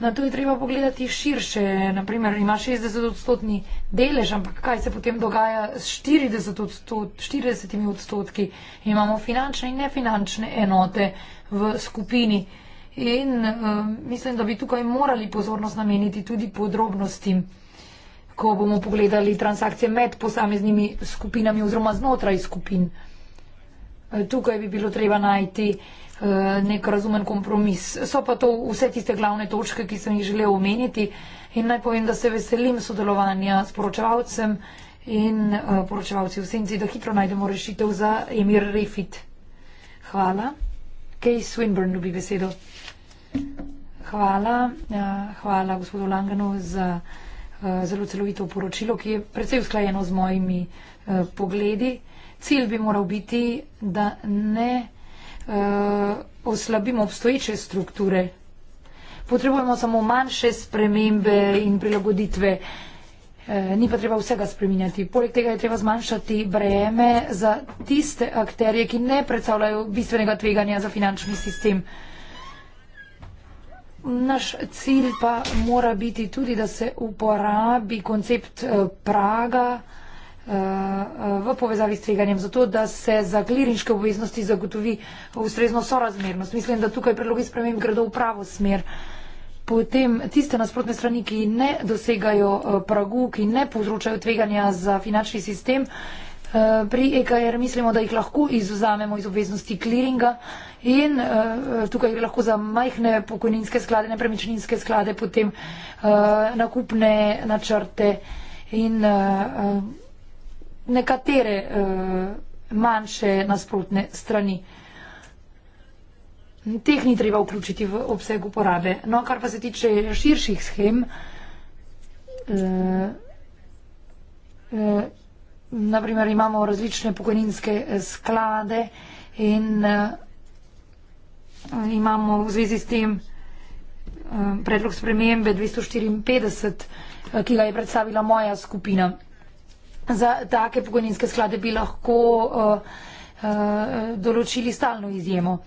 na to je treba pogledati širše. Naprimer, ima 60 odstotni delež, ampak kaj se potem dogaja s 40, odstot, 40 odstotki? Imamo finančne in nefinančne enote v skupini. In um, mislim, da bi tukaj morali pozornost nameniti tudi podrobnostim, ko bomo pogledali transakcije med posameznimi skupinami oziroma znotraj skupin. E, tukaj bi bilo treba najti. Eh, nek razumen kompromis. So pa to vse tiste glavne točke, ki sem jih želel omeniti in naj povem, da se veselim sodelovanja s poročevalcem in eh, poročevalci v senci, da hitro najdemo rešitev za Emir Refit. Hvala. Kej Swinburne dobi besedo. Hvala. Eh, hvala gospodu Langanu za zelo celovito poročilo, ki je precej usklajeno z mojimi pogledi. Cilj bi moral biti, da ne uh, oslabimo obstoječe strukture. Potrebujemo samo manjše spremembe in prilagoditve. Eh, ni pa treba vsega spreminjati. Poleg tega je treba zmanjšati breme za tiste akterje, ki ne predstavljajo bistvenega tveganja za finančni sistem. Naš cilj pa mora biti tudi, da se uporabi koncept eh, praga, v povezavi s tveganjem, zato da se za klirinške obveznosti zagotovi ustrezno sorazmernost. Mislim, da tukaj predlogi sprememb gredo v pravo smer. Potem tiste nasprotne strani, ki ne dosegajo eh, pragu, ki ne povzročajo tveganja za finančni sistem, eh, pri EKR mislimo, da jih lahko izuzamemo iz obveznosti kliringa in eh, tukaj gre lahko za majhne pokojninske sklade, nepremičninske sklade, potem nakupne načrte in nekatere uh, manjše nasprotne strani. Teh ni treba vključiti v obseg uporabe. No, kar pa se tiče širših schem, uh, eh, uh, eh, Naprimer, imamo različne pokojninske sklade in uh, imamo v zvezi s tem um, predlog spremembe 254, uh, ki ga je predstavila moja skupina za take pogoninske sklade bi lahko uh, uh, določili stalno izjemo.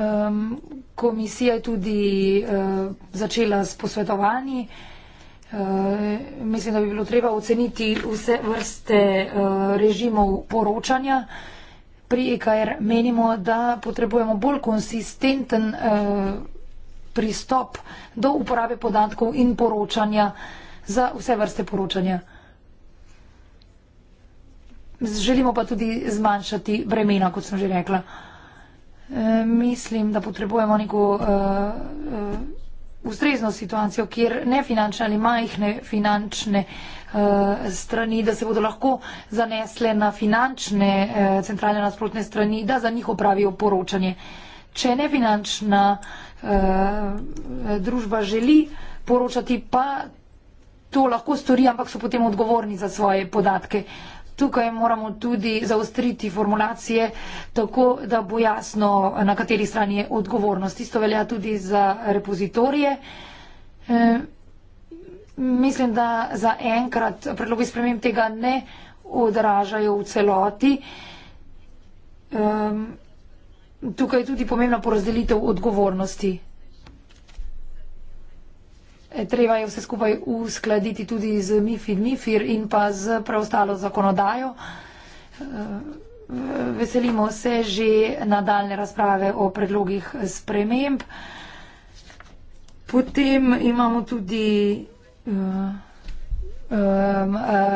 Um, komisija je tudi uh, začela s posvetovanji. Uh, mislim, da bi bilo treba oceniti vse vrste uh, režimov poročanja. Pri EKR menimo, da potrebujemo bolj konsistenten uh, pristop do uporabe podatkov in poročanja za vse vrste poročanja. Želimo pa tudi zmanjšati bremena, kot sem že rekla. E, mislim, da potrebujemo neko e, e, ustrezno situacijo, kjer ne finančne ali majhne finančne e, strani, da se bodo lahko zanesle na finančne e, centralne nasprotne strani, da za njih opravijo poročanje. Če ne finančna e, družba želi poročati, pa to lahko stori, ampak so potem odgovorni za svoje podatke. Tukaj moramo tudi zaostriti formulacije, tako da bo jasno, na kateri strani je odgovornost. Isto velja tudi za repozitorije. E, mislim, da za enkrat predlogi sprememb tega ne odražajo v celoti. E, tukaj je tudi pomembna porazdelitev odgovornosti. Eh, treba je vse skupaj uskladiti tudi z MIFID, MIFIR in pa z preostalo zakonodajo. Eh, veselimo se že nadaljne razprave o predlogih sprememb. Potem imamo tudi eh,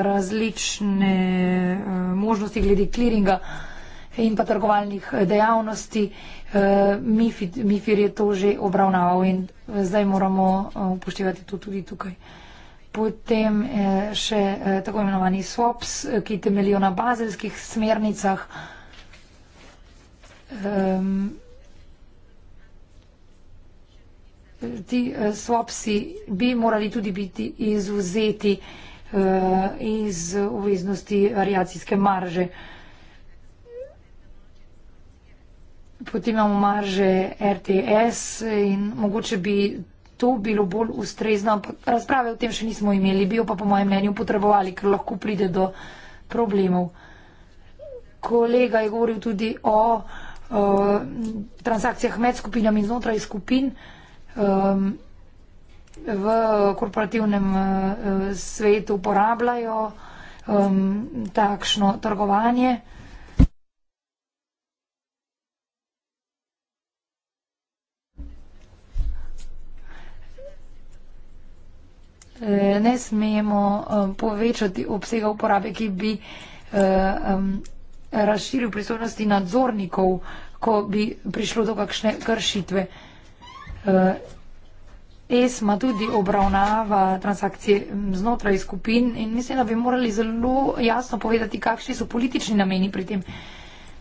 različne možnosti glede kliringa in pa trgovalnih eh, dejavnosti. Eh, MIFID, MIFIR je to že obravnaval in eh, zdaj moramo upoštevati to tudi tukaj. Potem še tako imenovani SWAPS, ki temeljijo na bazelskih smernicah. Ehm, ti SWAPSi bi morali tudi biti izuzeti iz obveznosti variacijske marže. Potem imamo marže RTS in mogoče bi to bilo bolj ustrezno, ampak razprave o tem še nismo imeli, bi jo pa po mojem mnenju potrebovali, ker lahko pride do problemov. Kolega je govoril tudi o, o transakcijah med skupinami in znotraj skupin. Um, v korporativnem uh, svetu uporabljajo um, takšno trgovanje. Eh, ne smemo eh, povečati obsega uporabe, ki bi eh, razširil prisotnosti nadzornikov, ko bi prišlo do kakšne kršitve. ESMA tudi obravnava transakcije znotraj skupin in mislim, da bi morali zelo jasno povedati, kakšni so politični nameni pri tem.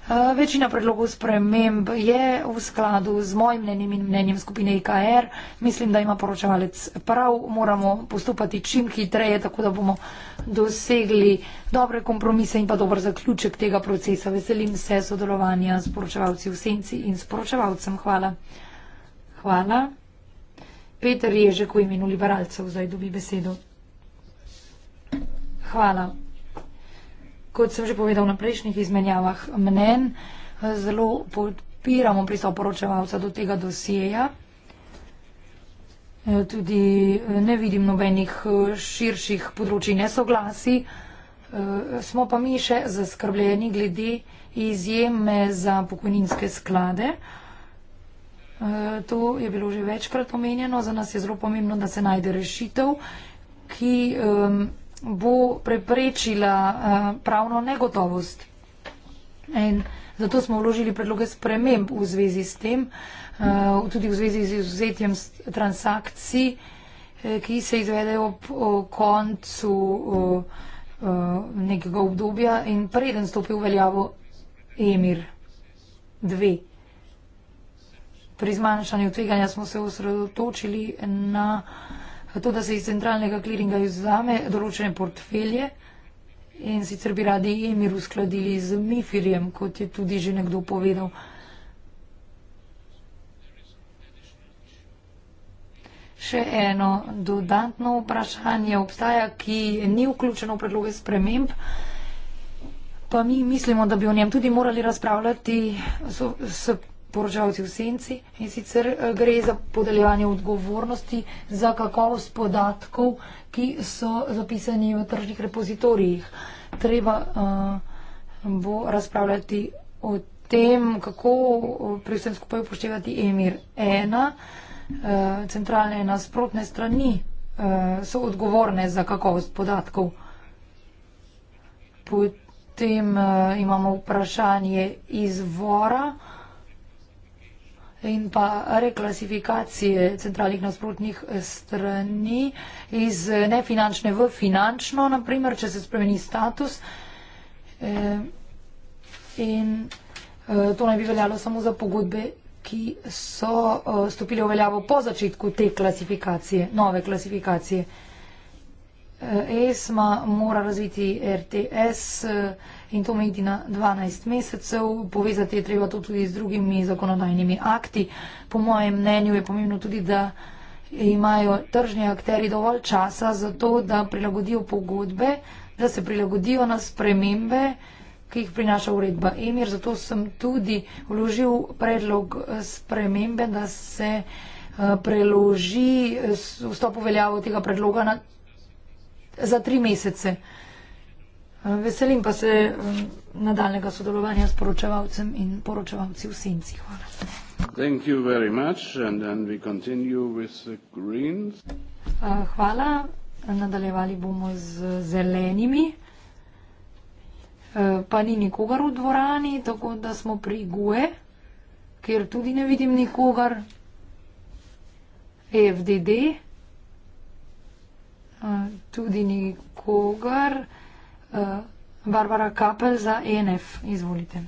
Eh, večina predlogov sprememb je v skladu z mojim mnenjem in mnenjem skupine IKR. E Mislim, da ima poročevalec prav, moramo postopati čim hitreje, tako da bomo dosegli dobre kompromise in pa dober zaključek tega procesa. Veselim se sodelovanja s poročevalci v senci in s poročevalcem. Hvala. Hvala. Peter Ježek v imenu liberalcev zdaj dobi besedo. Hvala kot sem že povedal na prejšnjih izmenjavah mnen, zelo podpiramo pristop poročevalca do tega dosjeja. E, tudi e, ne vidim nobenih e, širših področji nesoglasi. Smo pa mi še zaskrbljeni glede izjeme za pokojninske sklade. To je bilo že večkrat omenjeno. Za nas je zelo pomembno, da se najde rešitev, ki bo preprečila eh, pravno negotovost. In zato smo vložili predloge sprememb v zvezi s tem, eh, tudi v zvezi z izuzetjem transakcij, eh, ki se izvedejo ob koncu nekega obdobja in preden stopi v veljavo Emir 2. Pri zmanjšanju tveganja smo se osredotočili na to, da se iz centralnega kliringa izvzame določene portfelje in sicer bi radi emir uskladili z mifirjem, kot je tudi že nekdo povedal. Še eno dodatno vprašanje obstaja, ki ni vključeno v predloge sprememb, pa mi mislimo, da bi o njem tudi morali razpravljati s poročavci v senci in sicer eh, gre za podeljevanje odgovornosti za kakovost podatkov, ki so zapisani v tržnih repozitorijih. Treba uh, bo razpravljati o tem, kako eh, pri vsem skupaj upoštevati emir ena, uh, centralne in nasprotne strani uh, so odgovorne za kakovost podatkov. Potem uh, imamo vprašanje izvora in pa reklasifikacije centralnih nasprotnih eh, strani iz eh, nefinančne v finančno, naprimer, če se spremeni status. Eh, in to naj bi veljalo samo za pogodbe, ki so stopili v veljavo po začetku te klasifikacije, nove klasifikacije. ESMA mora razviti RTS, in to omejiti na 12 mesecev. Povezati je treba to tudi z drugimi zakonodajnimi akti. Po mojem mnenju je pomembno tudi, da imajo tržni akteri dovolj časa za to, da prilagodijo pogodbe, da se prilagodijo na spremembe, ki jih prinaša uredba EMIR. Zato sem tudi vložil predlog eh, spremembe, da se eh, preloži eh, vstop v veljavo tega predloga na, za tri mesece. Veselim pa se um, nadaljnega sodelovanja s poročevalcem in poročevalci v senci. Hvala. Uh, hvala. Nadaljevali bomo z zelenimi. Uh, pa ni nikogar v dvorani, tako da smo pri GUE, kjer tudi ne vidim nikogar. FDD. Uh, tudi nikogar. Eh, Barbara Kapel za ENF. Izvolite.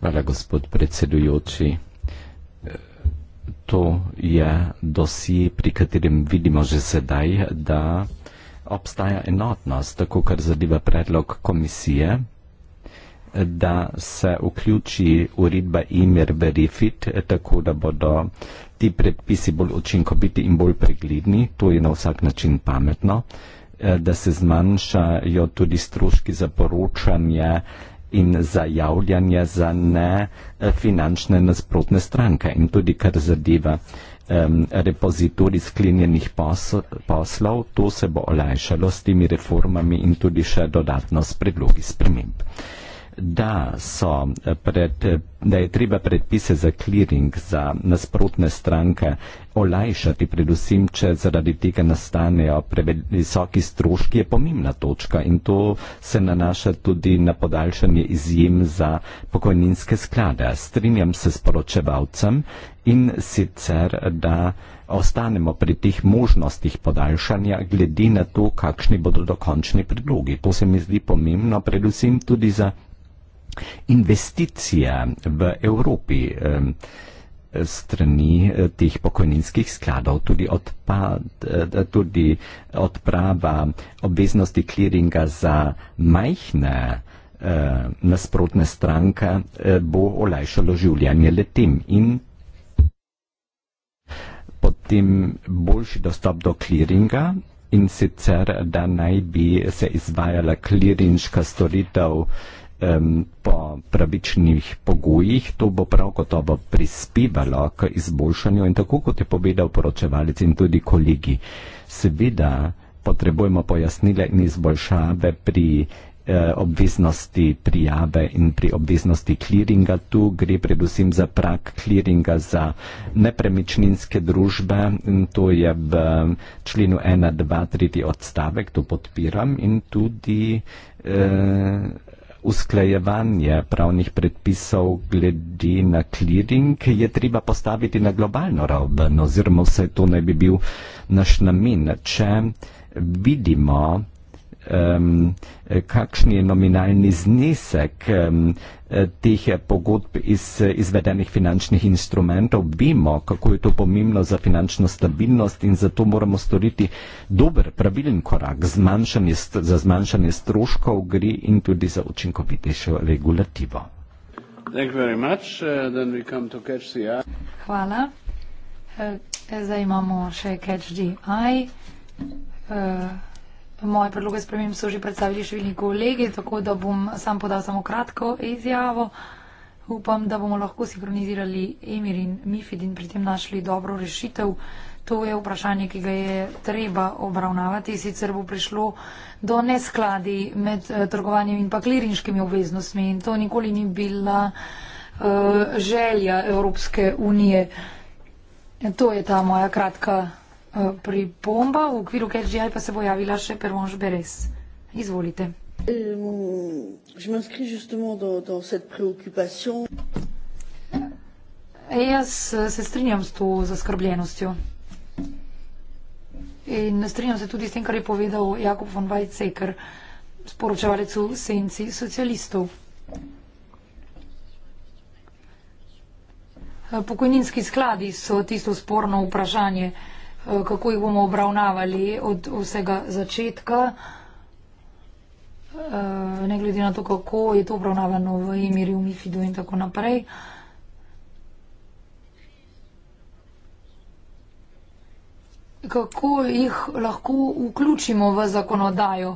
Hvala, gospod predsedujoči. To je dosi, pri katerem vidimo že sedaj, da obstaja enotnost, tako kar zadeva predlog komisije, da se vključi uredba IMER Verifit, tako da bodo ti predpisi bolj učinkoviti in bolj pregledni. To je na vsak način pametno. Eh, da se zmanjšajo tudi stroški za poročanje in za javljanje za nefinančne eh, nasprotne stranke in tudi kar zadeva um, repozitori sklenjenih poslov, to se bo olajšalo s temi reformami in tudi še dodatno s predlogi sprememb da so eh, pred, eh, da je treba predpise za clearing za nasprotne stranke olajšati, predvsem, če zaradi tega nastanejo previsoki stroški, je pomembna točka in to se nanaša tudi na podaljšanje izjem za pokojninske sklade. Strinjam se s poročevalcem in sicer, da ostanemo pri teh možnostih podaljšanja, glede na to, kakšni bodo dokončni predlogi. To se mi zdi pomembno, predvsem tudi za investicija v Evropi strani eh, teh pokojninskih skladov, tudi, odpad, eh, tudi odprava obveznosti kliringa za majhne eh, nasprotne stranke bo olajšalo življenje letem in potem boljši dostop do kliringa in sicer, da naj bi se izvajala klirinška storitev po pravičnih pogojih, to bo prav gotovo prispevalo k izboljšanju in tako kot je povedal poročevalec in tudi kolegi. Seveda potrebujemo pojasnile in izboljšave pri eh, obveznosti prijave in pri obveznosti kliringa. Tu gre predvsem za prak kliringa za nepremičninske družbe in to je v členu 1.2.3. odstavek, to podpiram in tudi eh, usklajevanje pravnih predpisov glede na clearing je treba postaviti na globalno raven, oziroma vse to naj bi bil naš namen. Če vidimo, um, kakšen je nominalni znesek um, teh pogodb iz izvedenih finančnih instrumentov. Vemo, kako je to pomembno za finančno stabilnost in zato moramo storiti dober, pravilen korak. Zmanjšanje, za zmanjšanje stroškov gre in tudi za učinkovitejšo regulativo. Uh, Hvala. Uh, zdaj imamo še catch the eye. Uh, Moje predloge sprememb so že predstavili številni kolegi, tako da bom sam podal samo kratko izjavo. Upam, da bomo lahko sinhronizirali Emir in Mifid in pri tem našli dobro rešitev. To je vprašanje, ki ga je treba obravnavati, sicer bo prišlo do neskladi med eh, trgovanjem in pa kliriškimi obveznostmi in to nikoli ni bila uh, želja Evropske unije. To je ta moja kratka. Eh, pripomba, v okviru KGI pa se bo javila še Peronž Beres. Izvolite. Eh, eh, jaz se strinjam s to zaskrbljenostjo. In strinjam se tudi s tem, kar je povedal Jakob von Weizsäcker, sporočevalec v senci socialistov. Pokojninski skladi so tisto sporno vprašanje. Eh, kako jih bomo obravnavali od vsega začetka, eh, ne glede na to, kako je to obravnavano v Emirju, Mifidu in tako naprej. Kako jih lahko vključimo v zakonodajo?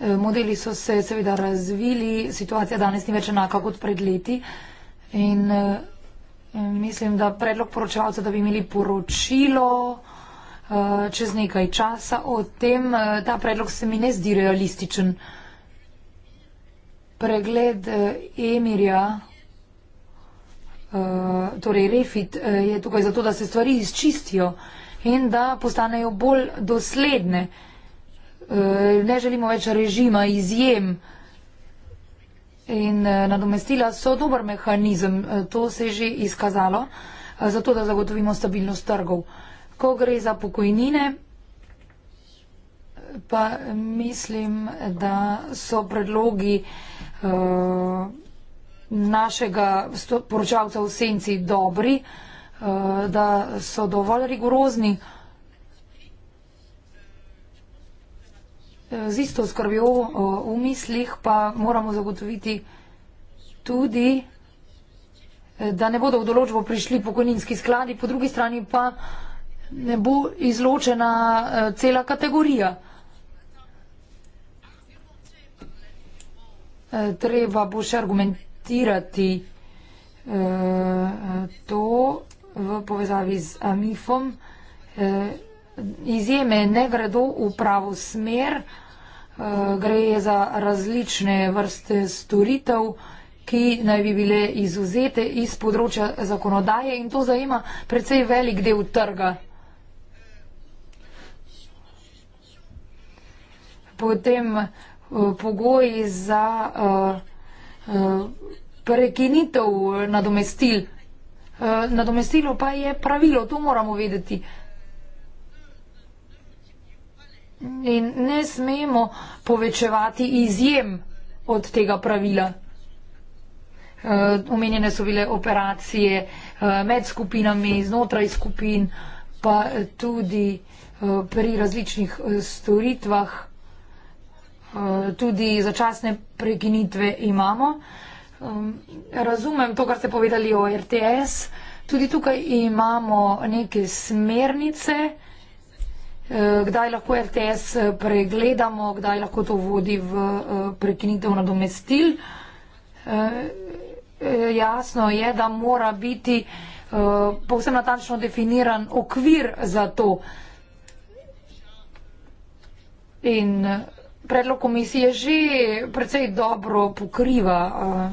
Eh, modeli so se seveda razvili, situacija danes ni več enaka kot pred leti in Mislim, da predlog poročevalca, da bi imeli poročilo eh, čez nekaj časa o tem, eh, ta predlog se mi ne zdi realističen. Pregled eh, Emirja, torej Refit, je tukaj zato, da se stvari izčistijo in da postanejo bolj dosledne. Ne želimo več režima izjem. In eh, nadomestila so dober mehanizem, eh, to se je že izkazalo, eh, zato da zagotovimo stabilnost trgov. Ko gre za pokojnine, pa mislim, da so predlogi uh, našega poročavca v senci dobri, uh, da so dovolj rigorozni. z isto skrbjo v mislih pa moramo zagotoviti tudi, eh, da ne bodo v določbo prišli pokojninski skladi, po drugi strani pa ne bo izločena eh, cela kategorija. Eh, treba bo še argumentirati to v povezavi z MIF-om. Izjeme ne gredo v pravo smer, ampak Eh, gre za različne vrste storitev, ki naj bi bile izuzete iz področja zakonodaje in to zajema precej velik del trga. Potem eh, pogoji za uh, uh, prekinitev nadomestil. Uh, nadomestilo pa je pravilo, to moramo vedeti. Uh, In ne smemo povečevati izjem od tega pravila. Eh, omenjene so bile operacije eh, med skupinami, znotraj skupin, pa tudi eh, pri različnih storitvah. Tudi začasne prekinitve imamo. Razumem to, kar ste povedali o RTS. Tudi tukaj imamo neke smernice, Eh, kdaj lahko RTS eh, pregledamo, kdaj lahko to vodi v eh, prekinitev nadomestil. Jasno je, da mora biti povsem natančno definiran okvir za to. In predlog komisije že precej dobro pokriva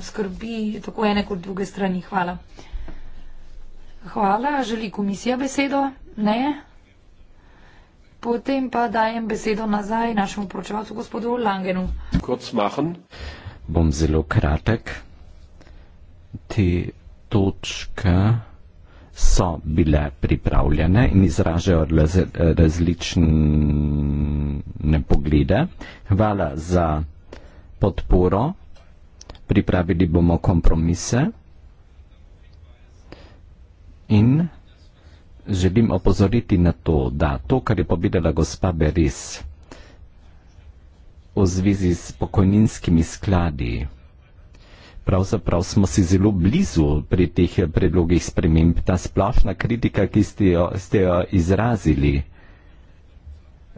skrbi tako ene kot druge strani. Hvala. Hvala. Želi komisija besedo? Ne. Potem pa dajem besedo nazaj našemu poročevalcu, gospodu Langenu. Kot smahen. Bom zelo kratek. Te točke so bile pripravljene in izražajo različne poglede. Hvala za podporo. Pripravili bomo kompromise. In želim opozoriti na to, da to, kar je povedala gospa Beris v zvezi s pokojninskimi skladi, pravzaprav smo si zelo blizu pri teh predlogih sprememb. Ta splošna kritika, ki ste jo, ste jo izrazili,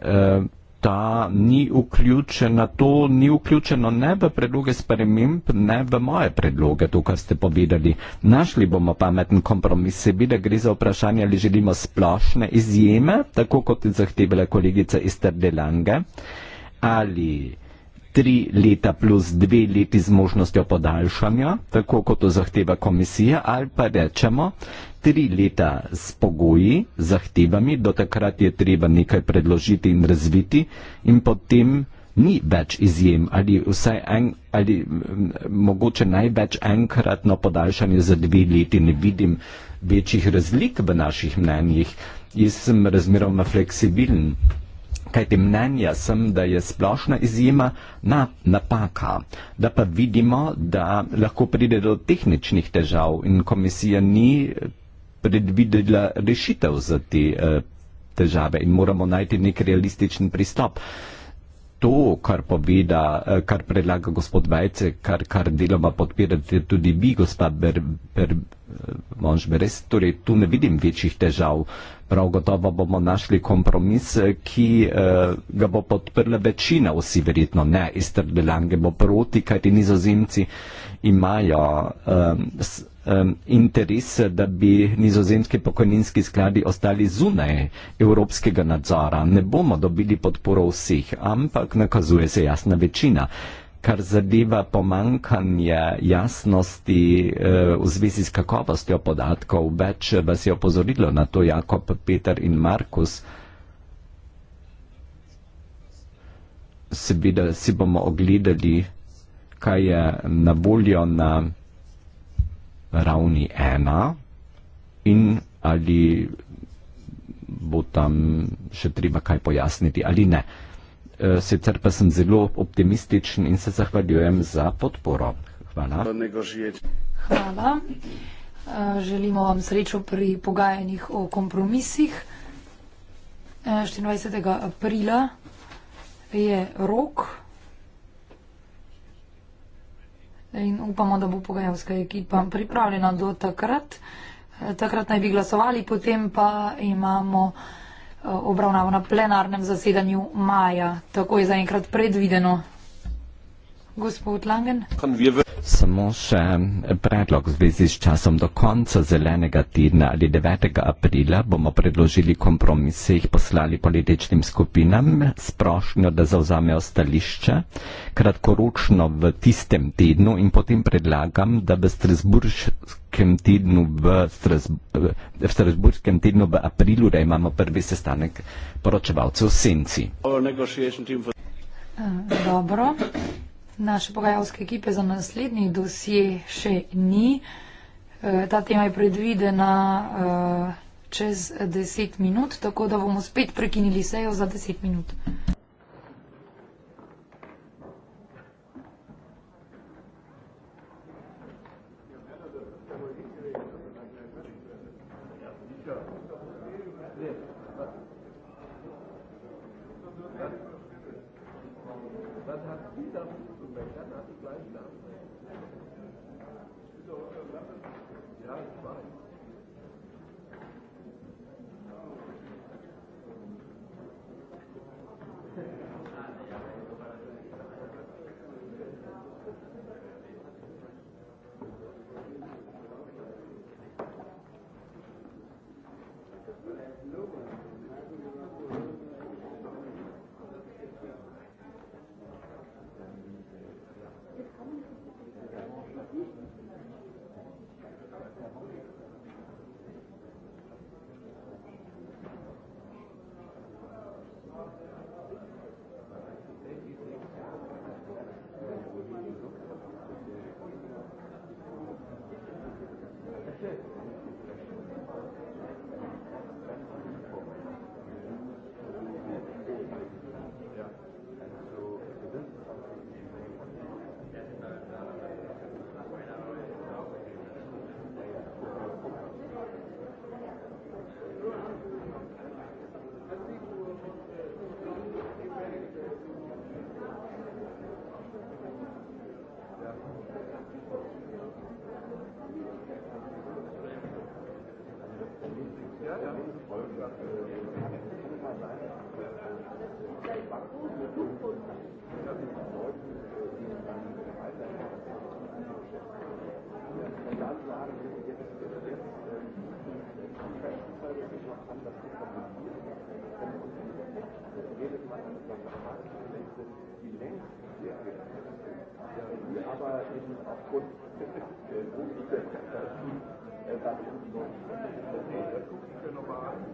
eh, da ni vključena to, ni vključeno ne v predloge sprememb, ne v moje predloge, to, kar ste povedali. Našli bomo pameten kompromis, se bi, da gre za vprašanje, ali želimo splošne izjeme, tako kot je zahtevala kolegica Ester Delange, ali tri leta plus dve leti z možnostjo podaljšanja, tako kot to zahteva komisija, ali pa rečemo, tri leta s pogoji, zahtevami, do takrat je treba nekaj predložiti in razviti in potem ni več izjem ali vsaj en, ali mogoče največ enkratno podaljšanje za dve leti. Ne vidim večjih razlik v naših mnenjih. Jaz sem razmeroma fleksibilen, kajti mnenja sem, da je splošna izjema na, napaka, da pa vidimo, da lahko pride do tehničnih težav in komisija ni predvidela rešitev za te eh, težave in moramo najti nek realističen pristop. To, kar poveda, eh, kar predlaga gospod Vajce, kar, kar deloma podpirate tudi vi, gospa Monžberes, torej tu ne vidim večjih težav. Prav gotovo bomo našli kompromis, eh, ki eh, ga bo podprla večina, vsi verjetno ne, Ester Delange bo proti, kajti nizozemci imajo. Eh, um, interes, da bi nizozemski pokojninski skladi ostali zunaj evropskega nadzora. Ne bomo dobili podporo vseh, ampak nakazuje se jasna večina. Kar zadeva pomankanje jasnosti e, v zvezi s kakovostjo podatkov, več vas je opozorilo na to Jakob, Peter in Markus. Seveda si bomo ogledali, kaj je na voljo na ravni ena in ali bo tam še treba kaj pojasniti ali ne. E, sicer pa sem zelo optimističen in se zahvaljujem za podporo. Hvala. Hvala. E, želimo vam srečo pri pogajanjih o kompromisih. 24. E, aprila je rok. in upamo, da bo pogajalska ekipa pripravljena do takrat. Takrat naj bi glasovali, potem pa imamo eh, obravnavo na plenarnem zasedanju maja. Tako je zaenkrat predvideno. Gospod Langen. Samo še predlog v zvezi s časom do konca zelenega tedna ali 9. aprila bomo predložili kompromise, jih poslali političnim skupinam s prošnjo, da zauzamejo stališče kratkoročno v tistem tednu in potem predlagam, da v Strasburskem tednu v, Strasb v, Strasburskem tednu v aprilu, da imamo prvi sestanek poročevalcev v Senci. Eh, dobro naše pogajalske ekipe za naslednji dosje še ni. E, ta tema je predvidena e, čez 10 minut, tako da bomo spet prekinili sejo za 10 minut. Thank you. Zdravi, zdravi. Gracias.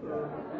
Ja, ja.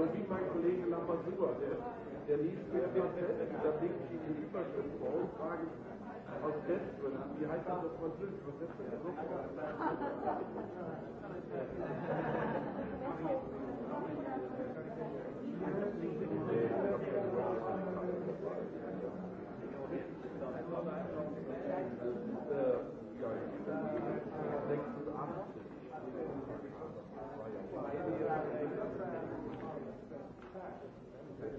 Aber wie mein Kollege Lamassur, der, der liest mir den Test, da denkt sich die Lieferstück vor und fragen, aus Testgründen, wie heißt das auf Französisch? Was ist das denn?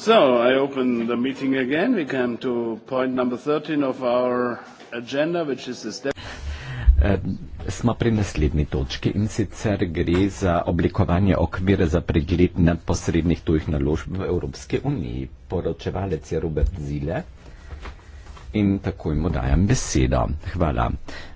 So I open the meeting again. We come to point number 13 of our agenda, which is the step. Eh, smo pri naslednji točki in sicer gre za oblikovanje okvira za pregled nad posrednih tujih naložb v Evropski uniji. Poročevalec je Robert Zile in takoj mu dajem besedo. Hvala,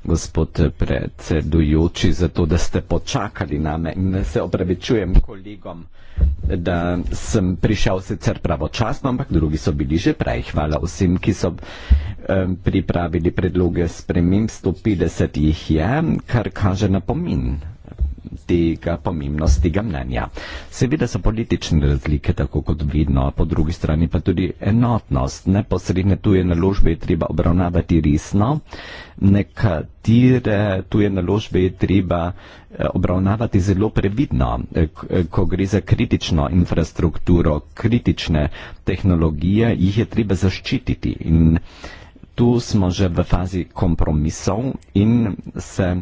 gospod predsedujoči, za to, da ste počakali name in se opravičujem kolegom. Uh, da sem prišel sicer pravočasno, ampak drugi so bili že prej. Hvala vsem, ki so um, pripravili predloge spremem. 150 jih je, kar kaže na pomin tega pomembnost tega mnenja. Seveda so politične razlike, tako kot vidno, po drugi strani pa tudi enotnost. Neposredne tuje naložbe je treba obravnavati resno, nekatere tuje naložbe je treba eh, obravnavati zelo previdno, eh, eh, ko gre za kritično infrastrukturo, kritične tehnologije, jih je treba zaščititi. In tu smo že v fazi kompromisov in se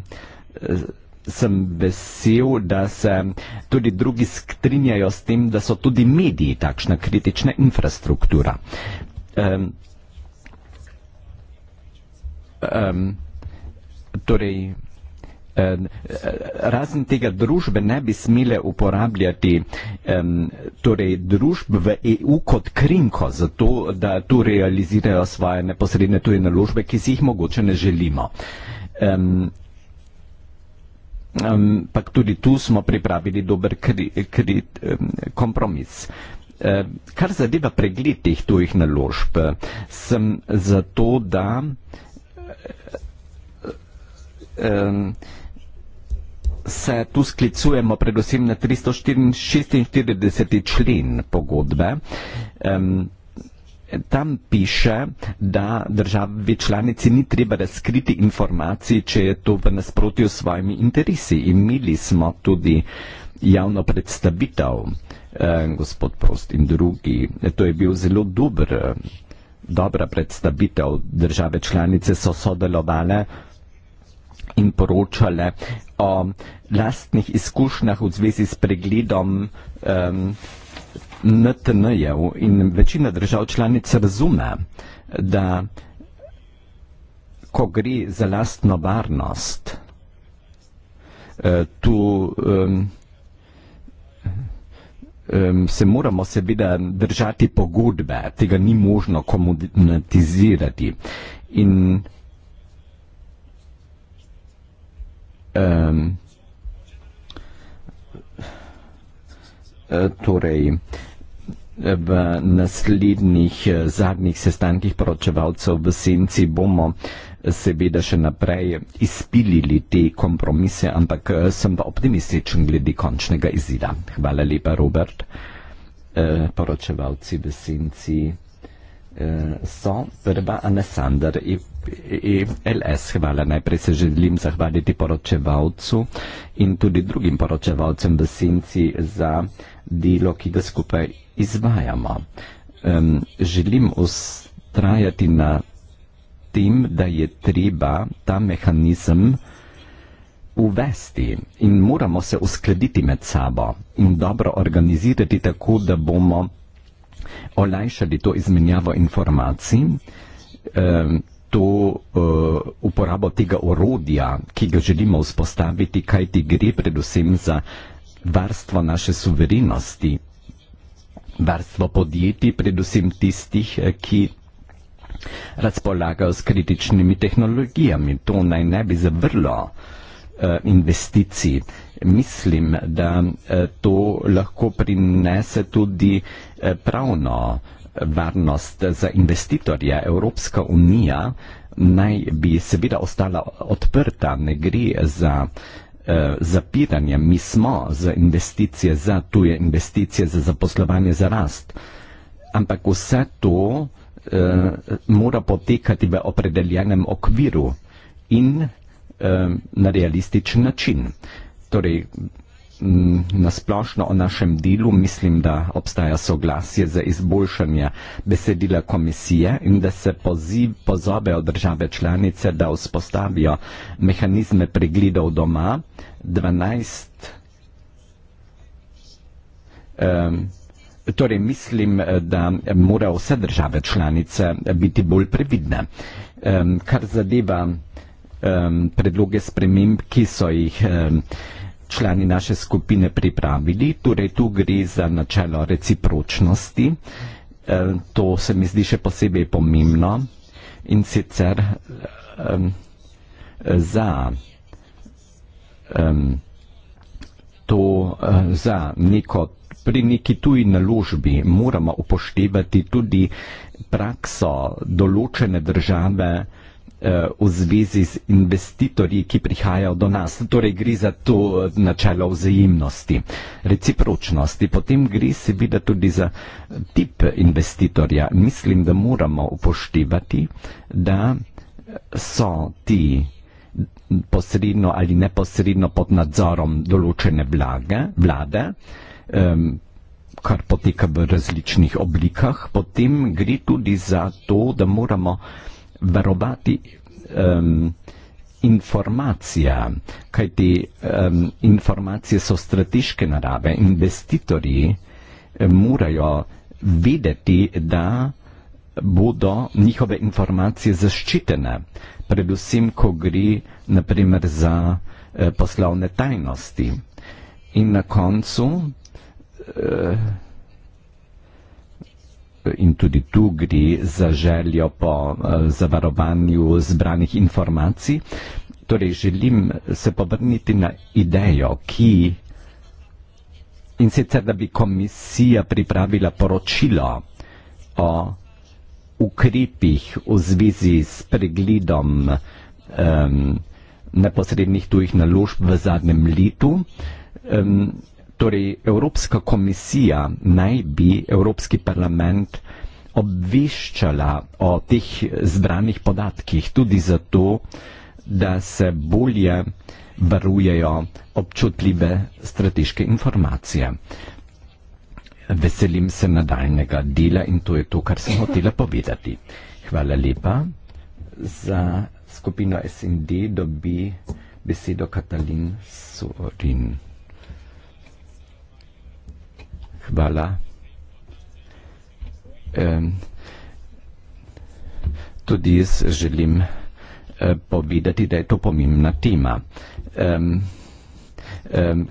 sem vesel, da se tudi drugi strinjajo s tem, da so tudi mediji takšna kritična infrastruktura. Um, um, torej, um, razen tega družbe ne bi smele uporabljati um, torej družb v EU kot krinko za to, da tu realizirajo svoje neposredne tuje naložbe, ki si jih mogoče ne želimo. Um, ampak tudi tu smo pripravili dober kri, kri, kompromis. Kar zadeva pregled teh tujih naložb, sem zato, da se tu sklicujemo predvsem na 346. člen pogodbe tam piše, da državi članici ni treba razkriti informacij, če je to v nasprotju s svojimi interesi. Imeli smo tudi javno predstavitev, eh, gospod Prost in drugi. To je bil zelo dober, eh, dobra predstavitev. Države članice so sodelovale in poročale o lastnih izkušnjah v zvezi s pregledom. Eh, NTN-jev in večina držav članic razume, da ko gre za lastno varnost, eh, tu se moramo seveda držati pogodbe, tega ni možno komunitizirati. In eh, torej v naslednjih eh, zadnjih sestankih poročevalcev v senci bomo eh, seveda še naprej izpilili te kompromise, ampak eh, sem pa optimističen glede končnega izida. Hvala lepa, Robert. Poročevalci v senci so prva Anesander ELS. E e Hvala. Najprej se želim zahvaliti poročevalcu in tudi drugim poročevalcem v senci za delo, ki ga skupaj izvajamo. Um, želim ustrajati na tem, da je treba ta mehanizem uvesti in moramo se uskladiti med sabo in dobro organizirati tako, da bomo olajšali to izmenjavo informacij, to eh, uporabo tega orodja, ki ga želimo vzpostaviti, kaj ti gre predvsem za varstvo naše suverenosti, varstvo podjetij, predvsem tistih, eh, ki razpolagajo s kritičnimi tehnologijami. To naj ne bi zavrlo eh, investicij. Mislim, da eh, to lahko prinese tudi pravno varnost za investitorja. Evropska unija naj bi seveda ostala odprta, ne gre za Eh, zapiranje, mi smo za investicije, za tuje investicije, za zaposlovanje, za rast. Ampak vse to eh, mora potekati v opredeljenem okviru in eh, na realističen način. Torej, Mm, na splošno o našem delu mislim, da obstaja soglasje za izboljšanje besedila komisije in da se poziv, pozovejo države članice, da vzpostavijo mehanizme pregledov doma. 12. Um, torej mislim, da morajo vse države članice biti bolj previdne. Um, kar zadeva um, predloge sprememb, ki so jih um, člani naše skupine pripravili. Torej, tu gre za načelo recipročnosti. E, to se mi zdi še posebej pomembno. In sicer za to, e, za neko, pri neki tuji naložbi moramo upoštevati tudi prakso določene države, v zvezi z investitorji, ki prihajajo do nas. Torej gre za to eh, načelo vzajemnosti, recipročnosti. Potem gre seveda tudi za tip investitorja. Mislim, da moramo upoštevati, da so ti posredno ali neposredno pod nadzorom določene blage, vlade, um, kar poteka v različnih oblikah. Potem gre tudi za to, da moramo verobati um, informacija, kaj ti um, informacije so strateške narave, investitorji eh, morajo videti, da bodo njihove informacije zaščitene, predvsem, ko gre naprimer za uh, poslovne tajnosti. In na koncu uh, in tudi tu gre za željo po eh, zavarovanju zbranih informacij. Torej, želim se povrniti na idejo, ki in sicer, da bi komisija pripravila poročilo o ukrepih v zvezi s pregledom um, neposrednih tujih naložb v zadnjem letu. Um, Torej, Evropska komisija naj bi Evropski parlament obveščala o teh zbranih podatkih tudi zato, da se bolje varujejo občutljive strateške informacije. Veselim se nadaljnega dela in to je to, kar sem hotela povedati. Hvala lepa. Za skupino SND dobi besedo Katalin Sorin hvala. Um, tudi jaz želim uh, povedati, da je to pomembna tema. Um,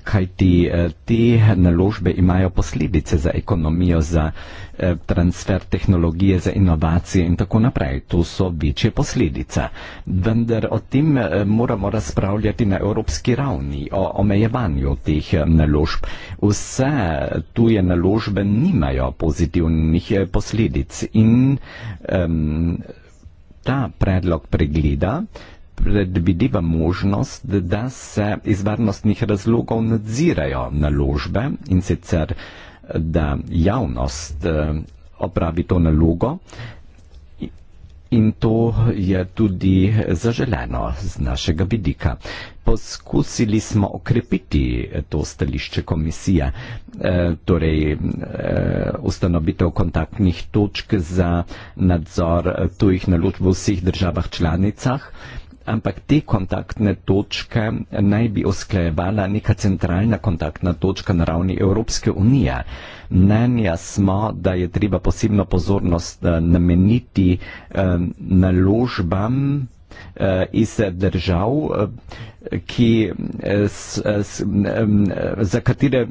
kaj ti eh, te naložbe imajo posledice za ekonomijo, za eh, transfer tehnologije, za inovacije in tako naprej. To so večje posledice. Vendar o tem eh, moramo razpravljati na evropski ravni, o omejevanju teh naložb. Vse tuje naložbe nimajo pozitivnih posledic in um, ta predlog pregleda, predvideva možnost, da se iz varnostnih razlogov nadzirajo naložbe in sicer, da javnost eh, opravi to nalogo in to je tudi zaželeno z našega vidika. Poskusili smo okrepiti to stališče komisije, eh, torej eh, ustanovitev kontaktnih točk za nadzor tujih naložb v vseh državah članicah ampak te kontaktne točke naj bi osklejevala neka centralna kontaktna točka na ravni Evropske unije. Mnenja smo, da je treba posebno pozornost eh, nameniti eh, naložbam eh, iz držav, ki, s, s, za katere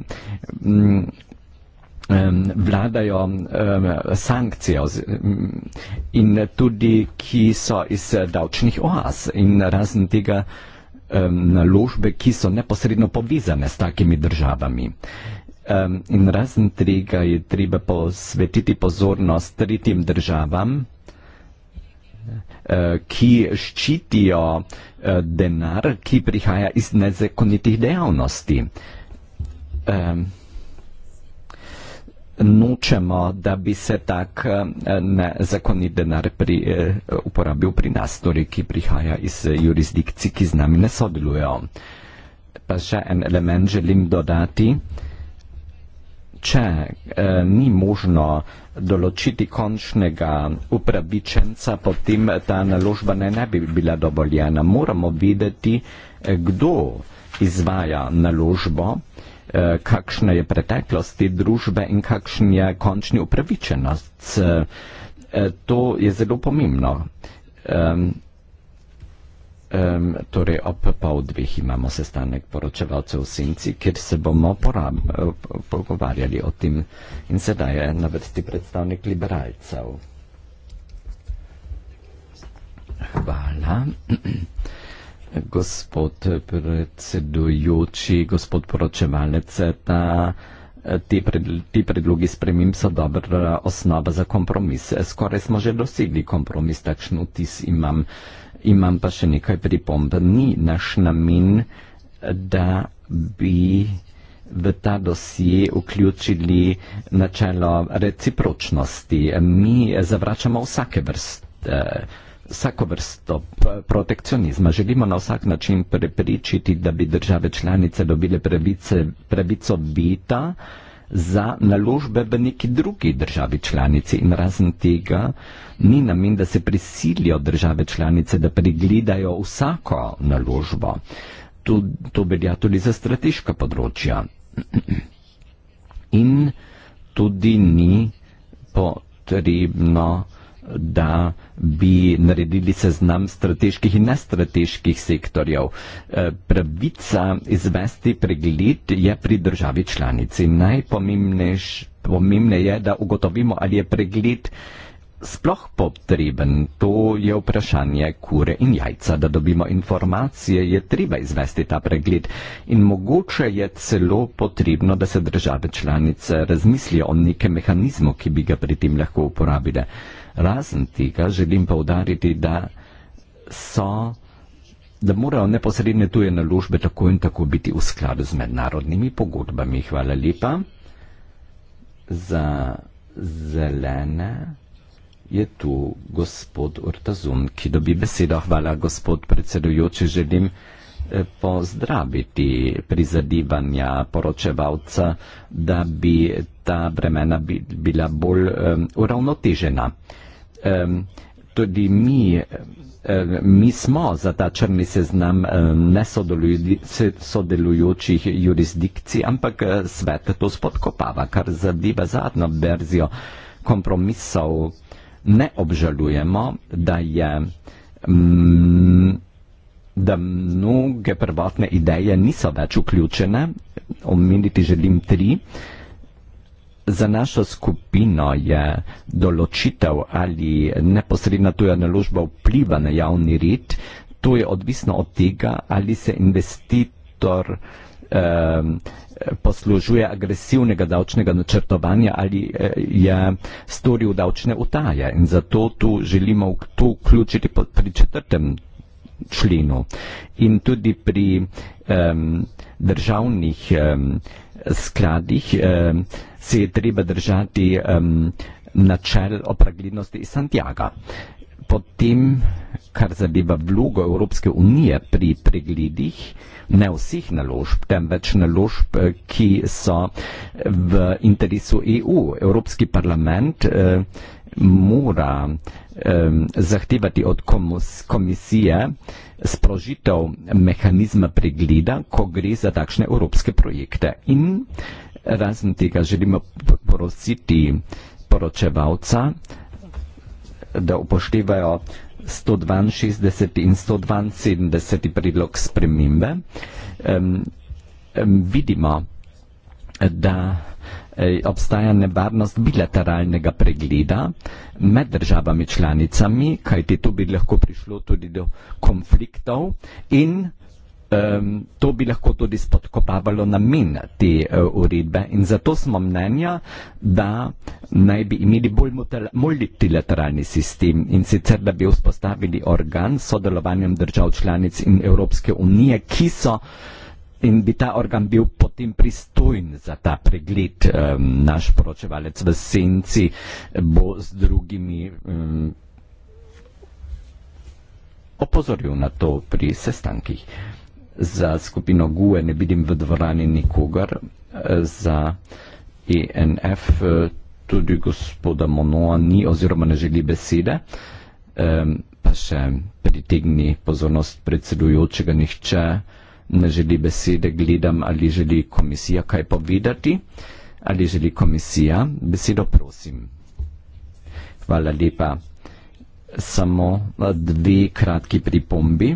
vladajo um, sankcije in tudi, ki so iz davčnih oaz in razen tega um, naložbe, ki so neposredno povezane s takimi državami. Um, in razen tega je treba posvetiti pozornost tretjim državam, uh, ki ščitijo uh, denar, ki prihaja iz nezakonitih dejavnosti. Um, nočemo, da bi se tak eh, nezakonit denar pri, eh, uporabil pri nas, torej ki prihaja iz eh, jurisdikcij, ki z nami ne sodelujejo. Pa še en element želim dodati. Če eh, ni možno določiti končnega upravičenca, potem ta naložba ne, ne bi bila dovoljena. Moramo videti, eh, kdo izvaja naložbo. Eh, Eh, kakšna je preteklost te družbe in kakšen je končni upravičenost. Eh, eh, to je zelo pomembno. Um, um, torej ob pol dveh imamo sestanek poročevalcev v Senci, kjer se bomo porab, pogovarjali o tem in sedaj je na vrsti predstavnik liberalcev. Hvala. gospod predsedujoči, gospod poročevalec, ta, ti, pred, ti predlogi spremim so dobra osnova za kompromis. Skoraj smo že dosegli kompromis, takšen vtis imam. Imam pa še nekaj pripomb. Ni naš namen, da bi v ta dosje vključili načelo recipročnosti. Mi zavračamo vsake vrste vsako vrsto protekcionizma. Želimo na vsak način prepričiti, da bi države članice dobile pravice, pravico vita za naložbe v neki drugi državi članici in razen tega ni namen, da se prisilijo države članice, da prigledajo vsako naložbo. To, to velja tudi za strateška področja. In tudi ni potrebno uh, da bi naredili seznam strateških in nestrateških sektorjev. E, pravica izvesti pregled je pri državi članici. Najpomembnejše je, da ugotovimo, ali je pregled sploh potreben. To je vprašanje kure in jajca, da dobimo informacije, je treba izvesti ta pregled. In mogoče je celo potrebno, da se države članice razmislijo o nekem mehanizmu, ki bi ga pri tem lahko uporabile. Razen tega želim pa udariti, da so da morajo neposredne tuje naložbe tako in tako biti v skladu z mednarodnimi pogodbami. Hvala lepa za zelene. Je tu gospod Urtazun, ki dobi besedo. Hvala, gospod predsedujoči. Želim eh, pozdraviti prizadivanja poročevalca, da bi ta bremena bila bolj eh, uravnotežena. Um, tudi mi, mi smo za ta črni seznam nesodelujočih jurisdikcij, ampak eh, svet to spodkopava, kar zadeva zadnjo verzijo kompromisov. Ne obžalujemo, da je, da mnoge prvotne ideje niso več vključene, omeniti želim tri za našo skupino je določitev ali neposredna tuja naložba vpliva na javni red, to je odvisno od tega, ali se investitor eh, poslužuje agresivnega davčnega načrtovanja ali eh, je storil davčne utaje. In zato tu želimo to vključiti pri četrtem členu. In tudi pri eh, državnih eh, skladih. Eh, se je treba držati um, načel o pravilnosti iz Santiaga. Potem, kar zadeva vlogo Evropske unije pri pregledih, ne vseh naložb, temveč naložb, eh, ki so v interesu EU. Evropski parlament. Uh, mora um, zahtevati od komus, komisije sprožitev mehanizma pregleda, ko gre za takšne evropske projekte. In razen tega želimo prositi poročevalca, da upoštevajo 162 in 172 predlog spremembe. Um, um, vidimo, da obstaja nevarnost bilateralnega pregleda med državami članicami, kajti tu bi lahko prišlo tudi do konfliktov in um, to bi lahko tudi spodkopavalo namen te uh, uredbe. In zato smo mnenja, da naj bi imeli bolj multilateralni sistem in sicer, da bi vzpostavili organ s sodelovanjem držav članic in Evropske unije, ki so In bi ta organ bil potem pristojen za ta pregled. Naš poročevalec v senci bo z drugimi opozoril na to pri sestankih. Za skupino GUE ne vidim v dvorani nikogar, eh, za ENF eh, tudi gospoda Monoa ni oziroma ne želi besede. Pa še pritegni pozornost predsedujočega nihče ne želi besede, gledam, ali želi komisija kaj povedati, ali želi komisija besedo, prosim. Hvala lepa. Samo eh, dve kratki pripombi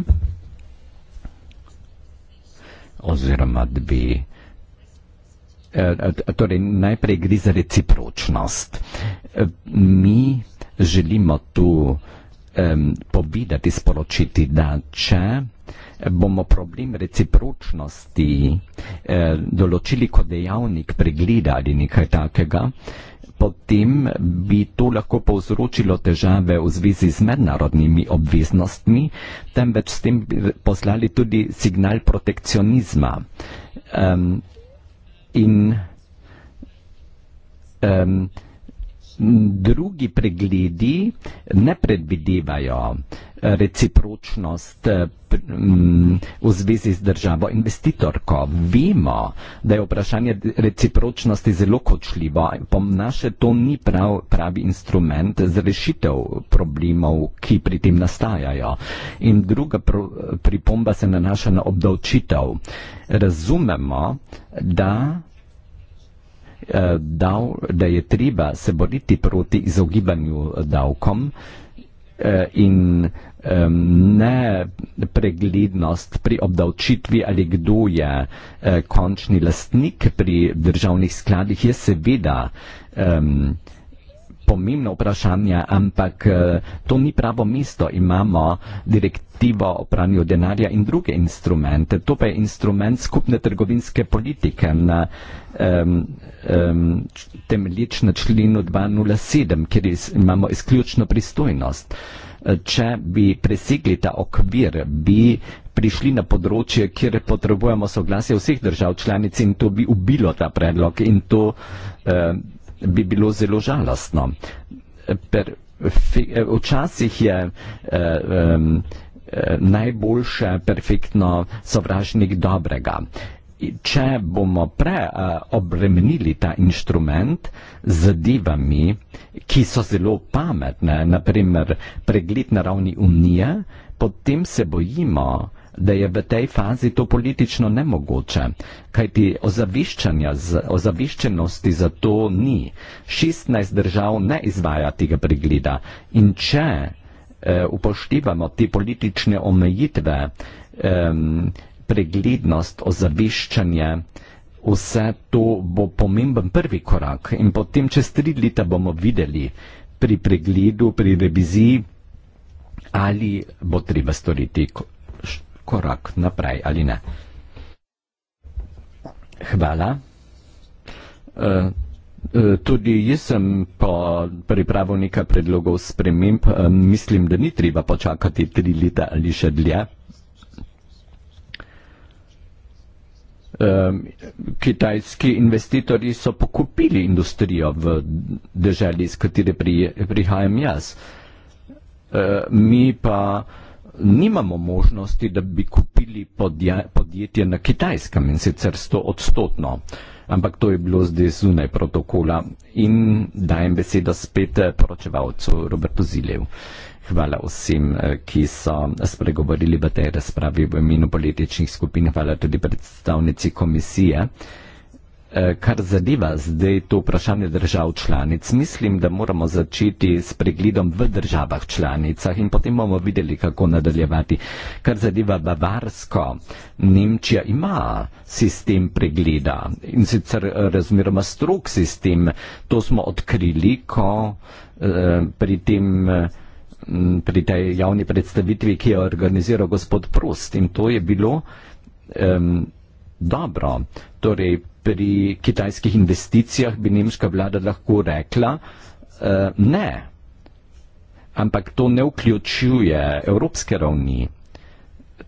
oziroma dve. Eh, eh, torej, najprej gre za recipročnost. Mi želimo tu um, povedati, sporočiti, da če uh, bomo problem recipročnosti eh, določili kot dejavnik pregleda ali nekaj takega, potem bi to lahko povzročilo težave v zvezi z mednarodnimi obveznostmi, temveč s tem bi poslali tudi signal protekcionizma. Um, in um, drugi pregledi ne predvidevajo eh, recipročnost eh, mm, v zvezi z državo investitorko. Vemo, da je vprašanje recipročnosti zelo kočljivo. Po naše to ni prav, pravi instrument za rešitev problemov, ki pri tem nastajajo. In druga pro, pripomba se nanaša na obdavčitev. Razumemo, da Eh, dal, da je treba se boriti proti izogibanju davkom eh, in nepreglednost pri obdavčitvi ali kdo je eh, končni lastnik pri državnih skladih je seveda um, pomembna vprašanja, ampak eh, to ni pravo mesto. Imamo direktivo o pranju denarja in druge instrumente. To pa je instrument skupne trgovinske politike na um, um, temelječ na členu 207, kjer imamo izključno pristojnost. Eh, če bi presegli ta okvir, bi prišli na področje, kjer potrebujemo soglasje vseh držav članic in to bi ubilo ta predlog in to. Um, bi bilo zelo žalostno. Per, fi, eh, včasih je eh, eh, najboljše perfektno sovražnik dobrega. Če bomo preobremenili eh, ta inštrument z divami, ki so zelo pametne, naprimer pregled na ravni unije, potem se bojimo, da je v tej fazi to politično nemogoče, kajti ozaviščenosti za to ni. 16 držav ne izvaja tega pregleda in če eh, upoštevamo te politične omejitve, eh, preglednost, ozaviščanje, vse to bo pomemben prvi korak in potem čez tri leta bomo videli pri pregledu, pri reviziji, ali bo treba storiti korak naprej ali ne. Hvala. E, tudi jaz sem po pripravu nekaj predlogov sprememb, e, mislim, da ni treba počakati tri leta ali še dlje. Kitajski investitorji so pokupili industrijo v državi, iz katere prihajam jaz. Mi pa nimamo možnosti, da bi kupili podjetje na kitajskem in sicer sto odstotno. Ampak to je bilo zdaj zunaj protokola in dajem besedo spet eh, poročevalcu Robertu Zilev. Hvala vsem, eh, ki so spregovorili v tej razpravi v imenu političnih skupin. Hvala tudi predstavnici komisije. Eh, kar zadeva zdaj to vprašanje držav članic, mislim, da moramo začeti s pregledom v državah članicah in potem bomo videli, kako nadaljevati. Kar zadeva Bavarsko, Nemčija ima sistem pregleda in sicer eh, razmeroma strok sistem. To smo odkrili, ko eh, pri tem mm, pri tej javni predstavitvi, ki jo organiziral gospod Prost in to je bilo um, dobro. Torej, pri kitajskih investicijah bi nemška vlada lahko rekla uh, ne. Ampak to ne vključuje evropske ravni.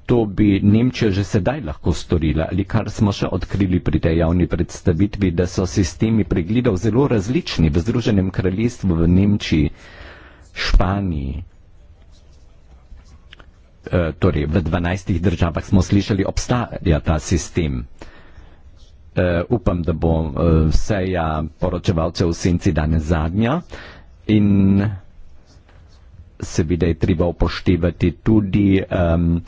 To bi Nemčija že sedaj lahko storila, ali kar smo še odkrili pri tej javni predstavitvi, da so sistemi pregledov zelo različni v Združenem kraljestvu, v Nemčiji, Španiji. E, torej, v 12 državah smo slišali, obstaja ta sistem. E, uh, upam, da bo uh, seja poročevalcev v senci danes zadnja in seveda je treba upoštevati tudi um,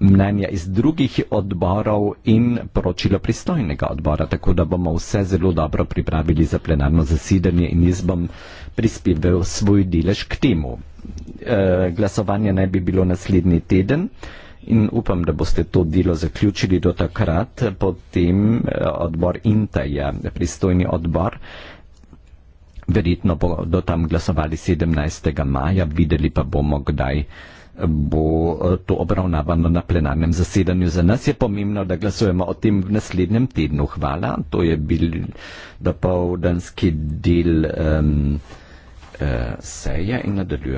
mnenja iz drugih odborov in poročilo pristojnega odbora, tako da bomo vse zelo dobro pripravili za plenarno zasedanje in jaz bom prispeval svoj delež k temu. Uh, glasovanje naj bi bilo naslednji teden. Uh, in upam, da boste to delo zaključili do takrat, potem eh, odbor INTA je pristojni odbor. Verjetno bodo tam glasovali 17. maja, videli pa bomo, kdaj eh, bo eh, to obravnavano na plenarnem zasedanju. Za nas je pomembno, da glasujemo o tem v naslednjem tednu. Hvala. To je bil dopoldanski del um, uh, seje in nadaljujem.